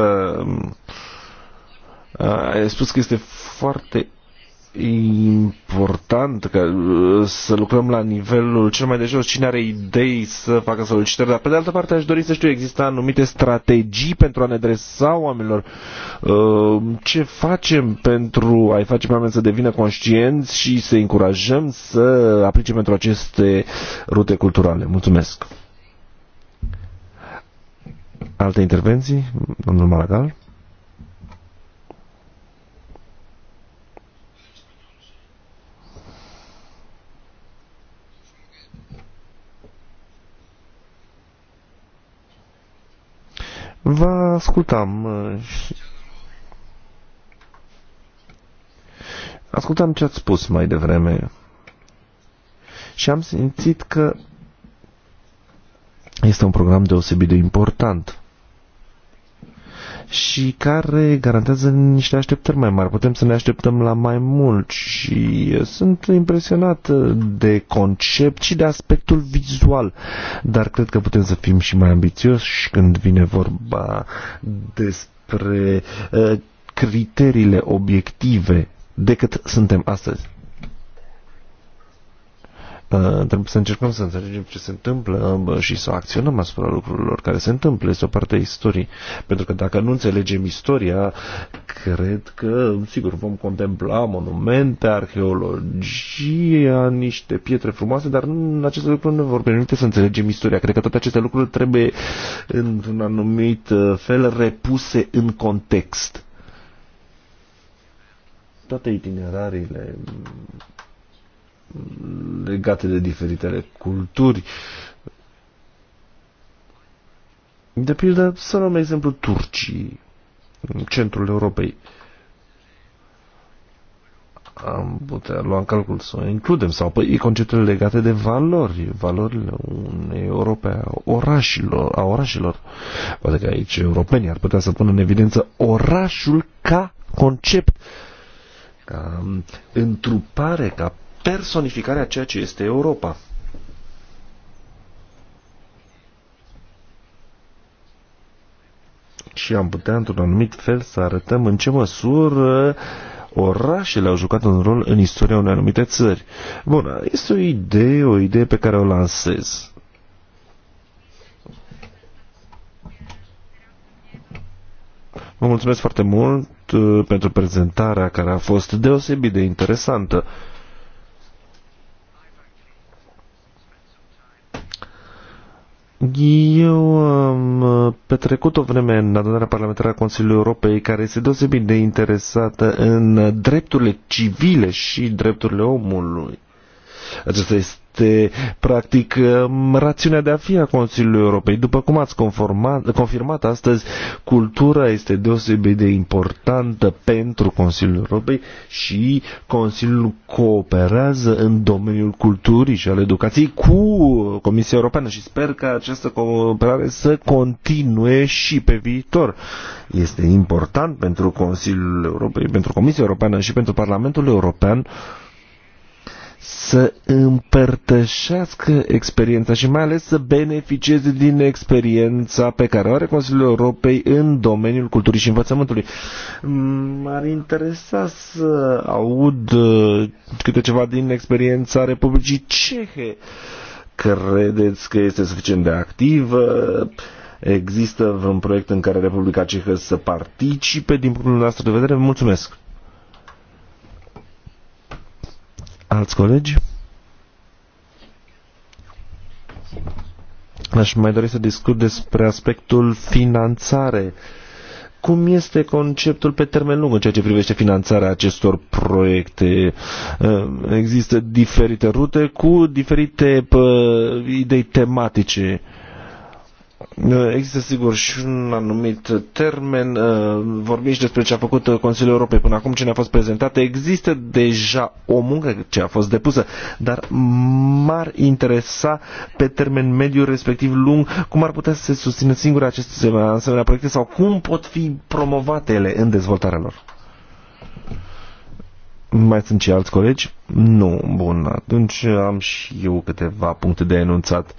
Uh, ai spus că este foarte important că, uh, să lucrăm la nivelul cel mai de jos, cine are idei să facă solicitări, dar pe de altă parte aș dori să știu, există anumite strategii pentru a ne adresa oamenilor. Uh, ce facem pentru a-i face pe oameni să devină conștienți și să încurajăm să aplice pentru aceste rute culturale? Mulțumesc! Alte intervenții? Domnul Maragal? Vă ascultam uh, ascultam ce ați spus mai devreme și am simțit că este un program deosebit de important și care garantează niște așteptări mai mari. Putem să ne așteptăm la mai mult și sunt impresionat de concept și de aspectul vizual, dar cred că putem să fim și mai ambițioși când vine vorba despre uh, criteriile obiective decât suntem astăzi. Uh, trebuie să încercăm să înțelegem ce se întâmplă uh, și să acționăm asupra lucrurilor care se întâmplă. Este o parte a istoriei. Pentru că dacă nu înțelegem istoria, cred că, sigur, vom contempla monumente, arheologia, niște pietre frumoase, dar în aceste lucruri nu vor permite să înțelegem istoria. Cred că toate aceste lucruri trebuie, într-un anumit uh, fel, repuse în context toate itinerariile legate de diferitele culturi. De pildă, să luăm exemplu Turcii, în centrul Europei. Am putea lua în calcul să o includem, sau păi, conceptele legate de valori, valorile unei Europe a orașilor, a orașilor. Poate că aici europenii ar putea să pună în evidență orașul ca concept, ca um, întrupare, ca personificarea ceea ce este Europa. Și am putea, într-un anumit fel, să arătăm în ce măsură orașele au jucat un rol în istoria unei anumite țări. Bun, este o idee, o idee pe care o lansez. Vă mulțumesc foarte mult uh, pentru prezentarea care a fost deosebit de interesantă. Eu am uh, petrecut o vreme în adunarea parlamentară a Consiliului Europei care este deosebit de interesată în drepturile civile și drepturile omului. Acesta este practic um, rațiunea de a fi a Consiliului Europei. După cum ați confirmat astăzi, cultura este deosebit de importantă pentru Consiliul Europei și Consiliul cooperează în domeniul culturii și al educației cu Comisia Europeană și sper că această cooperare să continue și pe viitor. Este important pentru Consiliul Europei, pentru Comisia Europeană și pentru Parlamentul European să împărtășească experiența și mai ales să beneficieze din experiența pe care o are Consiliul Europei în domeniul culturii și învățământului. M-ar mm, interesa să aud uh, câte ceva din experiența Republicii Cehe. Credeți că este suficient de activă? Există vreun proiect în care Republica Cehă să participe din punctul nostru de vedere? Mulțumesc! Alți colegi? Aș mai dori să discut despre aspectul finanțare. Cum este conceptul pe termen lung în ceea ce privește finanțarea acestor proiecte? Există diferite rute cu diferite idei tematice. Ă, există sigur și un anumit termen, ă, vorbim și despre ce a făcut Consiliul Europei până acum, ce ne-a fost prezentat. Există deja o muncă ce a fost depusă, dar m-ar interesa pe termen mediu, respectiv lung, cum ar putea să se susțină singure aceste asemenea proiecte sau cum pot fi promovate ele în dezvoltarea lor. Mai sunt și alți colegi? Nu, bun, atunci am și eu câteva puncte de enunțat.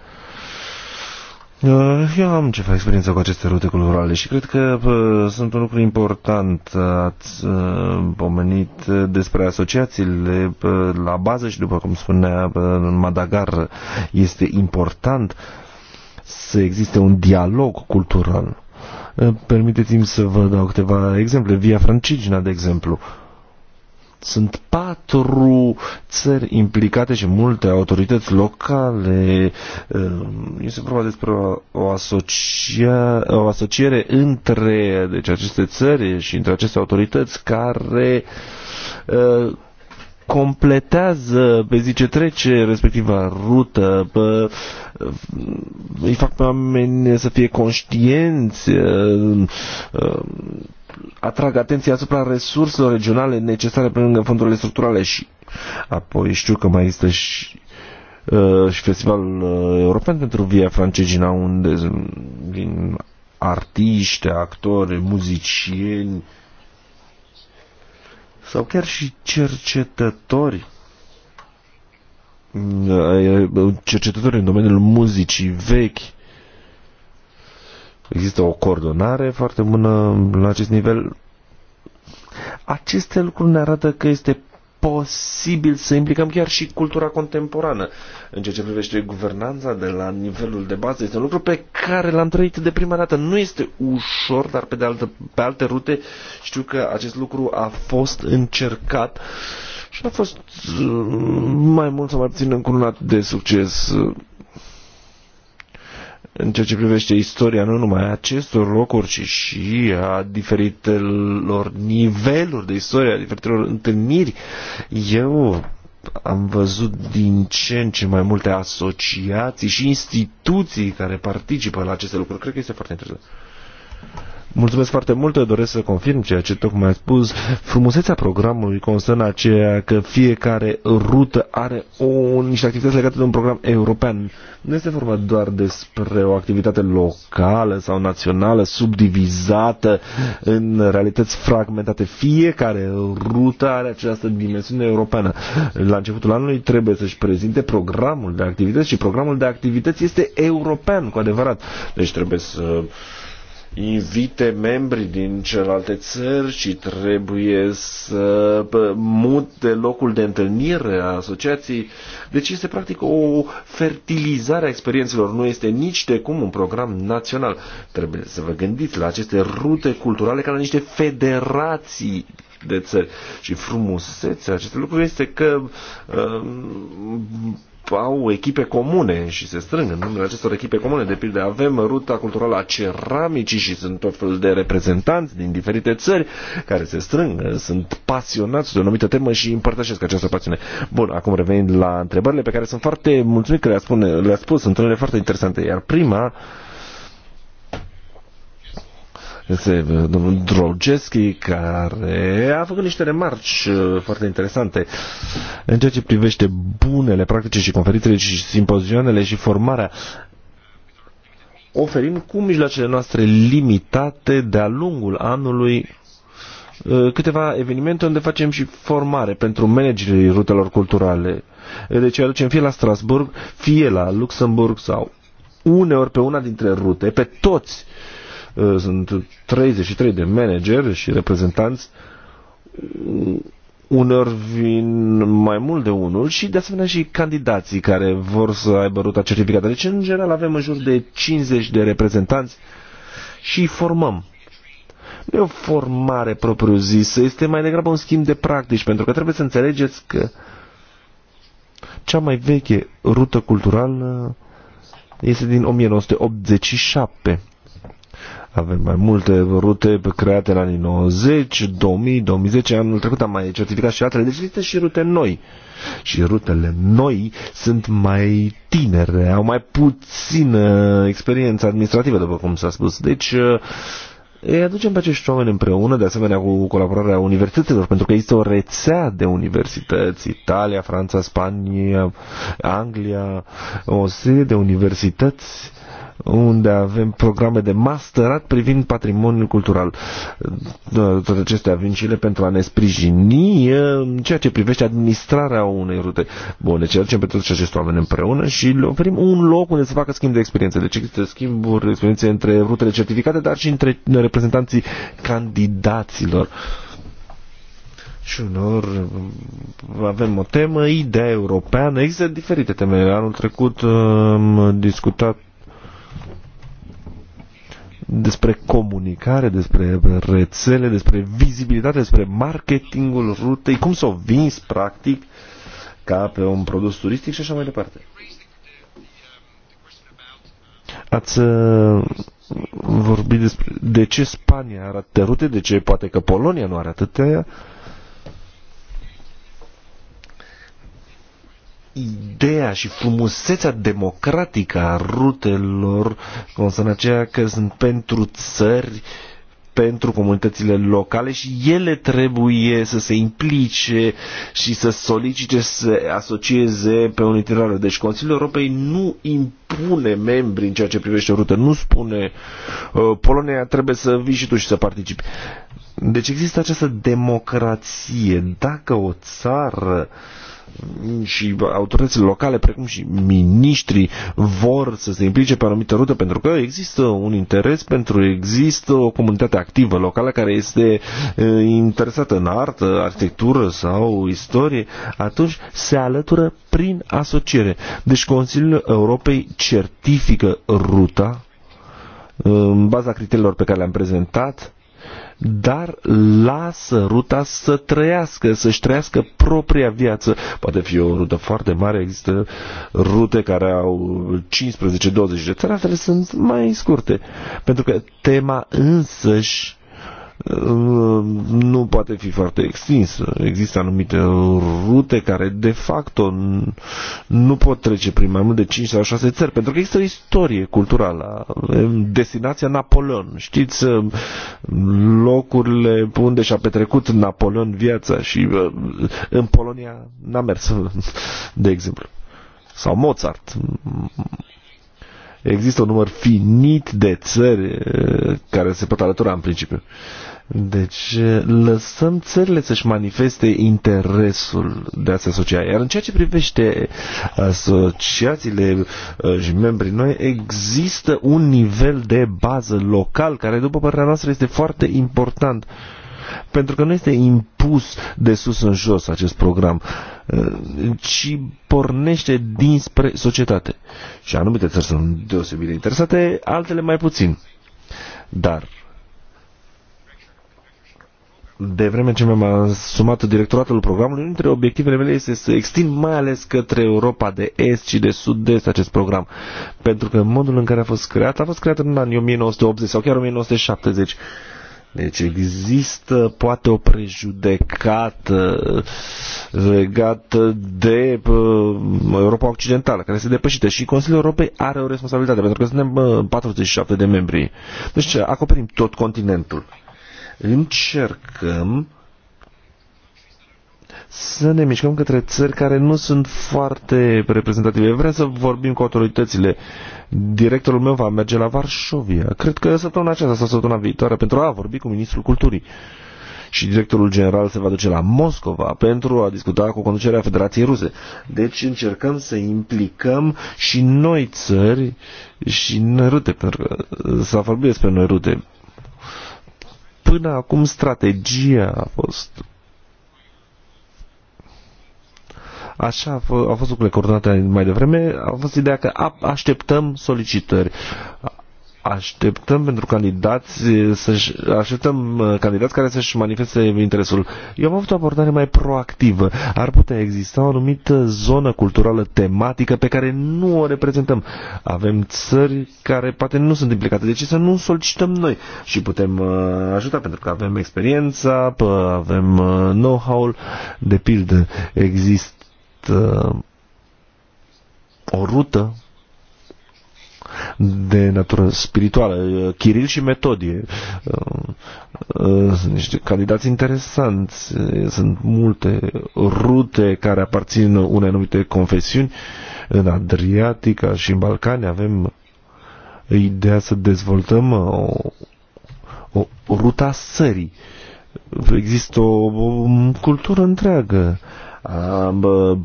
Uh, eu am ceva experiență cu aceste rute culturale și cred că pă, uh, sunt un lucru important. Ați uh, pomenit despre asociațiile pă, uh, la bază și după cum spunea pă, în Madagar este important să existe un dialog cultural. Permiteți-mi să vă dau câteva exemple. Via Francigina, de exemplu. Uh, sunt patru țări implicate și multe autorități locale. Ehm, este vorba despre o, asocia, o asociere între deci, aceste țări și între aceste autorități care ehm, completează pe zi ce trece respectiva rută, pe, îi fac pe oameni să fie conștienți, ehm, atrag atenția asupra resurselor regionale necesare pe lângă fondurile structurale și apoi știu că mai există și uh, și Festivalul uh, European pentru Via Francegina, unde vin artiști, actori, muzicieni sau chiar și cercetători uh, cercetători în domeniul muzicii vechi Există o coordonare foarte bună la acest nivel. Aceste lucruri ne arată că este posibil să implicăm chiar și cultura contemporană. În ceea ce privește guvernanța de la nivelul de bază, este un lucru pe care l-am trăit de prima dată. Nu este ușor, dar pe, de altă, pe alte rute știu că acest lucru a fost încercat și a fost uh, mai mult sau mai puțin încununat de succes în ceea ce privește istoria nu numai acestor locuri, ci și a diferitelor niveluri de istorie, a diferitelor întâlniri, eu am văzut din ce în ce mai multe asociații și instituții care participă la aceste lucruri. Cred că este foarte interesant. Mulțumesc foarte mult, doresc să confirm ceea ce tocmai ai spus. Frumusețea programului constă în aceea că fiecare rută are o, niște activități legate de un program european. Nu este vorba doar despre o activitate locală sau națională, subdivizată în realități fragmentate. Fiecare rută are această dimensiune europeană. La începutul anului trebuie să-și prezinte programul de activități și programul de activități este european, cu adevărat. Deci trebuie să invite membrii din celelalte țări și trebuie să mute locul de întâlnire a asociației. Deci este practic o fertilizare a experiențelor, nu este nici de cum un program național. Trebuie să vă gândiți la aceste rute culturale ca la niște federații de țări. Și frumusețea acestui lucru este că uh, au echipe comune și se strâng în numele acestor echipe comune. De pildă avem ruta culturală a ceramicii și sunt tot fel de reprezentanți din diferite țări care se strâng, sunt pasionați de o anumită temă și împărtășesc această pasiune. Bun, acum revenind la întrebările pe care sunt foarte mulțumit că le-a, le spus, sunt unele foarte interesante, iar prima este uh, domnul Drogeschi, care a făcut niște remarci uh, foarte interesante în ceea ce privește bunele practice și conferințele și simpozioanele și formarea oferim cu mijloacele noastre limitate de-a lungul anului uh, câteva evenimente unde facem și formare pentru managerii rutelor culturale. Deci aducem fie la Strasburg, fie la Luxemburg sau uneori pe una dintre rute, pe toți uh, Uh, sunt 33 de manageri și reprezentanți, uh, unor vin mai mult de unul și de asemenea și candidații care vor să aibă ruta certificată. Deci în general avem în jur de 50 de reprezentanți și formăm nu e o formare propriu-zisă, este mai degrabă un schimb de practici, pentru că trebuie să înțelegeți că cea mai veche rută culturală este din 1987. Avem mai multe rute create în anii 90, 2000, 2010, anul trecut am mai certificat și altele, deci există și rute noi. Și rutele noi sunt mai tinere, au mai puțină experiență administrativă, după cum s-a spus. Deci, uh, îi aducem pe acești oameni împreună, de asemenea cu colaborarea universităților, pentru că există o rețea de universități, Italia, Franța, Spania, Anglia, o serie de universități unde avem programe de masterat privind patrimoniul cultural. Da, toate acestea vin și ele pentru a ne sprijini în ceea ce privește administrarea unei rute. Bun, deci aducem pe toți acești oameni împreună și le oferim un loc unde să facă schimb de experiențe. Deci există schimburi, experiențe între rutele certificate, dar și între reprezentanții candidaților și unor avem o temă, ideea europeană, există diferite teme. Anul trecut am discutat despre comunicare, despre rețele, despre vizibilitate, despre marketingul rutei, cum să o vinzi practic ca pe un produs turistic și așa mai departe. Ați uh, vorbit despre de ce Spania are atâtea rute, de ce poate că Polonia nu are atâtea ideea și frumusețea democratică a rutelor înseamnă aceea că sunt pentru țări pentru comunitățile locale și ele trebuie să se implice și să solicite să se asocieze pe un itinerar. Deci Consiliul Europei nu impune membri în ceea ce privește o rută, nu spune ă, Polonia trebuie să vii și tu și să participi. Deci există această democrație. Dacă o țară uh, și autoritățile locale, precum și miniștrii, vor să se implice pe anumită rută, pentru că există un interes, pentru există o comunitate activă locală care este interesată în artă, arhitectură sau istorie, atunci se alătură prin asociere. Deci Consiliul Europei certifică ruta în baza criteriilor pe care le-am prezentat, dar lasă ruta să trăiască, să-și trăiască propria viață. Poate fi o rută foarte mare, există rute care au 15-20 de țări, altele sunt mai scurte. Pentru că tema însăși Ehm, nu poate fi foarte extins. Există anumite rute care de facto nu pot trece prin mai mult de 5 sau 6 țări, pentru că există o istorie culturală. Destinația Napoleon, știți, ehm, locurile unde și-a petrecut Napoleon viața și ehm, în Polonia n-a mers, de exemplu. Sau Mozart. Există un număr finit de țări care se pot alătura în principiu. Deci lăsăm țările să-și manifeste interesul de a se asocia. Iar în ceea ce privește asociațiile uh, și membrii noi, există un nivel de bază local care, după părerea noastră, este foarte important. Pentru că nu este impus de sus în jos acest program, uh, ci pornește dinspre societate. Și anumite țări sunt deosebit interesate, altele mai puțin. Dar de vreme ce mi-am asumat directoratul programului, unul dintre obiectivele mele este să extind mai ales către Europa de Est și de Sud-Est acest program. Pentru că modul în care a fost creat, a fost creat în anii 1980 sau chiar 1970. Deci există poate o prejudecată legată de Europa Occidentală, care se depășită și Consiliul Europei are o responsabilitate, pentru că suntem 47 de membri. Deci acoperim tot continentul încercăm să ne mișcăm către țări care nu sunt foarte reprezentative. Vrem să vorbim cu autoritățile. Directorul meu va merge la Varșovia. Cred că săptămâna aceasta sau săptămâna viitoare pentru a vorbi cu ministrul culturii. Și directorul general se va duce la Moscova pentru a discuta cu conducerea Federației Ruse. Deci încercăm să implicăm și noi țări și noi rute, pentru că s-a vorbit despre noi rute Până acum strategia a fost Așa a, fost lucrurile coordonate mai devreme, a fost ideea că așteptăm solicitări așteptăm pentru candidați să așteptăm uh, candidați care să-și manifeste interesul. Eu am avut o abordare mai proactivă. Ar putea exista o anumită zonă culturală tematică pe care nu o reprezentăm. Avem țări care poate nu sunt implicate, deci să nu solicităm noi și putem uh, ajuta pentru că avem experiența, avem uh, know-how-ul, de pildă există o rută de natură spirituală. Chiril și Metodie sunt uh, uh, niște candidați interesanți. Sunt multe rute care aparțin unei anumite confesiuni. În Adriatica și în Balcani avem ideea să dezvoltăm uh, o, o, o ruta sării. Există o, o cultură întreagă a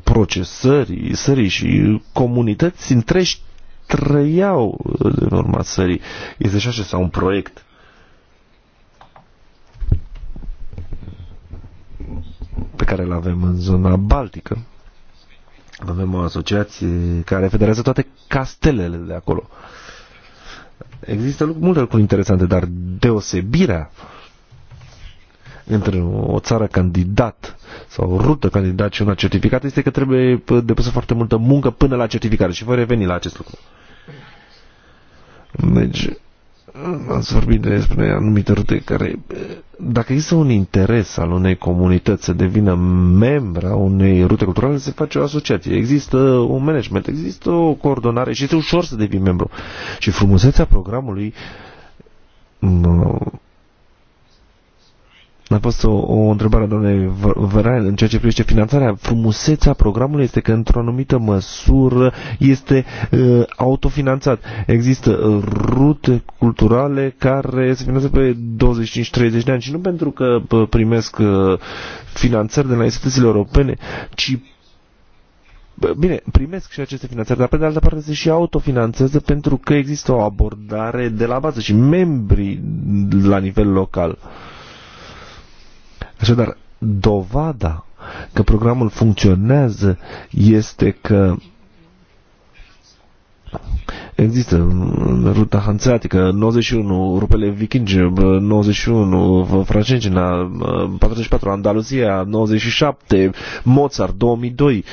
procesării, sării și comunități întrești trăiau de uh, urma țării. Este și sau un proiect. pe care îl avem în zona Baltică. Avem o asociație care federează toate castelele de acolo. Există multe lucruri interesante, dar deosebirea între o țară candidat sau rută candidați una certificat este că trebuie depusă foarte multă muncă până la certificare și voi reveni la acest lucru. Deci, ați vorbit despre anumite rute care, dacă există un interes al unei comunități să devină membra unei rute culturale, se face o asociație. Există un management, există o coordonare și este ușor să devii membru. Și frumusețea programului a fost o, o întrebare doamne doamnei în ceea ce privește finanțarea. Frumusețea programului este că într-o anumită măsură este uh, autofinanțat. Există rute culturale care se finanțează pe 25-30 de ani și nu pentru că primesc uh, finanțări de la instituțiile europene, ci bine, primesc și aceste finanțări, dar pe de altă parte se și autofinanțează pentru că există o abordare de la bază și membrii la nivel local. Uh, Așadar, dovada că programul funcționează este că Există ruta hanțeatică, 91, rupele vikinge, 91, francegina, 44, Andaluzia, 97, Mozart, 2002.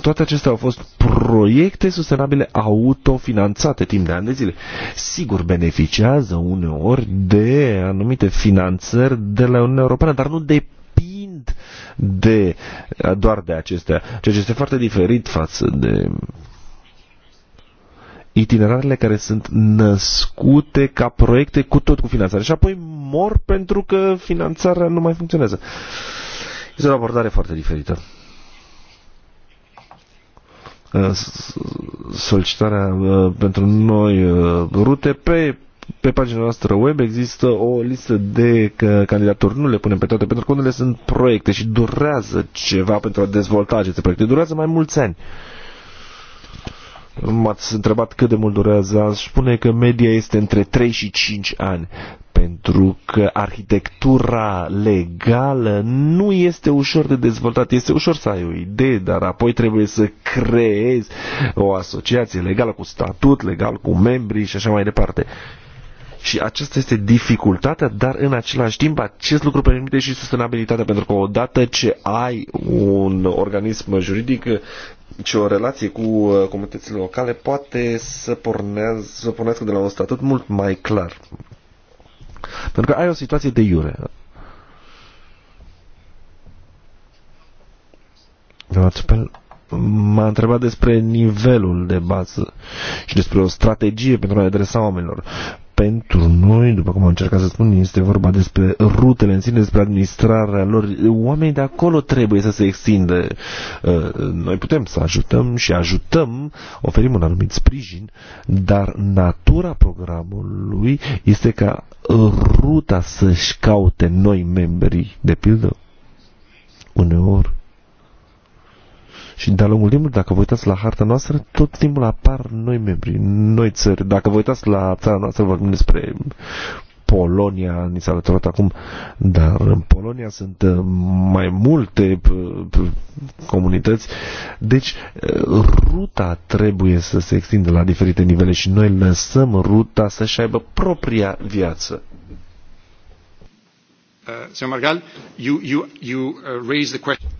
Toate acestea au fost proiecte sustenabile autofinanțate timp de ani de zile. Sigur, beneficiază uneori de anumite finanțări de la Uniunea Europeană, dar nu de depind de, doar de acestea, ceea ce este foarte diferit față de itinerarele care sunt născute ca proiecte cu tot cu finanțare și apoi mor pentru că finanțarea nu mai funcționează. Este o abordare foarte diferită uh, solicitarea uh, pentru noi uh, rute pe pe pagina noastră web există o listă de candidaturi. Nu le punem pe toate pentru că unele sunt proiecte și durează ceva pentru a dezvolta aceste proiecte. Durează mai mulți ani. Uh, M-ați întrebat cât de mult durează. Aș spune că media este între 3 și 5 ani pentru că arhitectura legală nu este ușor de dezvoltat. Este ușor să ai o idee, dar apoi trebuie să creezi o asociație legală cu statut legal, cu membrii și așa mai departe. Și aceasta este dificultatea, dar în același timp acest lucru permite și sustenabilitatea, pentru că odată ce ai un organism juridic și o relație cu uh, comunitățile locale poate să, pornează, să pornească de la un statut mult mai clar. Pentru că ai o situație de iure. Altfel, m-a întrebat despre nivelul de bază și despre o strategie pentru a adresa oamenilor pentru noi, după cum am încercat să spun, este vorba despre rutele în sine, despre administrarea lor. Oamenii de acolo trebuie să se extindă. Uh, noi putem să ajutăm și ajutăm, oferim un anumit sprijin, dar natura programului este ca ruta să-și caute noi membrii, de pildă, uneori și de-a lungul timpului, dacă vă uitați la harta noastră, tot timpul apar noi membri, noi țări. Dacă vă uitați la țara noastră, vorbim despre Polonia, ni s-a alăturat acum, dar în Polonia sunt uh, mai multe uh, uh, comunități. Deci ruta trebuie să se extindă la diferite nivele și noi lăsăm ruta să-și aibă propria viață. Uh, Margal, you, you, you raise the question.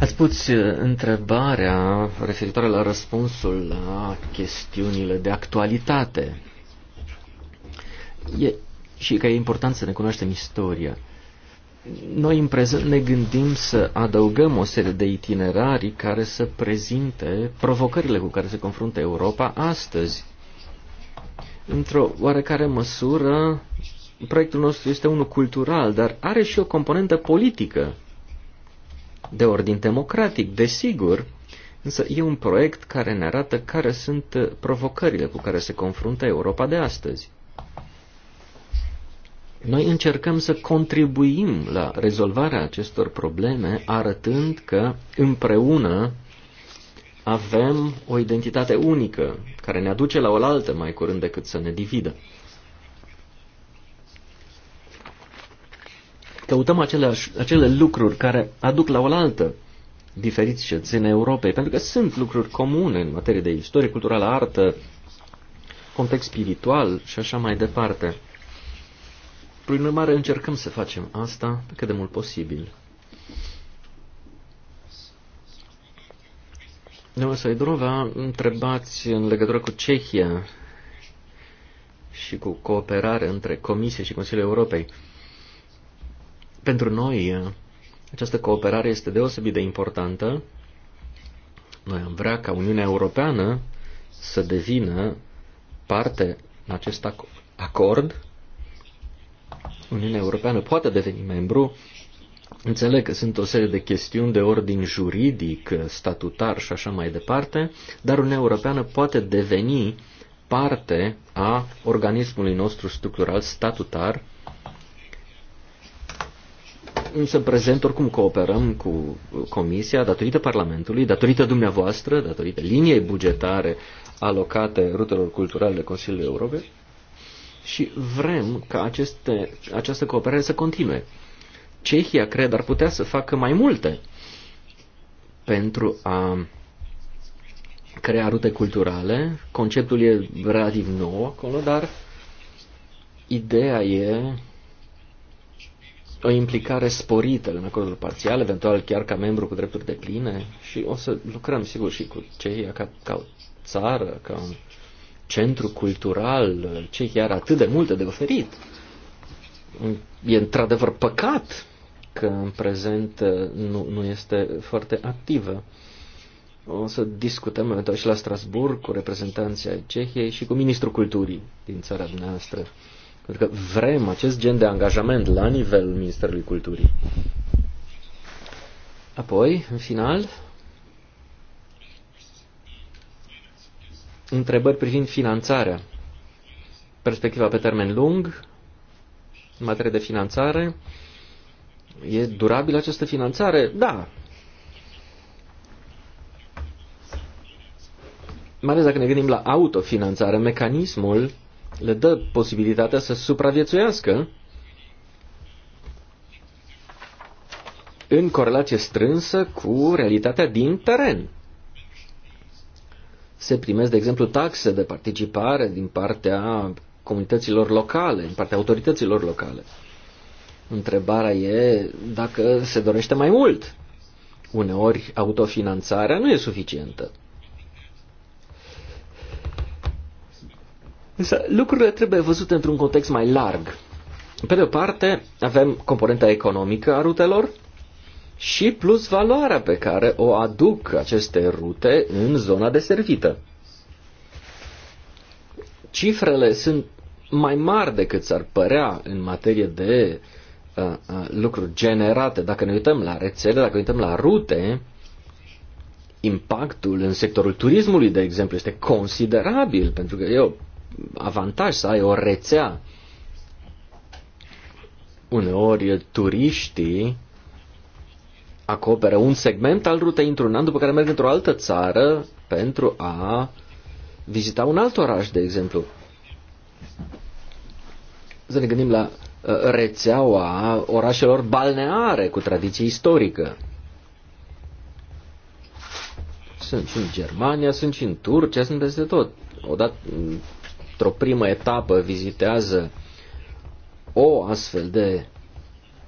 Ați pus uh, întrebarea referitoare la răspunsul la chestiunile de actualitate. E, și că e important să ne cunoaștem istoria. Noi în prezent ne gândim să adăugăm o serie de itinerarii care să prezinte provocările cu care se confruntă Europa astăzi. Într-o oarecare măsură, proiectul nostru este unul cultural, dar are și o componentă politică de ordin democratic, desigur, însă e un proiect care ne arată care sunt uh, provocările cu care se confruntă Europa de astăzi. Noi încercăm să contribuim la rezolvarea acestor probleme arătând că împreună avem o identitate unică care ne aduce la oaltă mai curând decât să ne dividă. căutăm aceleași, acele lucruri care aduc la oaltă diferiți cetățenii Europei, pentru că sunt lucruri comune în materie de istorie culturală, artă, context spiritual și așa mai departe. Prin urmare, încercăm să facem asta pe cât de mult posibil. Doamna Saidrova, întrebați în legătură cu Cehia și cu cooperare între Comisie și Consiliul Europei. Pentru noi, uh, această cooperare este deosebit de importantă. Noi am vrea ca Uniunea Europeană să devină parte în acest acord. Uniunea Europeană poate deveni membru. Înțeleg că sunt o serie de chestiuni de ordin juridic, statutar și așa mai departe, dar Uniunea Europeană poate deveni parte a organismului nostru structural statutar Însă prezent oricum cooperăm cu Comisia datorită Parlamentului, datorită dumneavoastră, datorită liniei bugetare alocate rutelor culturale de Consiliul Europei și vrem ca aceste, această cooperare să continue. Cehia, cred, ar putea să facă mai multe pentru a crea rute culturale. Conceptul e relativ nou acolo, dar ideea e o implicare sporită în acordul parțial, eventual chiar ca membru cu drepturi de pline și o să lucrăm, sigur, și cu Cehia ca, ca o țară, ca un centru cultural. Cehia are atât de multe de oferit. E într-adevăr păcat că în prezent uh, nu, nu este foarte activă. O să discutăm eventual și la Strasburg cu reprezentanții ai Cehiei și cu ministrul culturii din țara noastră. Pentru că vrem acest gen de angajament la nivelul Ministerului Culturii. Apoi, în final, întrebări privind finanțarea. Perspectiva pe termen lung, în materie de finanțare, e durabilă această finanțare? Da. Mai ales dacă ne gândim la autofinanțare, mecanismul le dă posibilitatea să supraviețuiască în corelație strânsă cu realitatea din teren. Se primesc, de exemplu, taxe de participare din partea comunităților locale, din partea autorităților locale. Întrebarea e dacă se dorește mai mult. Uneori autofinanțarea nu e suficientă. Însă lucrurile trebuie văzute într-un context mai larg. Pe de o parte, avem componenta economică a rutelor și plus valoarea pe care o aduc aceste rute în zona deservită. Cifrele sunt mai mari decât s-ar părea în materie de uh, uh, lucruri generate. Dacă ne uităm la rețele, dacă ne uităm la rute, impactul în sectorul turismului, de exemplu, este considerabil, pentru că e o avantaj să ai o rețea. Uneori turiștii acoperă un segment al rutei într-un an, după care merg într-o altă țară pentru a vizita un alt oraș, de exemplu. Să ne gândim la uh, rețeaua orașelor balneare cu tradiție istorică. Sunt și în Germania, sunt și în Turcia, sunt peste tot. Odată, într-o primă etapă vizitează o astfel de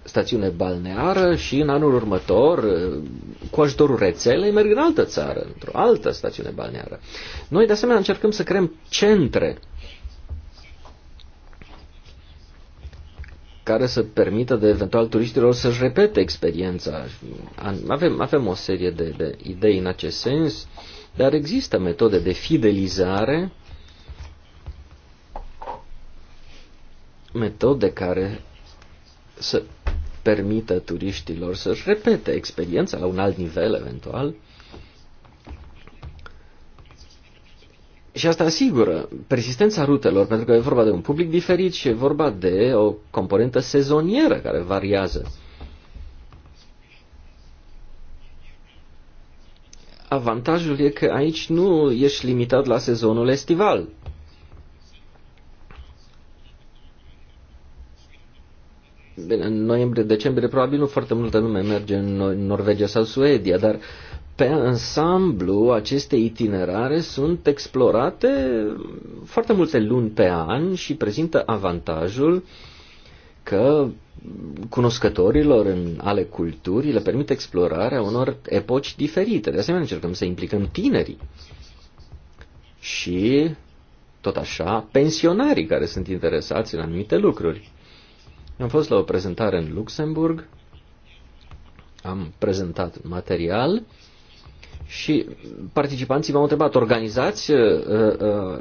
stațiune balneară și în anul următor, uh, cu ajutorul rețelei, merg în altă țară, într-o altă stațiune balneară. Noi, de asemenea, încercăm să creăm centre care să permită de eventual turiștilor să-și repete experiența. Avem, avem o serie de, de idei în acest sens, dar există metode de fidelizare metode care să permită turiștilor să-și repete experiența la un alt nivel eventual. Și asta asigură persistența rutelor, pentru că e vorba de un public diferit și e vorba de o componentă sezonieră care variază. Avantajul e că aici nu ești limitat la sezonul estival. bine, în noiembrie, decembrie, probabil nu foarte multă lume merge în Norvegia sau Suedia, dar pe ansamblu aceste itinerare sunt explorate foarte multe luni pe an și prezintă avantajul că cunoscătorilor în ale culturii le permite explorarea unor epoci diferite. De asemenea, încercăm să implicăm tinerii și, tot așa, pensionarii care sunt interesați în anumite lucruri. Am fost la o prezentare în Luxemburg, am prezentat material și participanții m-au întrebat, organizați uh, uh,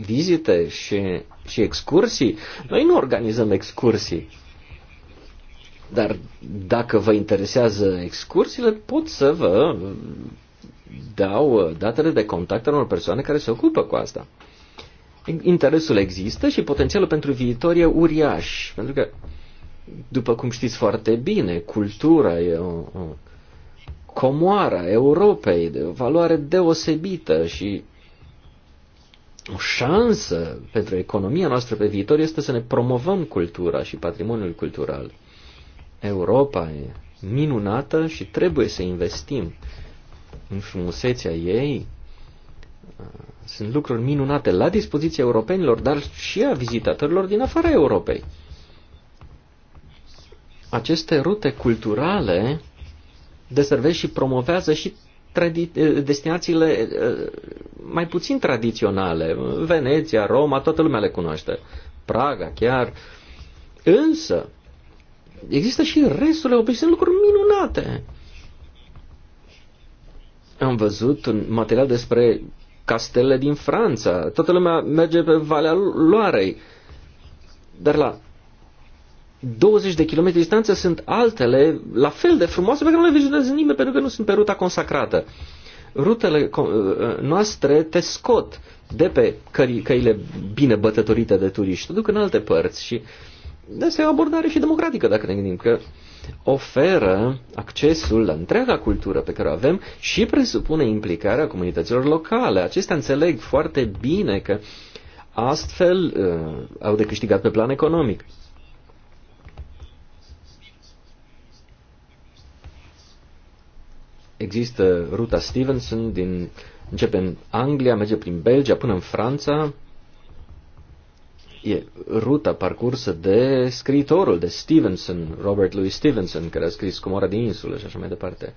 vizite și, și excursii? Noi nu organizăm excursii. Dar dacă vă interesează excursiile, pot să vă dau uh, datele de contact al unor persoane care se ocupă cu asta. Interesul există și potențialul pentru viitor e uriaș, pentru că, după cum știți foarte bine, cultura e o, o comoară a Europei de o valoare deosebită și o șansă pentru economia noastră pe viitor este să ne promovăm cultura și patrimoniul cultural. Europa e minunată și trebuie să investim în frumusețea ei, sunt lucruri minunate la dispoziția europenilor, dar și a vizitatorilor din afara Europei. Aceste rute culturale deservesc și promovează și eh, destinațiile eh, mai puțin tradiționale. Veneția, Roma, toată lumea le cunoaște. Praga chiar. Însă, există și restul Europei, sunt lucruri minunate. Am văzut un material despre castelele din Franța. Toată lumea merge pe Valea Loarei. Dar la 20 de kilometri distanță sunt altele la fel de frumoase pe care nu le vizionează nimeni pentru că nu sunt pe ruta consacrată. Rutele uh, uh, noastre te scot de pe căile bine bătătorite de turiști, te duc în alte părți și de asta e o abordare și democratică dacă ne gândim că oferă accesul la întreaga cultură pe care o avem și presupune implicarea comunităților locale. Acestea înțeleg foarte bine că astfel uh, au de câștigat pe plan economic. Există ruta Stevenson din începe în Anglia, merge prin Belgia până în Franța, e ruta parcursă de scriitorul, de Stevenson, Robert Louis Stevenson, care a scris Comora din insulă și așa mai departe.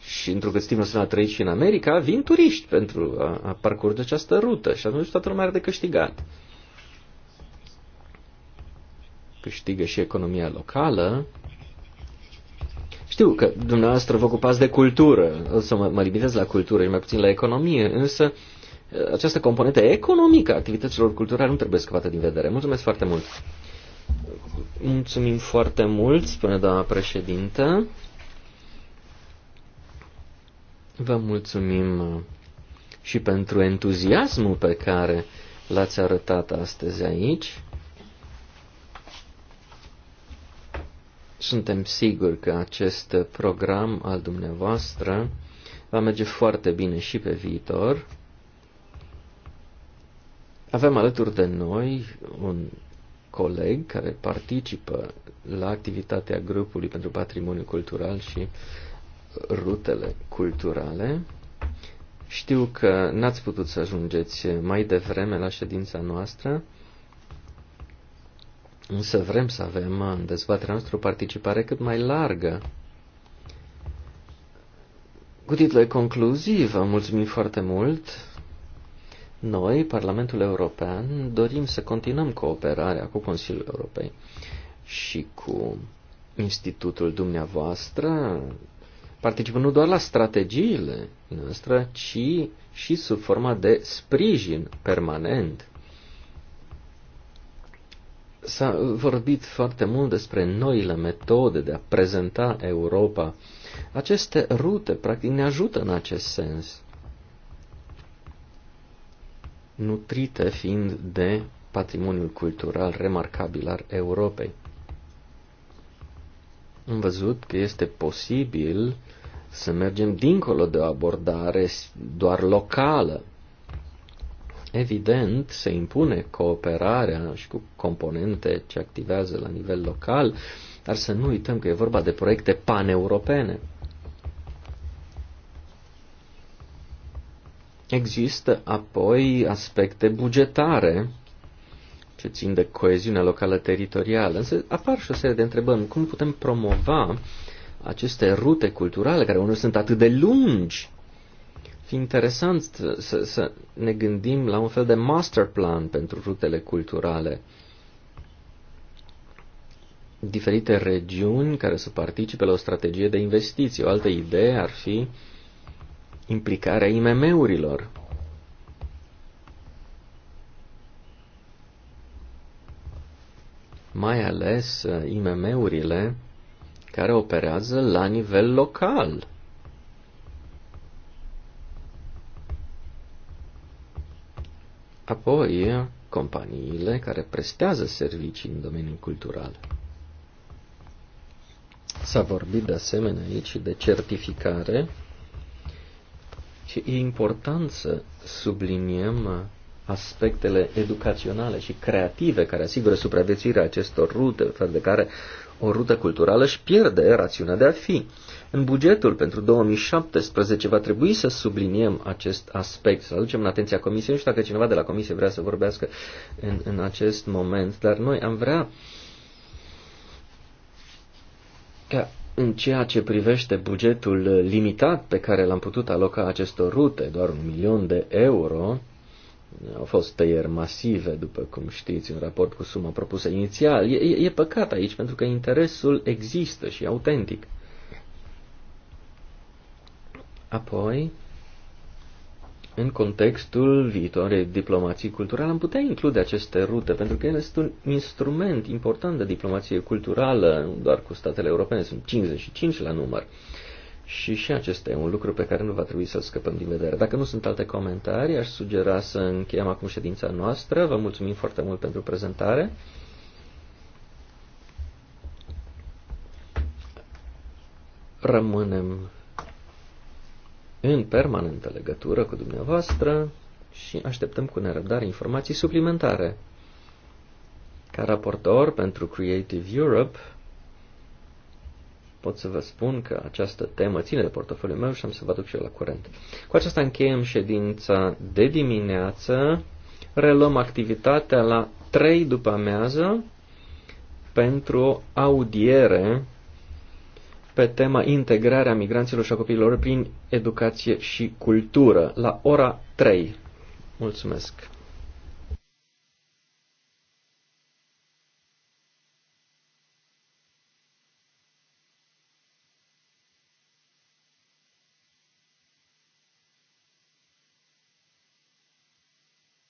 Și întrucât Stevenson a trăit și în America, vin turiști pentru a, a parcurge această rută și atunci toată lumea are de câștigat. Câștigă și economia locală. Știu că dumneavoastră vă ocupați de cultură, o să mă, mă limitez la cultură și mai puțin la economie, însă uh, această componentă economică a activităților culturale nu trebuie scăpată din vedere. Mulțumesc foarte mult! Mulțumim foarte mult, spune doamna președintă. Vă mulțumim și pentru entuziasmul pe care l-ați arătat astăzi aici. Suntem siguri că acest program al dumneavoastră va merge foarte bine și pe viitor. Avem alături de noi un coleg care participă la activitatea grupului pentru patrimoniu cultural și rutele culturale. Știu că n-ați putut să ajungeți mai devreme la ședința noastră, însă vrem să avem în dezbaterea noastră o participare cât mai largă. Cu titlul concluziv, vă mulțumim foarte mult noi, Parlamentul European, dorim să continuăm cooperarea cu Consiliul Europei și cu institutul dumneavoastră, participând nu doar la strategiile noastre, ci și sub forma de sprijin permanent. S-a vorbit foarte mult despre noile metode de a prezenta Europa. Aceste rute, practic, ne ajută în acest sens nutrite fiind de patrimoniul cultural remarcabil al Europei. Am văzut că este posibil să mergem dincolo de o abordare doar locală. Evident, se impune cooperarea și cu componente ce activează la nivel local, dar să nu uităm că e vorba de proiecte paneuropene. Există apoi aspecte bugetare ce țin de coeziunea locală teritorială, însă apar și o serie de întrebări. Cum putem promova aceste rute culturale, care uneori sunt atât de lungi? Fi interesant să, să ne gândim la un fel de master plan pentru rutele culturale. Diferite regiuni care să participe la o strategie de investiții. O altă idee ar fi uh, implicarea IMM-urilor. Mai ales uh, IMM-urile care operează la nivel local. Apoi, companiile care prestează servicii în domeniul cultural. S-a vorbit de asemenea aici de certificare și e important să subliniem aspectele educaționale și creative care asigură supraviețuirea acestor rute, fără de care o rută culturală își pierde rațiunea de a fi. În bugetul pentru 2017 va trebui să subliniem acest aspect, să aducem în atenția Comisiei. Nu știu dacă cineva de la Comisie vrea să vorbească în, în acest moment, dar noi am vrea ca în ceea ce privește bugetul limitat pe care l-am putut aloca acestor rute, doar un milion de euro, au fost tăieri masive, după cum știți, în raport cu suma propusă inițial. E, e, e păcat aici, pentru că interesul există și e autentic. Apoi, în contextul viitoarei diplomații culturale am putea include aceste rute, pentru că ele sunt un instrument important de diplomație culturală, nu doar cu statele europene, sunt 55 la număr. Și și acesta e un lucru pe care nu va trebui să-l scăpăm din vedere. Dacă nu sunt alte comentarii, aș sugera să încheiem acum ședința noastră. Vă mulțumim foarte mult pentru prezentare. Rămânem în permanentă legătură cu dumneavoastră și așteptăm cu nerăbdare informații suplimentare. Ca raportor pentru Creative Europe, pot să vă spun că această temă ține de portofoliul meu și am să vă duc și eu la curent. Cu aceasta încheiem ședința de dimineață. Reluăm activitatea la 3 după amiază pentru o audiere pe tema integrarea migranților și a copiilor prin educație și cultură, la ora 3. Mulțumesc!